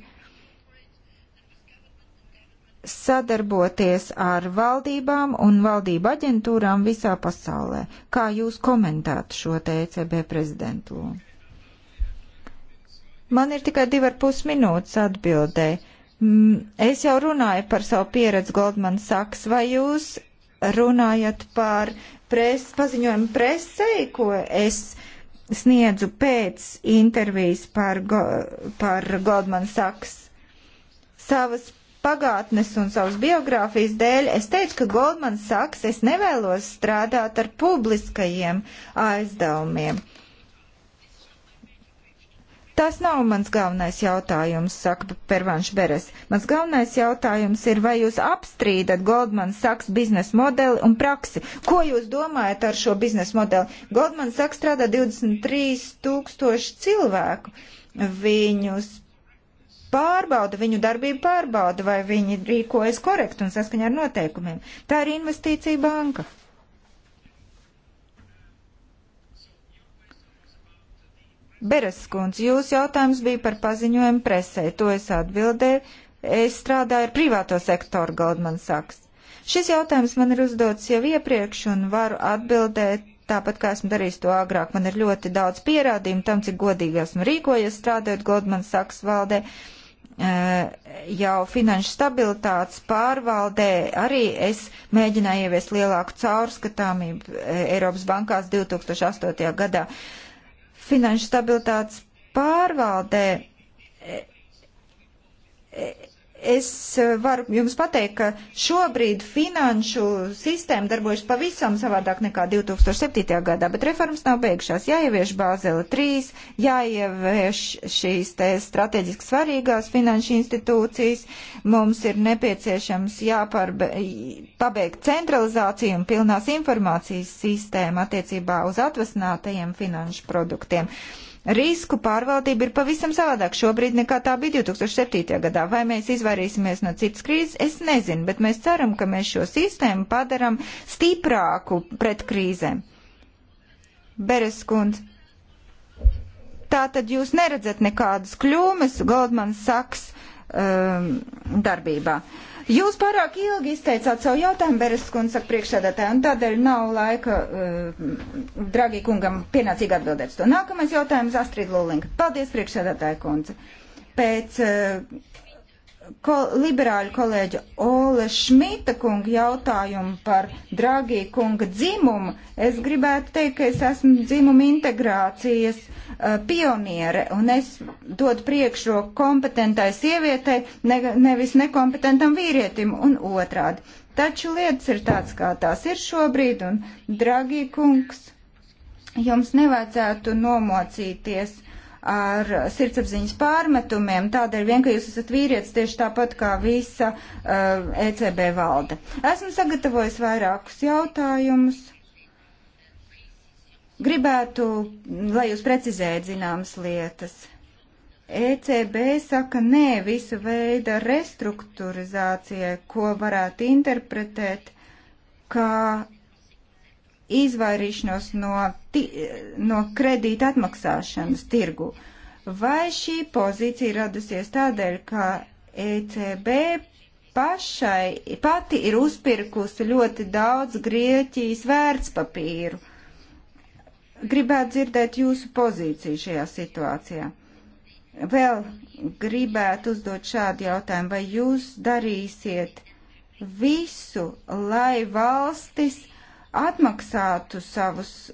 sadarboties ar valdībām un valdību aģentūrām visā pasaulē. Kā jūs komentētu šo TCB e prezidentu lomu? Man ir tikai divi ar pus minūtes atbildēji. Mm, es jau runāju par savu pieredzi Goldman Sachs, vai jūs runājat par pres, paziņojumu presei, ko es sniedzu pēc intervijas par, go, par Goldman Sachs savas pagātnes un savas biogrāfijas dēļ, es teicu, ka Goldman Sachs es nevēlos strādāt ar publiskajiem aizdevumiem. Uh, Tas nav mans galvenais jautājums, saka Pervanš Beres. Mans galvenais jautājums ir, vai jūs apstrīdat Goldman Sachs biznesa modeli un praksi? Ko jūs domājat ar šo biznesa modeli? Goldman Sachs strādā 23 tūkstoši cilvēku. Viņus pārbauda, viņu darbību pārbauda, vai viņi rīkojas korekti un saskaņā ar noteikumiem. Tā ir investīcija banka. Bereskunds, jūs jautājums bija par paziņojumu presē, to es atbildēju. Es strādāju ar privāto sektoru, Goldman Sachs. Šis jautājums man ir uzdots jau iepriekš un varu atbildēt tāpat, kā esmu darījis to agrāk. Man ir ļoti daudz pierādījumu tam, cik godīgi esmu rīkojies strādājot Goldman Sachs valdē. Eh, jau finanšu stabilitātes pārvaldē arī es mēģināju ieviest lielāku caurskatāmību eh, Eiropas bankās 2008. gadā. Uh, finanšu stabilitātes pārvaldē e, e, Es eh, varu jums pateikt, ka šobrīd finanšu sistēma darbojas pavisam savādāk nekā 2007. gadā, bet reformas nav beigušās. Jāievieš Bāzela 3, jāievieš šīs te strateģiski svarīgās finanšu institūcijas, mums ir nepieciešams jāpabeigt centralizāciju un pilnās informācijas sistēma attiecībā uz atvasinātajiem finanšu produktiem. Uh, Risku pārvaldība ir pavisam savādāk šobrīd nekā tā bija 2007. gadā. Vai mēs izvairīsimies no citas krīzes, es nezinu, bet mēs ceram, ka mēs šo sistēmu padaram stiprāku pret krīzēm. Bereskundze. Tā tad jūs neredzat nekādas kļūmes Goldman Sachs um, darbībā. Uh, Jūs pārāk ilgi izteicāt savu jautājumu, Beres kundze, saka priekšsēdētāji, un tādēļ nav laika, uh, dragī kungam, pienācīgi atbildēt uz to. Nākamais jautājums, Astrid Lulinga. Paldies, priekšsēdētāja kundze. Pēc uh, ko, liberāļu kolēģa Ole Šmita kunga jautājumu par Dragī kunga dzimumu, es gribētu teikt, ka es esmu dzimuma integrācijas uh, pioniere un es dodu priekšroku kompetentai sievietei, ne, nevis nekompetentam vīrietim un otrādi. Taču lietas ir tāds, kā tās ir šobrīd un Dragī kungs, jums nevajadzētu nomocīties. Uh, ar sirdsapziņas pārmetumiem, tādēļ vien, ka jūs esat vīrietis tieši tāpat kā visa uh, ECB valde. Esmu sagatavojis vairākus jautājumus. Gribētu, lai jūs precizējat zināmas lietas. ECB saka nē visu veidu restruktūrizācijai, ko varētu interpretēt kā izvairīšanos no, ti, no kredīta atmaksāšanas tirgu. Vai šī pozīcija radusies tādēļ, ka ECB pašai pati ir uzpirkusi ļoti daudz Grieķijas vērtspapīru? Gribētu dzirdēt jūsu pozīciju šajā situācijā. Vēl gribētu uzdot šādu jautājumu, vai jūs darīsiet visu, lai valstis atmaksātu savus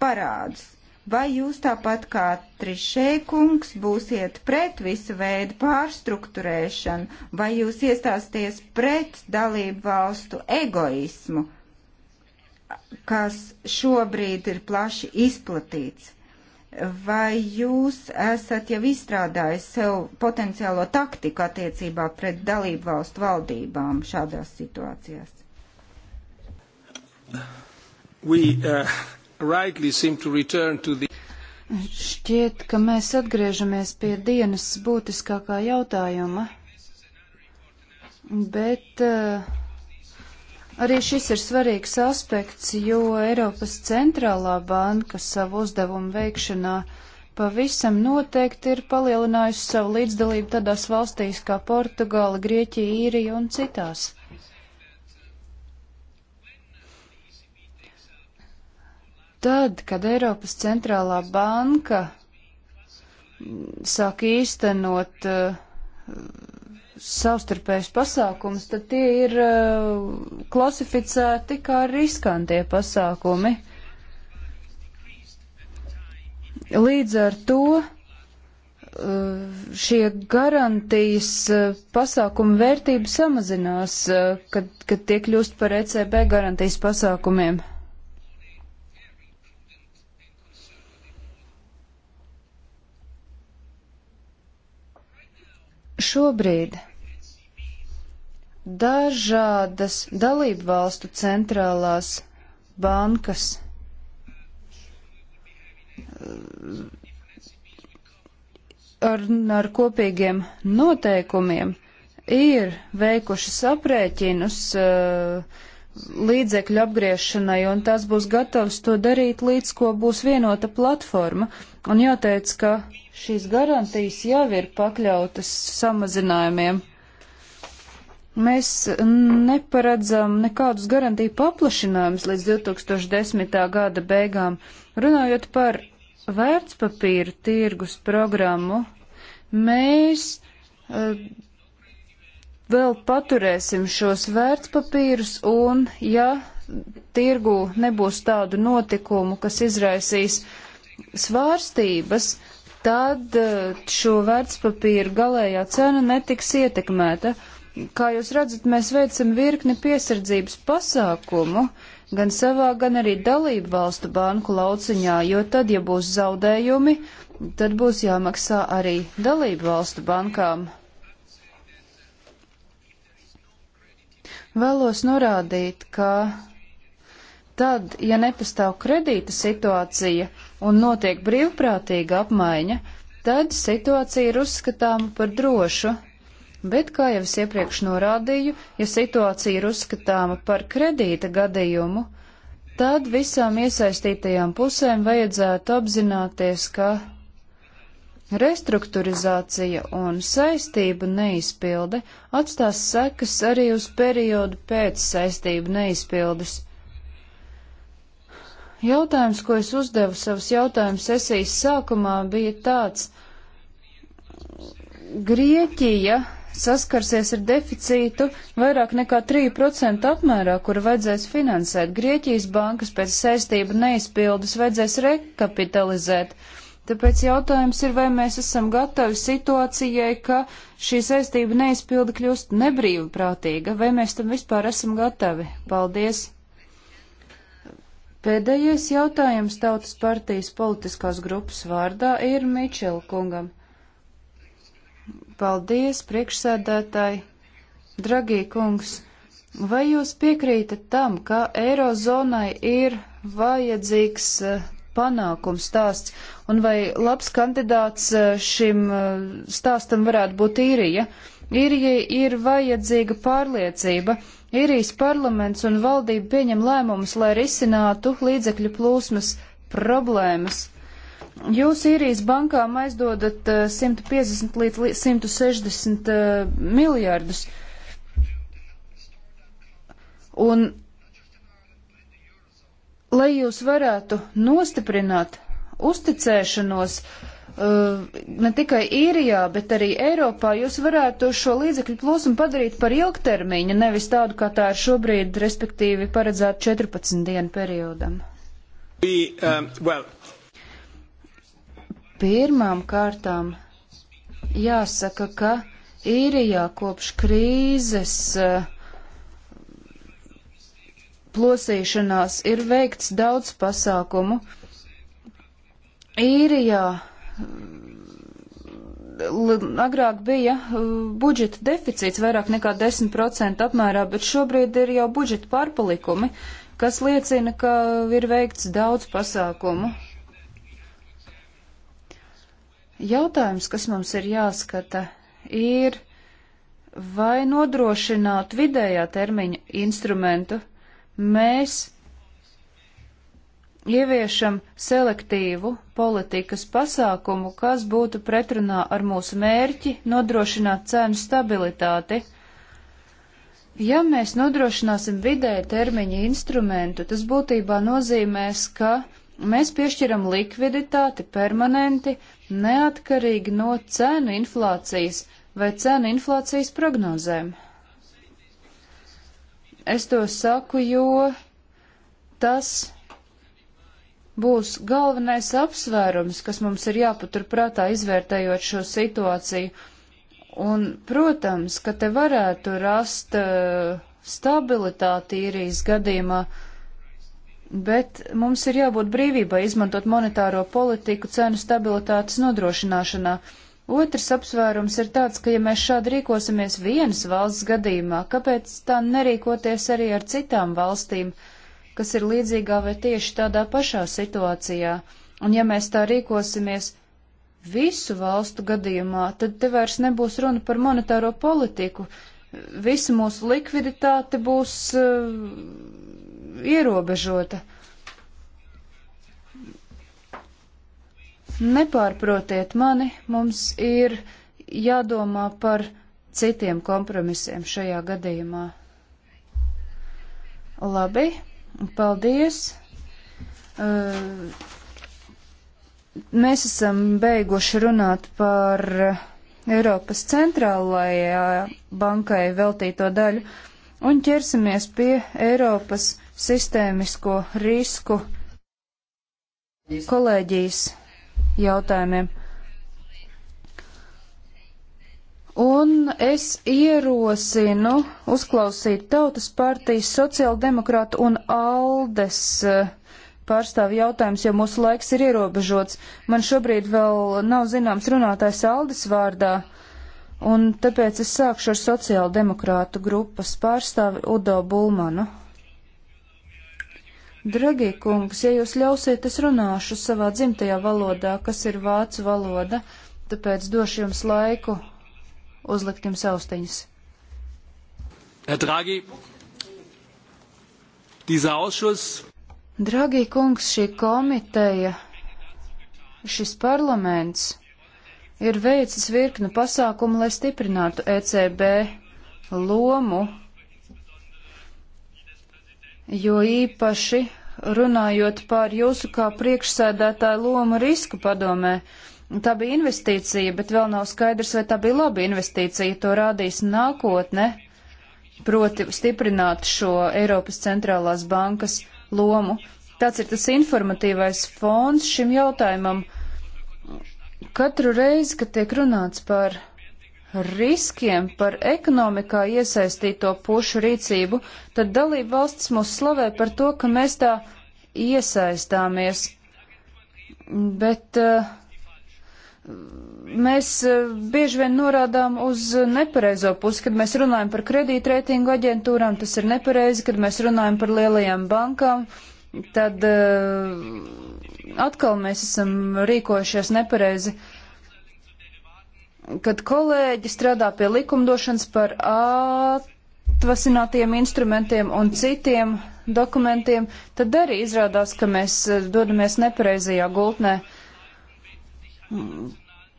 parādus. Vai jūs tāpat kā Trišēkungs būsiet pret visu veidu pārstruktūrēšanu, vai jūs iestāsties pret dalību valstu egoismu, kas šobrīd ir plaši izplatīts? Vai jūs esat jau izstrādājis sev potenciālo taktiku attiecībā pret dalību valstu valdībām šādās situācijās? we uh, rightly seem to return to the. Šķiet, ka mēs atgriežamies pie dienas būtiskākā jautājuma, bet uh, arī šis ir svarīgs aspekts, jo Eiropas centrālā banka savu uzdevumu veikšanā pavisam noteikti ir palielinājusi savu līdzdalību tādās valstīs kā Portugāla, Grieķija, Īrija un citās. tad, kad Eiropas centrālā banka sāk īstenot uh, savstarpējus pasākumus, tad tie ir uh, klasificēti kā riskantie pasākumi. Līdz ar to uh, šie garantijas uh, pasākumu vērtība samazinās, uh, kad, kad tie kļūst par ECB garantijas pasākumiem. Šobrīd dažādas dalību valstu centrālās bankas eh, ar, ar kopīgiem noteikumiem ir veikušas aprēķinus uh, līdzekļu apgriešanai, un tās būs gatavas to darīt līdz, ko būs vienota platforma. Un jāteic, ka šīs garantijas jau ir pakļautas samazinājumiem. Mēs neparedzam nekādus garantiju paplašinājumus līdz 2010. gada beigām. Runājot par vērtspapīra tirgus programmu, mēs uh, vēl paturēsim šos vērtspapīrus un, ja tirgu nebūs tādu notikumu, kas izraisīs svārstības, tad eh, šo vērtspapīru galējā cena netiks ietekmēta. Kā jūs redzat, mēs veicam virkni piesardzības pasākumu gan savā, gan arī dalību valstu banku lauciņā, jo tad, ja būs zaudējumi, tad būs jāmaksā arī dalību valstu bankām Vēlos norādīt, ka tad, ja nepastāv kredīta situācija un notiek brīvprātīga apmaiņa, tad situācija ir uzskatāma par drošu. Bet, kā jau es iepriekš norādīju, ja situācija ir uzskatāma par kredīta gadījumu, tad visām iesaistītajām pusēm vajadzētu apzināties, ka Restruktūrizācija un saistību neizpilde atstās sekas arī uz periodu pēc saistību neizpildes. Jautājums, ko es uzdevu savas jautājumu sesijas sākumā, bija tāds. Grieķija saskarsies ar deficītu vairāk nekā 3% apmērā, kuru vajadzēs finansēt. Grieķijas bankas pēc saistību neizpildes vajadzēs rekapitalizēt. Uh, Tāpēc jautājums ir, vai mēs esam gatavi situācijai, ka šī saistība neizpilda kļūst nebrīvprātīga, vai mēs tam vispār esam gatavi. Paldies! Pēdējais jautājums Tautas partijas politiskās grupas vārdā ir Mičela kungam. Paldies, priekšsēdētāji! Dragī kungs, vai jūs piekrītat tam, ka Eirozonai ir vajadzīgs eh, panākums stāsts, un vai labs kandidāts eh, šim eh, stāstam varētu būt īrija. Īrijai ir vajadzīga pārliecība. Īrijas parlaments un valdība pieņem lēmumus, lai risinātu līdzekļu plūsmas problēmas. Jūs īrijas bankām aizdodat 150 eh, līdz 160 miljārdus. Un Lai jūs varētu nostiprināt uzticēšanos eh, ne tikai īrijā, bet arī Eiropā, jūs varētu šo līdzekļu plūsmu padarīt par ilgtermiņa, nevis tādu, kā tā ir šobrīd, respektīvi paredzēt 14 dienu periodam. We, um, well. Pirmām kārtām jāsaka, ka īrijā kopš krīzes uh, plosīšanās ir veikts daudz pasākumu. Īrijā agrāk bija uh, budžeta deficīts vairāk nekā 10% apmērā, bet šobrīd ir jau budžeta pārpalikumi, kas liecina, ka ir veikts daudz pasākumu. Jautājums, kas mums ir jāskata, ir, vai nodrošināt vidējā termiņa instrumentu mēs ieviešam selektīvu politikas pasākumu, kas būtu pretrunā ar mūsu mērķi nodrošināt cenu stabilitāti. Ja mēs nodrošināsim vidēja termiņa instrumentu, tas būtībā nozīmēs, ka mēs piešķiram likviditāti permanenti, neatkarīgi no cenu inflācijas vai cenu inflācijas prognozēm. Es to saku, jo tas būs galvenais apsvērums, kas mums ir jāpaturprātā izvērtējot šo situāciju. Un, protams, ka te varētu rast uh, stabilitāti īrijas gadījumā, bet mums ir jābūt brīvībai izmantot monetāro politiku cenu stabilitātes nodrošināšanā. Uh, Otrs apsvērums ir tāds, ka ja mēs šādi rīkosimies vienas valsts gadījumā, kāpēc tā nerīkoties arī ar citām valstīm, kas ir līdzīgā vai tieši tādā pašā situācijā? Un ja mēs tā rīkosimies visu valstu gadījumā, tad te vairs nebūs runa par monetāro politiku. Visa mūsu likviditāte būs uh, ierobežota. Uh, Nepārprotiet mani, mums ir jādomā par citiem kompromisiem šajā gadījumā. Labi, paldies. Uh, mēs esam beiguši runāt par Eiropas centrālajā bankai veltīto daļu un ķersimies pie Eiropas sistēmisko risku kolēģijas jautājumiem. Un es ierosinu uzklausīt Tautas partijas sociāldemokrātu un Aldes eh, pārstāvi jautājums, jo mūsu laiks ir ierobežots. Man šobrīd vēl nav zināms runātājs Aldes vārdā, un tāpēc es sākšu ar sociāldemokrātu grupas pārstāvi Udo Bulmanu. Dragie kungs, ja jūs ļausiet, es runāšu savā dzimtajā valodā, kas ir vācu valoda, tāpēc došu jums laiku uzlikt jums austiņas. Dragi, Dragi kungs, šī komiteja, šis parlaments ir veicis virknu pasākumu, lai stiprinātu ECB lomu, jo īpaši runājot par jūsu kā priekšsēdētāju lomu riska padomē. Tā bija investīcija, bet vēl nav skaidrs, vai tā bija laba investīcija. To rādīs nākotne, proti stiprināt šo Eiropas centrālās bankas lomu. Tāds ir tas informatīvais fons šim jautājumam. Katru reizi, kad tiek runāts par riskiem par ekonomikā iesaistīto pušu rīcību, tad dalība valsts mūs slavē par to, ka mēs tā iesaistāmies. Bet uh, mēs eh, bieži vien norādām uz nepareizo pusi, kad mēs runājam par kredītreitingu aģentūrām, tas ir nepareizi, kad mēs runājam par lielajām bankām, tad uh, atkal mēs esam rīkojušies nepareizi. Uh, kad kolēģi strādā pie likumdošanas par atvasinātiem instrumentiem un citiem dokumentiem, tad arī izrādās, ka mēs e, dodamies nepareizajā gultnē.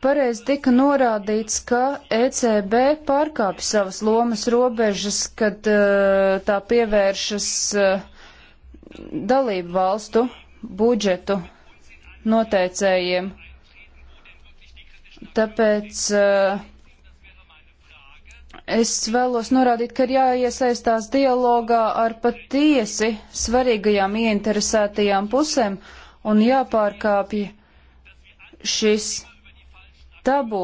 Pareizi tika norādīts, ka ECB pārkāpj savas lomas robežas, kad uh, tā pievēršas uh, dalību valstu budžetu noteicējiem. Tāpēc uh, es vēlos norādīt, ka ir jāiesaistās dialogā ar patiesi svarīgajām ieinteresētajām pusēm un jāpārkāpj šis tabū.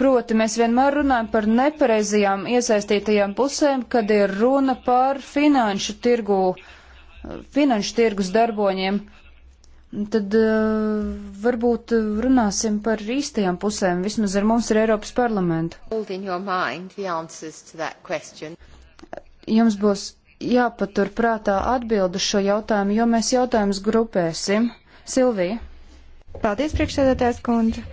Proti mēs vienmēr runājam par nepareizajām iesaistītajām pusēm, kad ir runa par finanšu tirgu, finanšu tirgus darboņiem. Tad uh, varbūt eh, runāsim par īstajām pusēm, vismaz ar mums ir Eiropas parlamentu. Jums būs jāpatur prātā atbildu šo jautājumu, jo mēs jautājumus grupēsim. Silvija. Paldies, priekšsēdētājs kundze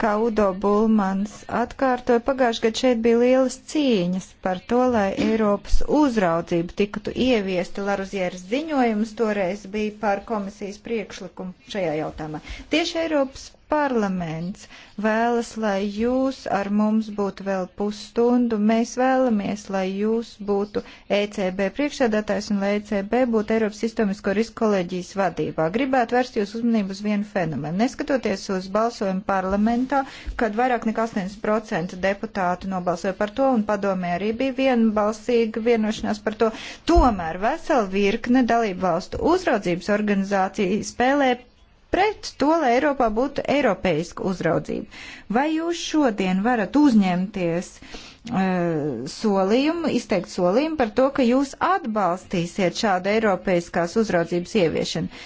kā Udo Bulmans atkārtoja, pagājuši gadu šeit bija lielas cīņas par to, lai Eiropas uzraudzība tiktu ieviesta. Laruzieras ziņojums toreiz bija par komisijas priekšlikumu šajā jautājumā. Tieši Eiropas parlaments vēlas, lai jūs ar mums būtu vēl pusstundu. Mēs vēlamies, lai jūs būtu ECB priekšsēdētājs un lai ECB būtu Eiropas sistēmisko risku kolēģijas vadībā. Gribētu vērst jūs uzmanību uz vienu fenomenu. Neskatoties uz balsojumu parlamentā, kad vairāk nekā 80% deputātu nobalsoja par to un padomē arī bija vienbalsīga vienošanās par to, tomēr vesela virkne dalību valstu uzraudzības organizācija spēlē pret to, lai Eiropā būtu eiropeiska uzraudzība. Vai jūs šodien varat uzņemties uh, solījumu, izteikt solījumu par to, ka jūs atbalstīsiet šādu eiropeiskās uzraudzības ieviešanu?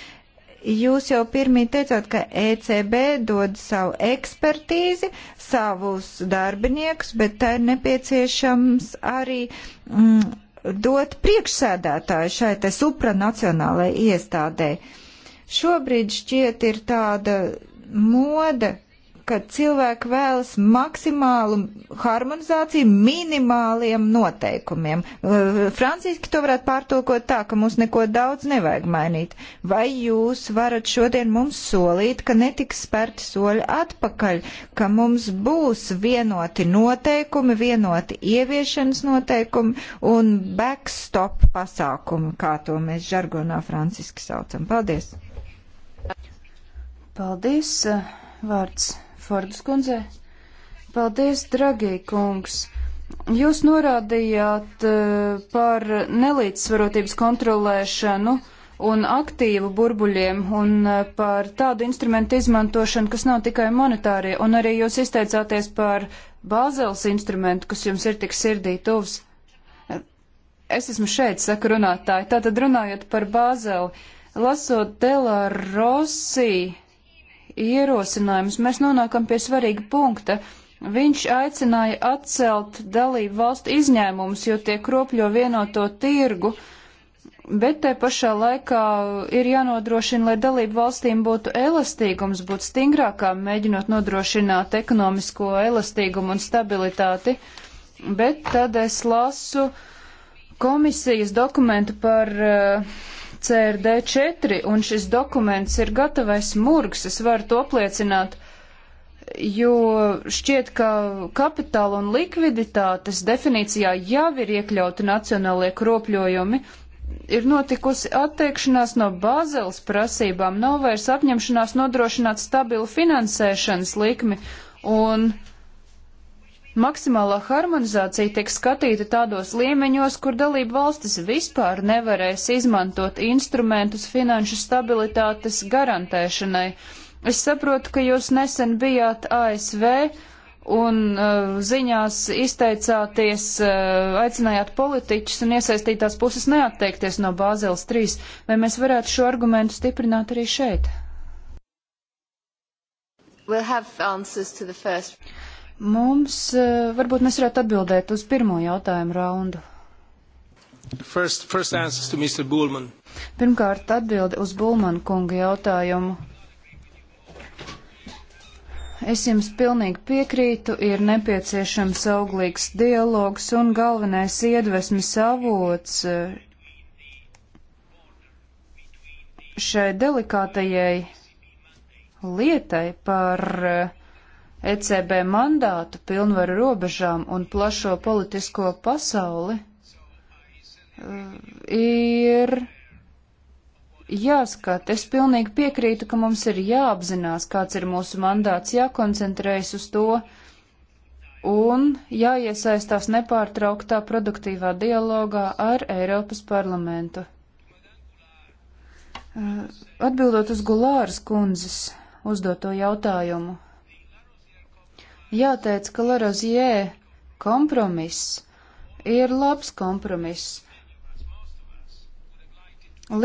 Jūs jau pirmie teicāt, ka ECB dod savu ekspertīzi, savus darbiniekus, bet tā ir nepieciešams arī mm, dot priekšsēdētāju šai te supranacionālajai iestādēji Šobrīd šķiet ir tāda moda, ka cilvēki vēlas maksimālu harmonizāciju minimāliem noteikumiem. Franciski to varētu pārtulkot tā, ka mums neko daudz nevajag mainīt. Vai jūs varat šodien mums solīt, ka netiks spērti soļi atpakaļ, ka mums būs vienoti noteikumi, vienoti ieviešanas noteikumi un backstop pasākumi, kā to mēs žargonā franciski saucam? Paldies! Paldies, eh, vārds Fordas kundzei. Paldies, dragī kungs. Jūs norādījāt eh, par nelīdzsvarotības kontrolēšanu un aktīvu burbuļiem un eh, par tādu instrumentu izmantošanu, kas nav tikai monetārie, un arī jūs izteicāties par bāzeles instrumentu, kas jums ir tik sirdī tuvs. Es esmu šeit, saka runātāji. Tātad runājot par bāzeli, lasot Delā Rosī ierosinājumus, mēs nonākam pie svarīga punkta. Viņš aicināja atcelt dalību valstu izņēmumus, jo tie kropļo vienoto tirgu, bet te pašā laikā ir jānodrošina, lai dalību valstīm būtu elastīgums, būtu stingrākām, mēģinot nodrošināt ekonomisko elastīgumu un stabilitāti. Bet tad es lasu komisijas dokumentu par uh, CRD4, un šis dokuments ir gatavais murgs, es varu to apliecināt, jo šķiet, ka kapitāla un likviditātes definīcijā jau ir iekļauti nacionālie kropļojumi, ir notikusi atteikšanās no Bāzeles prasībām, nav vairs apņemšanās nodrošināt stabilu finansēšanas likmi, un uh, Maksimālā harmonizācija tiek skatīta tādos līmeņos, kur dalību valstis vispār nevarēs izmantot instrumentus finanšu stabilitātes garantēšanai. Es saprotu, ka jūs nesen bijāt ASV un uh, ziņās izteicāties, uh, aicinājāt politiķus un iesaistītās puses neatteikties no Bāzeles 3. Vai mēs varētu šo argumentu stiprināt arī šeit? We'll have answers to the first. Uh, Mums eh, varbūt mēs varētu atbildēt uz pirmo jautājumu raundu. First, first answers to Mr. Bullman. Pirmkārt atbilde uz Bulman kunga jautājumu. Es jums pilnīgi piekrītu, ir nepieciešams auglīgs dialogs un galvenais iedvesmas avots eh, šai delikātajai lietai par uh, ECB mandātu, pilnvaru robežām un plašo politisko pasauli uh, ir jāskata. Es pilnīgi piekrītu, ka mums ir jāapzinās, kāds ir mūsu mandāts, jākoncentrējas uz to un jāiesaistās nepārtrauktā produktīvā dialogā ar Eiropas parlamentu. Uh, atbildot uz Gulāras kundzes uzdoto jautājumu, Jāteic, ka Larozie kompromiss ir labs kompromiss.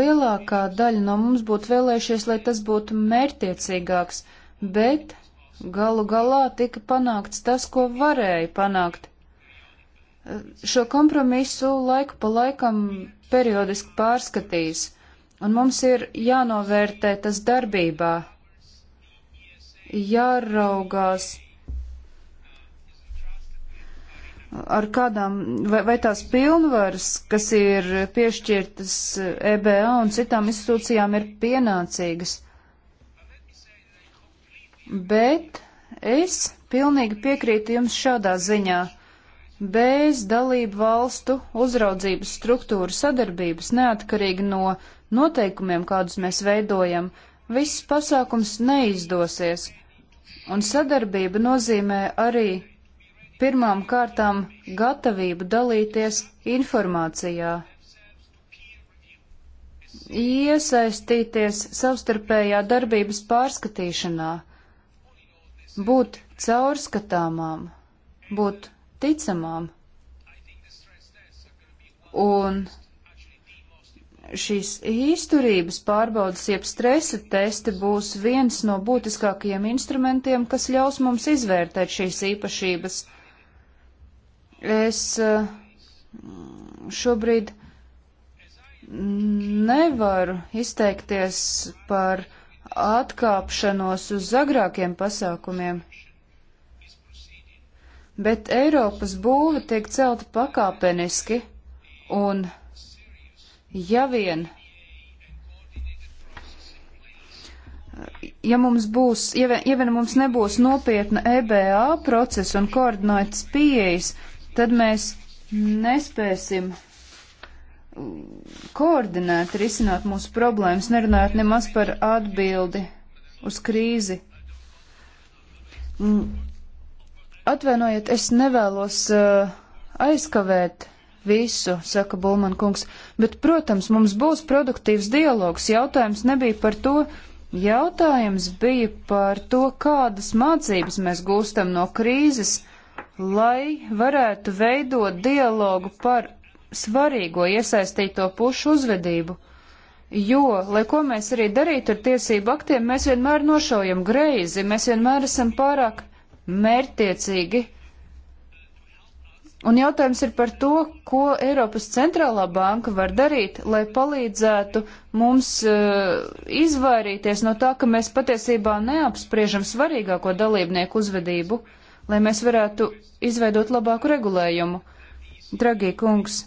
Lielākā daļa no mums būtu vēlējušies, lai tas būtu mērķtiecīgāks, bet galu galā tika panākts tas, ko varēja panākt. Šo kompromisu laiku pa laikam periodiski pārskatīs, un mums ir jānovērtē tas darbībā, jāraugās ar kādām, vai, vai tās pilnvaras, kas ir piešķirtas EBA un citām institūcijām, ir pienācīgas. Bet es pilnīgi piekrītu jums šādā ziņā. Bez dalību valstu uzraudzības struktūra sadarbības neatkarīgi no noteikumiem, kādus mēs veidojam, viss pasākums neizdosies, un sadarbība nozīmē arī Pirmām kārtām gatavību dalīties informācijā, iesaistīties savstarpējā darbības pārskatīšanā, būt caurskatāmām, būt ticamām. Un šīs izturības pārbaudas, jeb stresa testi būs viens no būtiskākajiem instrumentiem, kas ļaus mums izvērtēt šīs īpašības. Es eh, šobrīd nevaru izteikties par atkāpšanos uz agrākiem pasākumiem, bet Eiropas būve tiek celta pakāpeniski un ja vien ja mums būs, ja vien, ja vien mums nebūs nopietna EBA procesa un koordinētas pieejas, tad mēs nespēsim koordinēt, risināt mūsu problēmas, nerunājot nemaz par atbildi uz krīzi. Mm. Atvainojiet, es nevēlos uh, aizkavēt visu, saka Bulman kungs, bet, protams, mums būs produktīvs dialogs. Jautājums nebija par to, jautājums bija par to, kādas mācības mēs gūstam no krīzes lai varētu veidot dialogu par svarīgo iesaistīto pušu uzvedību. Jo, lai ko mēs arī darītu ar tiesību aktiem, mēs vienmēr nošaujam greizi, mēs vienmēr esam pārāk mērtiecīgi. Un jautājums ir par to, ko Eiropas centrālā banka var darīt, lai palīdzētu mums uh, izvairīties no tā, ka mēs patiesībā neapspriežam svarīgāko dalībnieku uzvedību. Uh, lai mēs varētu izveidot labāku regulējumu. Dragī kungs,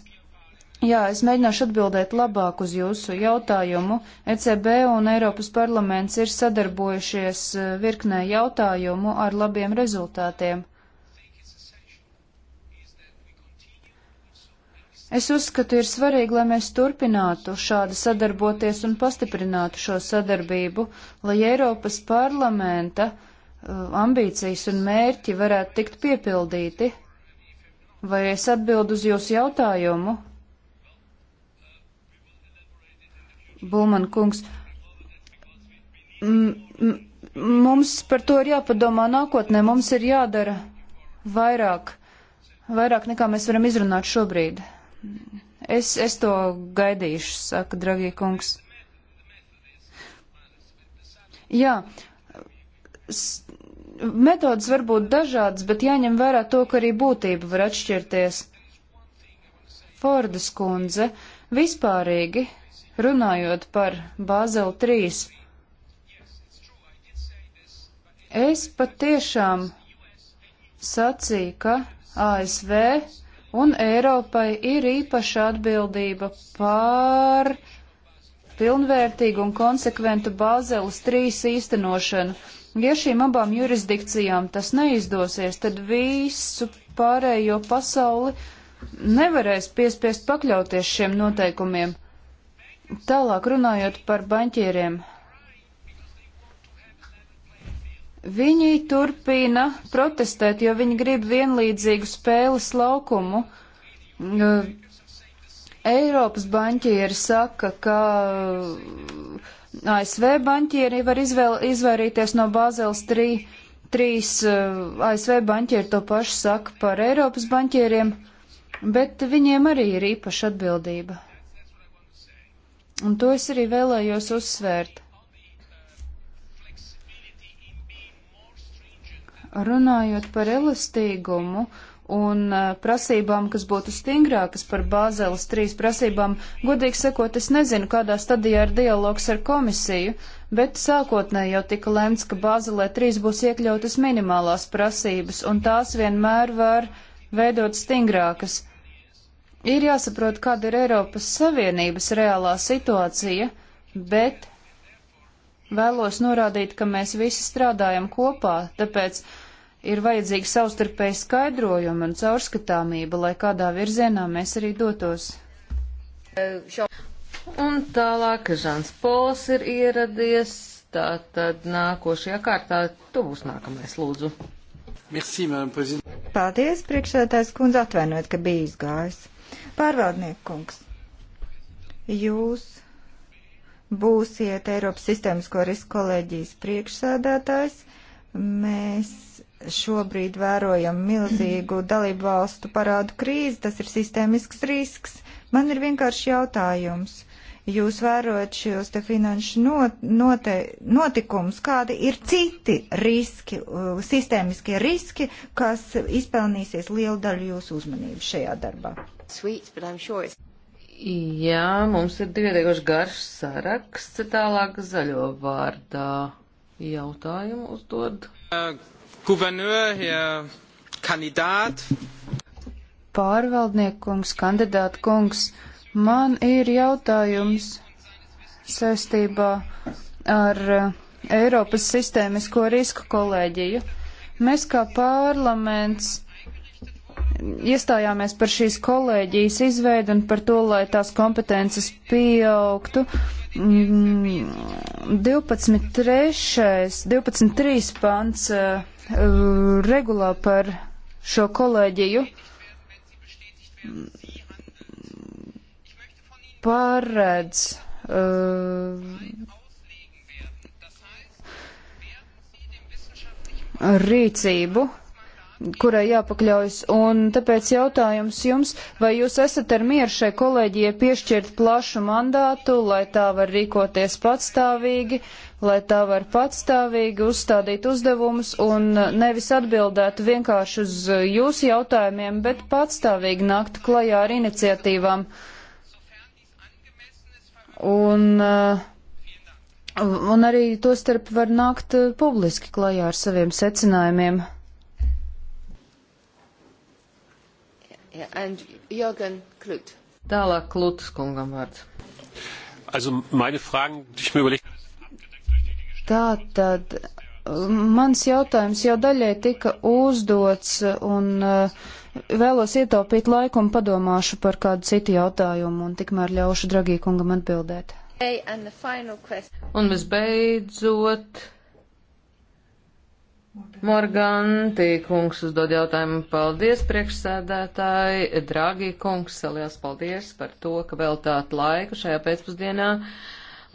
jā, es mēģināšu atbildēt labāk uz jūsu jautājumu. ECB un Eiropas parlaments ir sadarbojušies eh, virknē jautājumu ar labiem rezultātiem. Es uzskatu, ir svarīgi, lai mēs turpinātu šādi sadarboties un pastiprinātu šo sadarbību, lai Eiropas parlamenta uh, Uh, ambīcijas un mērķi varētu tikt piepildīti? Vai es atbildu uz jūsu jautājumu? Bulman kungs, mums par to ir jāpadomā nākotnē, mums ir jādara vairāk, vairāk nekā mēs varam izrunāt šobrīd. Es, es to gaidīšu, saka Dragī kungs. Jā, Metodas var būt dažādas, bet jāņem vērā to, ka arī būtība var atšķirties. Fordas kundze vispārīgi runājot par Bāzeli 3. Es patiešām sacīju, ka ASV un Eiropai ir īpaša atbildība pār pilnvērtīgu un konsekventu Bāzeles 3 īstenošanu. Ja šīm abām jurisdikcijām tas neizdosies, tad visu pārējo pasauli nevarēs piespiest pakļauties šiem noteikumiem. Tālāk runājot par baņķieriem. Viņi turpina protestēt, jo viņi grib vienlīdzīgu spēles laukumu. Nu, Eiropas baņķieri saka, ka ASV banķieri var izvēl, izvairīties no Bāzeles 3. Trīs uh, ASV banķieri to pašu saka par Eiropas banķieriem, bet viņiem arī ir īpaša atbildība. Un to es arī vēlējos uzsvērt. Runājot par elastīgumu un e, prasībām, kas būtu stingrākas par Bāzeles trīs prasībām, godīgi sakot, es nezinu, kādā stadijā ir dialogs ar komisiju, bet sākotnēji jau tika lemts, ka Bāzelē trīs būs iekļautas minimālās prasības, un tās vienmēr var veidot stingrākas. Ir jāsaprot, kāda ir Eiropas Savienības reālā situācija, bet vēlos norādīt, ka mēs visi strādājam kopā, tāpēc ir vajadzīga savstarpēja skaidrojuma un caurskatāmība, lai kādā virzienā mēs arī dotos. Un tālāk Žans Pols ir ieradies, tā tad nākošajā kārtā tu būs nākamais, lūdzu. Merci, Paldies, priekšsēdētājs kundze, atvainojiet, ka bija izgājis. Pārvaldnieku kungs, jūs būsiet Eiropas sistēmas koris kolēģijas priekšsēdētājs. Mēs šobrīd vērojam milzīgu dalību valstu parādu krīzi, tas ir sistēmisks risks. Man ir vienkārši jautājums. Jūs vērojat šos te finanšu not, note, notikums, kādi ir citi riski, sistēmiskie riski, kas izpelnīsies lielu daļu jūsu uzmanību šajā darbā? Sweet, sure Jā, mums ir divietiekoši garš saraksts, tālāk zaļo vārdā jautājumu uzdod. Uh. Gouverneur, Herr Kandidat. Pārvaldniekums, kandidāta kungs, man ir jautājums saistībā ar eh, Eiropas sistēmisko risku kolēģiju. Mēs kā parlaments iestājāmies par šīs kolēģijas izveidu un par to, lai tās kompetences pieaugtu. 12.3. Mm, 12.3. pants uh, Eh, regulā par šo kolēģiju paredz eh, rīcību kurai jāpakļaujas. Un tāpēc jautājums jums, vai jūs esat ar mieru šai kolēģijai piešķirt plašu mandātu, lai tā var rīkoties patstāvīgi, lai tā var patstāvīgi uzstādīt uzdevumus un nevis atbildēt vienkārši uz jūsu jautājumiem, bet patstāvīgi nākt klajā ar iniciatīvām. Un, uh, un arī to starp var nākt publiski klajā ar saviem secinājumiem. Yeah, and Jürgen Klut. Tālāk Klutas kungam vārds. Also meine Fragen, die ich mir überlegt. Tā tad mans jautājums jau daļai tika uzdots un uh, vēlos ietaupīt laiku un padomāšu par kādu citu jautājumu un tikmēr ļaušu Dragī kungam atbildēt. Un visbeidzot, Morganti kungs uzdod jautājumu. Paldies, priekšsēdētāji, dragi kungs, liels paldies par to, ka veltāt laiku šajā pēcpusdienā.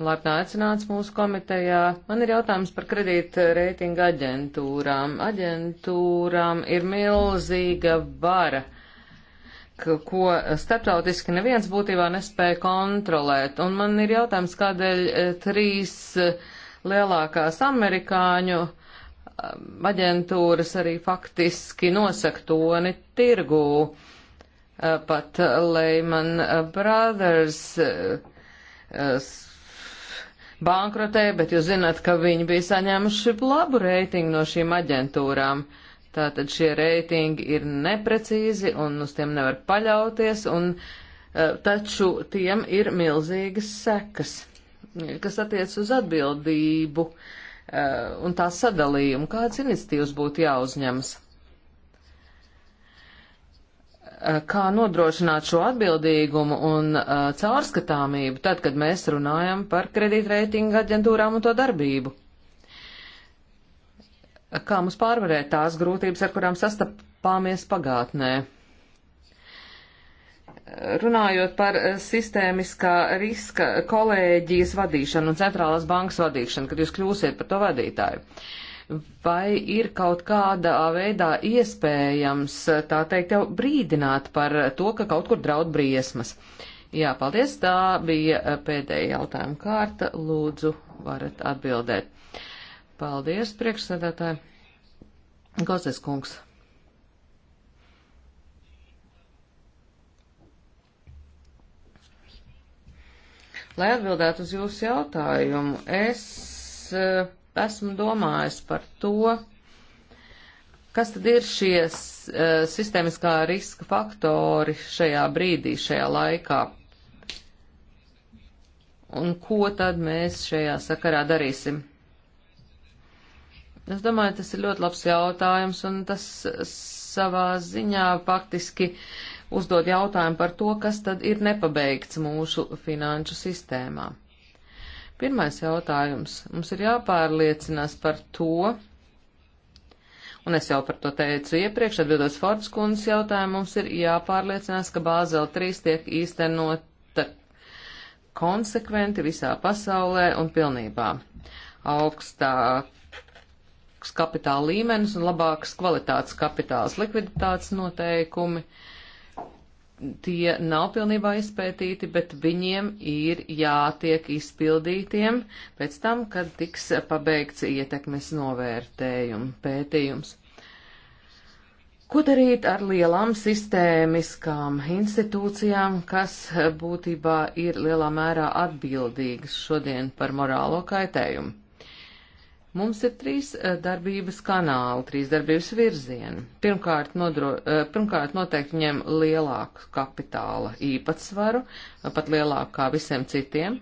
Laipnā aicināts mūsu komitejā. Man ir jautājums par kredīta reitinga aģentūrām. Aģentūrām ir milzīga vara, ko starptautiski neviens būtībā nespēja kontrolēt. Un man ir jautājums, kādēļ trīs lielākās amerikāņu Um, aģentūras arī faktiski nosaka toni tirgū. Uh, pat Lehman Brothers uh, uh, bankrotēja, bet jūs zināt, ka viņi bija saņēmuši labu reitingu no šīm aģentūrām. Tātad šie reitingi ir neprecīzi un uz tiem nevar paļauties, un, taču tiem ir milzīgas sekas, kas attiec uz atbildību. Uh, Eh, un tā sadalījumu, kādas iniciatīvas būtu jāuzņemas. Eh, kā nodrošināt šo atbildīgumu un uh, caurskatāmību tad, kad mēs runājam par kredītreitinga aģentūrām un to darbību? Kā mums pārvarēt tās grūtības, ar kurām sastapāmies pagātnē? runājot par eh, sistēmiskā riska kolēģijas vadīšanu un centrālās bankas vadīšanu, kad jūs kļūsiet par to vadītāju, vai ir kaut kādā veidā iespējams, tā teikt, jau brīdināt par to, ka kaut kur draud briesmas? Jā, paldies, tā bija eh, pēdējā jautājuma kārta, lūdzu, varat atbildēt. Paldies, priekšsēdētāji. Gozes kungs. Lai atbildētu uz jūsu jautājumu, es eh, esmu domājis par to, kas tad ir šie eh, sistēmiskā riska faktori šajā brīdī, šajā laikā. Un ko tad mēs šajā sakarā darīsim? Es domāju, tas ir ļoti labs jautājums, un tas savā ziņā faktiski uzdod jautājumu par to, kas tad ir nepabeigts mūsu finanšu sistēmā. Pirmais jautājums. Mums ir jāpārliecinās par to, un es jau par to teicu iepriekš, atbildot Fords kundzes jautājumu, mums ir jāpārliecinās, ka Bāzela 3 tiek īstenota konsekventi visā pasaulē un pilnībā. Augstāks kapitāla līmenis un labāks kvalitātes kapitāls likviditātes noteikumi. Uh, tie nav pilnībā izpētīti, bet viņiem ir jātiek izpildītiem pēc tam, kad tiks pabeigts ietekmes novērtējuma pētījums. Ko darīt ar lielām sistēmiskām institūcijām, kas būtībā ir lielā mērā atbildīgas šodien par morālo kaitējumu? Mums ir trīs eh, darbības kanāli, trīs darbības virzieni. Pirmkārt, nodro, eh, pirmkārt noteikti ņem lielāku kapitāla īpatsvaru, eh, pat lielāku kā visiem citiem.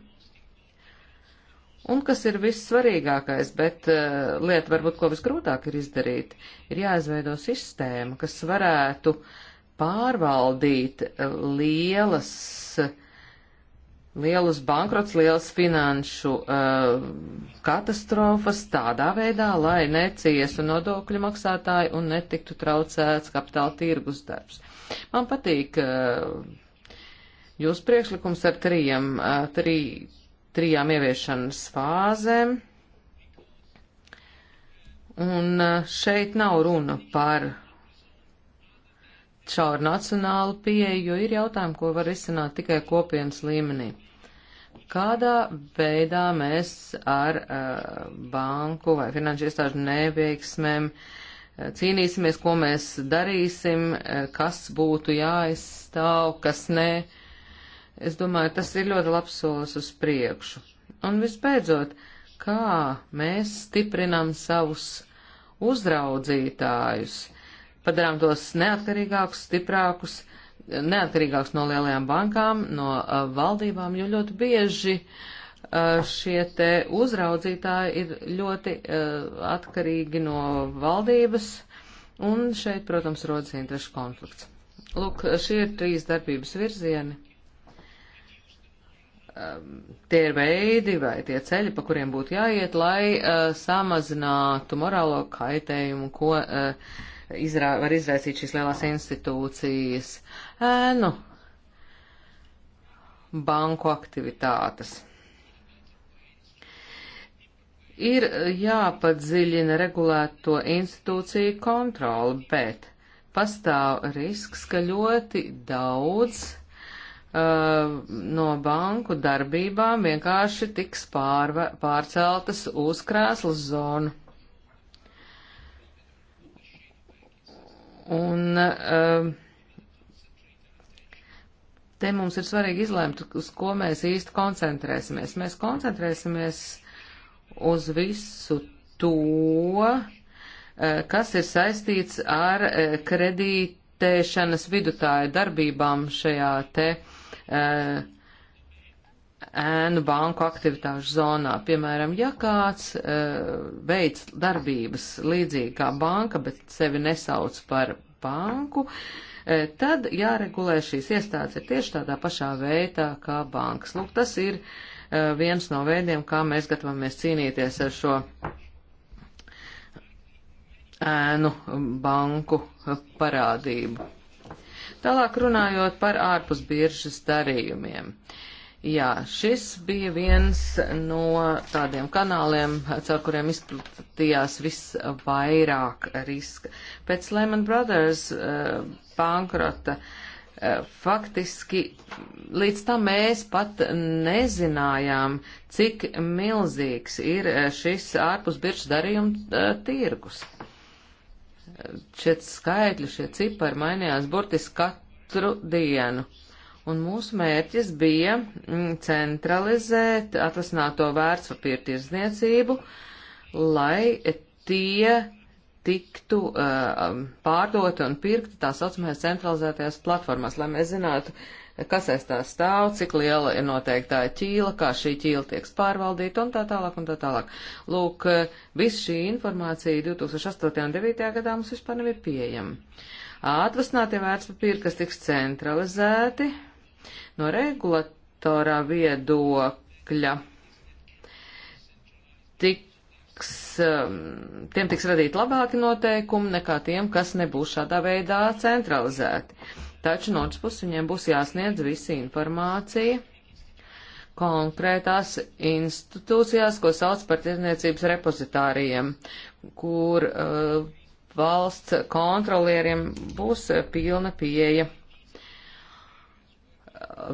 Un kas ir vissvarīgākais, bet lieta varbūt ko visgrūtāk ir izdarīt, ir jāizveido sistēma, kas varētu pārvaldīt lielas uh, lielus bankrots, liels finanšu uh, katastrofas tādā veidā, lai neciesu nodokļu maksātāji un netiktu traucēts kapitāla tirgus darbs. Man patīk uh, jūsu priekšlikums ar trījiem, uh, trī, trijām ieviešanas fāzēm. Un uh, šeit nav runa par šauru nacionālu pieeju, jo ir jautājumi, ko var izsināt tikai kopienas līmenī kādā veidā mēs ar uh, banku vai finanšu iestāžu neveiksmēm eh, cīnīsimies, ko mēs darīsim, eh, kas būtu jāizstāv, kas nē. Es domāju, tas ir ļoti labs solis uz priekšu. Un visbeidzot, kā mēs stiprinam savus uzraudzītājus, padarām tos neatkarīgākus, stiprākus, uh, neatkarīgāks no lielajām bankām, no uh, valdībām, jo ļoti bieži uh, šie te uzraudzītāji ir ļoti uh, atkarīgi no valdības, un šeit, protams, rodas interešu konflikts. Lūk, šie ir trīs darbības virzieni. Um, tie ir veidi vai tie ceļi, pa kuriem būtu jāiet, lai uh, samazinātu morālo kaitējumu, ko uh, izrā, var izraisīt šīs lielās institūcijas ēnu banku aktivitātes. Ir jāpadziļina regulēto institūciju kontroli, bet pastāv risks, ka ļoti daudz uh, no banku darbībām vienkārši tiks pārve, pārceltas uz krēslas zonu. Un uh, te mums ir svarīgi izlēmt, uz ko mēs īsti koncentrēsimies. Mēs koncentrēsimies uz visu to, uh, kas ir saistīts ar uh, kredītēšanas vidutāju darbībām šajā te uh, ēnu banku aktivitāšu zonā. Piemēram, ja kāds veids e, darbības līdzīgi kā banka, bet sevi nesauc par banku, e, tad jāregulē šīs iestādes ir tieši tādā pašā veidā kā bankas. Lūk, tas ir e, viens no veidiem, kā mēs gatavamies cīnīties ar šo ēnu banku parādību. Tālāk runājot par ārpusbiržas darījumiem. Uh, Jā, šis bija viens no tādiem kanāliem, caur kuriem izplatījās visvairāk riska. Pēc Lehman Brothers uh, bankrota uh, faktiski līdz tam mēs pat nezinājām, cik milzīgs ir eh, šis ārpus biržas darījuma tirgus. Šie skaitļi, šie cipari mainījās burtiski katru dienu. Un mūsu mērķis bija mm, centralizēt atvasināto vērtspapīru tirzniecību, lai tie tiktu uh, pārdoti un pirkti tā saucamajās centralizētajās platformās, lai mēs zinātu, kas aiz tā stāv, cik liela ir noteiktā ķīla, kā šī ķīla tiek pārvaldīta un tā tālāk un tā tālāk. Lūk, uh, viss šī informācija 2008. un 2009. gadā mums vispār nebija pieejama. Atvasinātie vērtspapīri, kas tiks centralizēti, No regulatorā viedokļa tiks, um, tiem tiks radīt labāki noteikumi nekā tiem, kas nebūs šādā veidā centralizēti. Taču no otras puses viņiem būs jāsniedz visa informācija konkrētās institūcijās, ko sauc par tirdzniecības repozitārijiem, kur uh, valsts kontrolieriem būs uh, pilna pieeja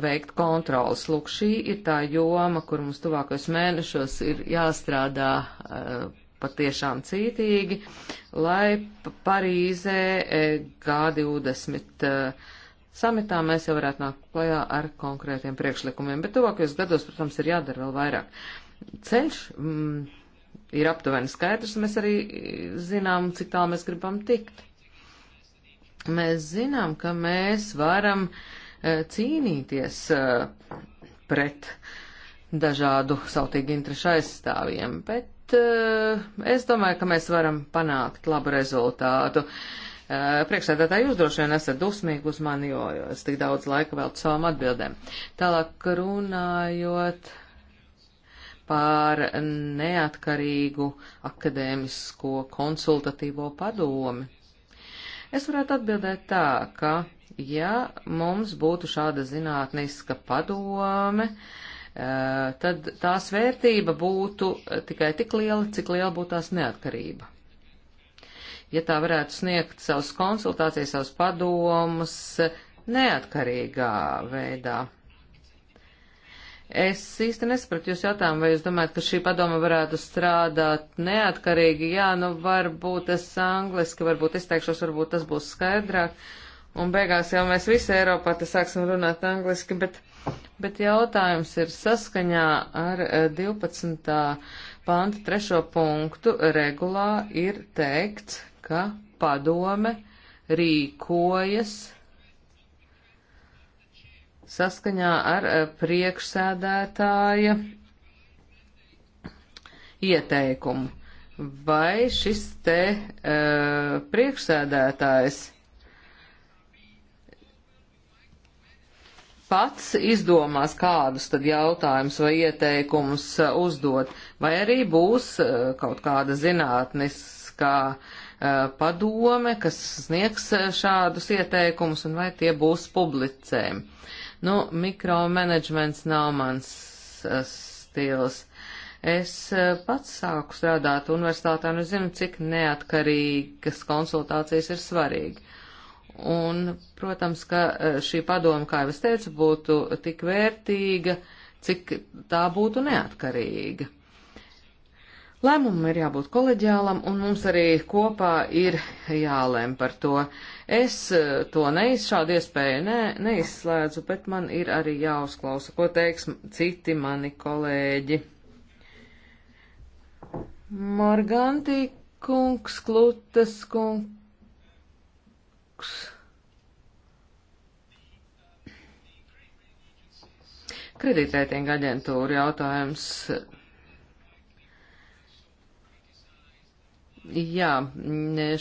veikt kontrolas. Lūk, šī ir tā joma, kur mums tuvākos mēnešos ir jāstrādā eh, patiešām cītīgi, lai Parīzē eh, G20 eh, samitā mēs jau varētu nākt klajā ar konkrētiem priekšlikumiem, bet tuvākajos gados, protams, ir jādara vēl vairāk. Ceļš mm, ir aptuveni skaidrs, mēs arī zinām, cik tālu mēs gribam tikt. Mēs zinām, ka mēs varam uh, E, cīnīties e, pret dažādu sautīgu interešu aizstāvjiem, bet e, es domāju, ka mēs varam panākt labu rezultātu. Priekšsēdētāji, jūs droši vien esat dusmīgi uz mani, jo es tik daudz laika veltu savam atbildēm. Tālāk runājot par neatkarīgu akadēmisko konsultatīvo padomi. Es varētu atbildēt tā, ka ja mums būtu šāda zinātniska padome, eh, tad tās vērtība būtu tikai tik liela, cik liela būtu tās neatkarība. Ja tā varētu sniegt savus konsultācijas, savus padomus neatkarīgā veidā. Es īsti nesapratu jūs jautājumu, vai jūs domājat, ka šī padoma varētu strādāt neatkarīgi? Jā, nu varbūt es angliski, varbūt izteikšos, varbūt tas būs skaidrāk. Uh, Un beigās jau mēs visi Eiropā te sāksim runāt angliski, bet, bet jautājums ir saskaņā ar 12. Eh, pānta trešo punktu regulā ir teikts, ka padome rīkojas saskaņā ar eh, priekšsēdētāja ieteikumu. Vai šis te uh, priekšsēdētājs pats izdomās, kādus tad jautājumus vai ieteikumus uh, uzdot, vai arī būs uh, kaut kāda zinātniskā uh, padome, kas sniegs šādus ieteikumus un vai tie būs publicēm. Nu, mikromanagements nav mans stils. Es pats sāku strādāt universitātē un es zinu, cik neatkarīgas konsultācijas ir svarīgi. Un, protams, ka e, šī padoma, kā jau es teicu, būtu tik vērtīga, cik tā būtu neatkarīga. Lēmumam ir jābūt koleģiālam, un mums arī kopā ir jālēm par to. Es e, to neiz, šādu iespēju ne, neizslēdzu, bet man ir arī jāuzklausa, ko teiks citi mani kolēģi. Morganti kungs, Klutas kungs kungs. Kredītreitinga aģentūra jautājums. Jā,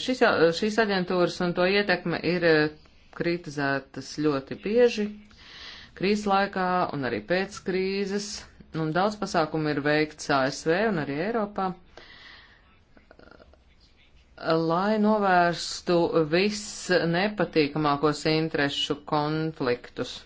šis, šīs aģentūras un to ietekme ir eh, kritizētas ļoti bieži krīzes laikā un arī pēc krīzes, un daudz pasākumu ir veikts ASV un arī Eiropā lai novērstu viss nepatīkamākos interešu konfliktus.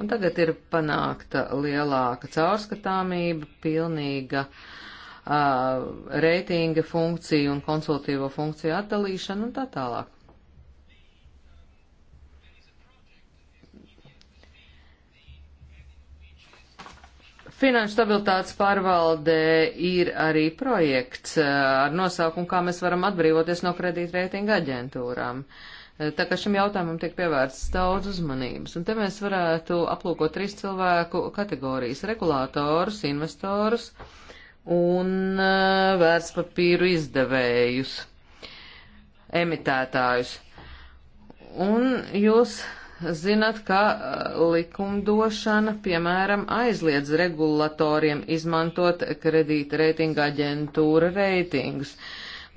Un tagad ir panākta lielāka caurskatāmība, pilnīga uh, reitinga funkcija un konsultīvo funkciju atdalīšana un tā tālāk. Finanšu stabilitātes pārvaldē ir arī projekts eh, ar nosaukumu, kā mēs varam atbrīvoties no kredītreitinga aģentūrām. Eh, tā kā šim jautājumam tiek pievērsts daudz uzmanības, un te mēs varētu aplūkot trīs cilvēku kategorijas - regulātorus, investorus un eh, vērtspapīru izdevējus, emitētājus. Un jūs zinat, ka uh, likumdošana, piemēram, aizliedz regulatoriem izmantot kredīta reitinga aģentūra reitingus.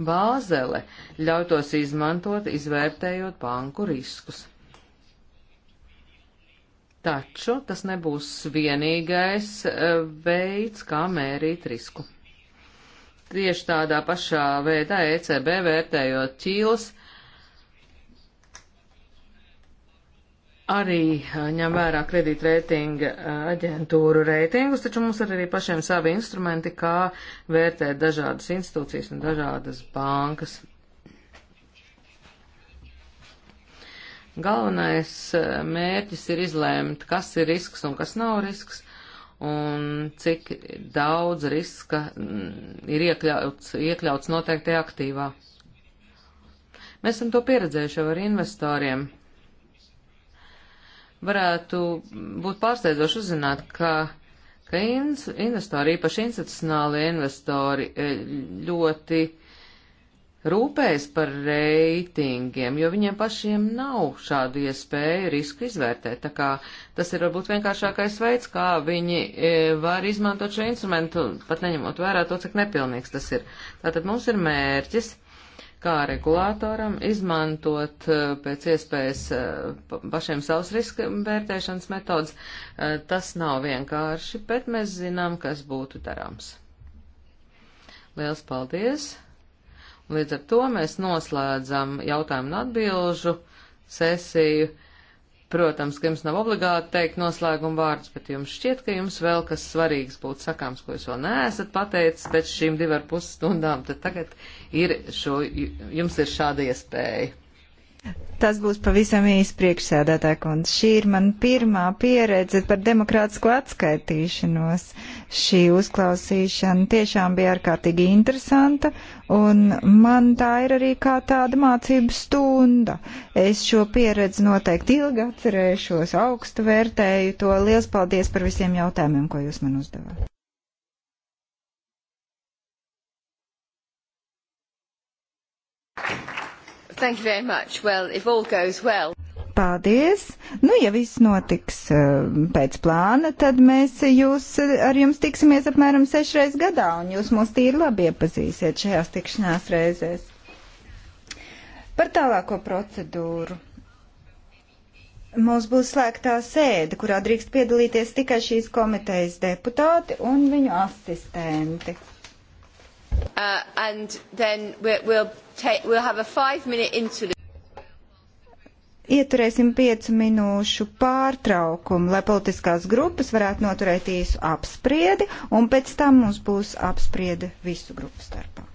Bāzele ļauj tos izmantot, izvērtējot banku riskus. Taču tas nebūs vienīgais uh, veids, kā mērīt risku. Tieši tādā pašā veidā ECB vērtējot ķīles, uh, arī ņem vērā kredītreitinga aģentūru reitingus, taču mums ir arī pašiem savi instrumenti, kā vērtēt dažādas institūcijas un dažādas bankas. Galvenais mērķis ir izlēmt, kas ir risks un kas nav risks, un cik daudz riska mm, ir iekļauts, iekļauts noteikti aktīvā. Mēs esam to pieredzējuši jau ar investoriem varētu būt pārsteidzoši uzzināt, ka, ka investori, īpaši institucionāli investori, e, ļoti rūpējas par reitingiem, jo viņiem pašiem nav šādu iespēju risku izvērtēt. Tā kā tas ir varbūt vienkāršākais veids, kā viņi e, var izmantot šo instrumentu, pat neņemot vērā to, cik nepilnīgs tas ir. Tātad mums ir mērķis kā regulātoram izmantot eh, pēc iespējas eh, pašiem savus riska vērtēšanas metodas. Eh, tas nav vienkārši, bet mēs zinām, kas būtu darāms. Liels paldies! Līdz ar to mēs noslēdzam jautājumu un atbilžu sesiju. Protams, ka jums nav obligāti teikt noslēguma vārdus, bet jums šķiet, ka jums vēl kas svarīgs būtu sakāms, ko jūs vēl neesat pateicis pēc šīm divar pus stundām, tad tagad ir šo, jums ir šāda iespēja. Tas būs pavisam īsi priekšsēdētāja kundze. Šī ir man pirmā pieredze par demokrātisko atskaitīšanos. Šī uzklausīšana tiešām bija ārkārtīgi interesanta, un man tā ir arī kā tāda mācības stunda. Es šo pieredzi noteikti ilgi atcerēšos, augstu vērtēju to. Lielas paldies par visiem jautājumiem, ko jūs man uzdevāt. Thank you very much. Well, if all goes well. Paldies! Nu, ja viss notiks eh, pēc plāna, tad mēs jūs, eh, ar jums tiksimies apmēram sešreiz gadā, un jūs mūs tīri labi iepazīsiet šajās tikšanās reizēs. Par tālāko procedūru. Mums būs slēgtā sēde, kurā drīkst piedalīties tikai šīs komitejas deputāti un viņu asistenti. Uh, and then we'll, take, we'll have a five minute interlude. Ieturēsim piecu minūšu pārtraukumu, lai politiskās grupas varētu noturēt īsu apspriedi, un pēc tam mums būs apspriede visu grupu starpā.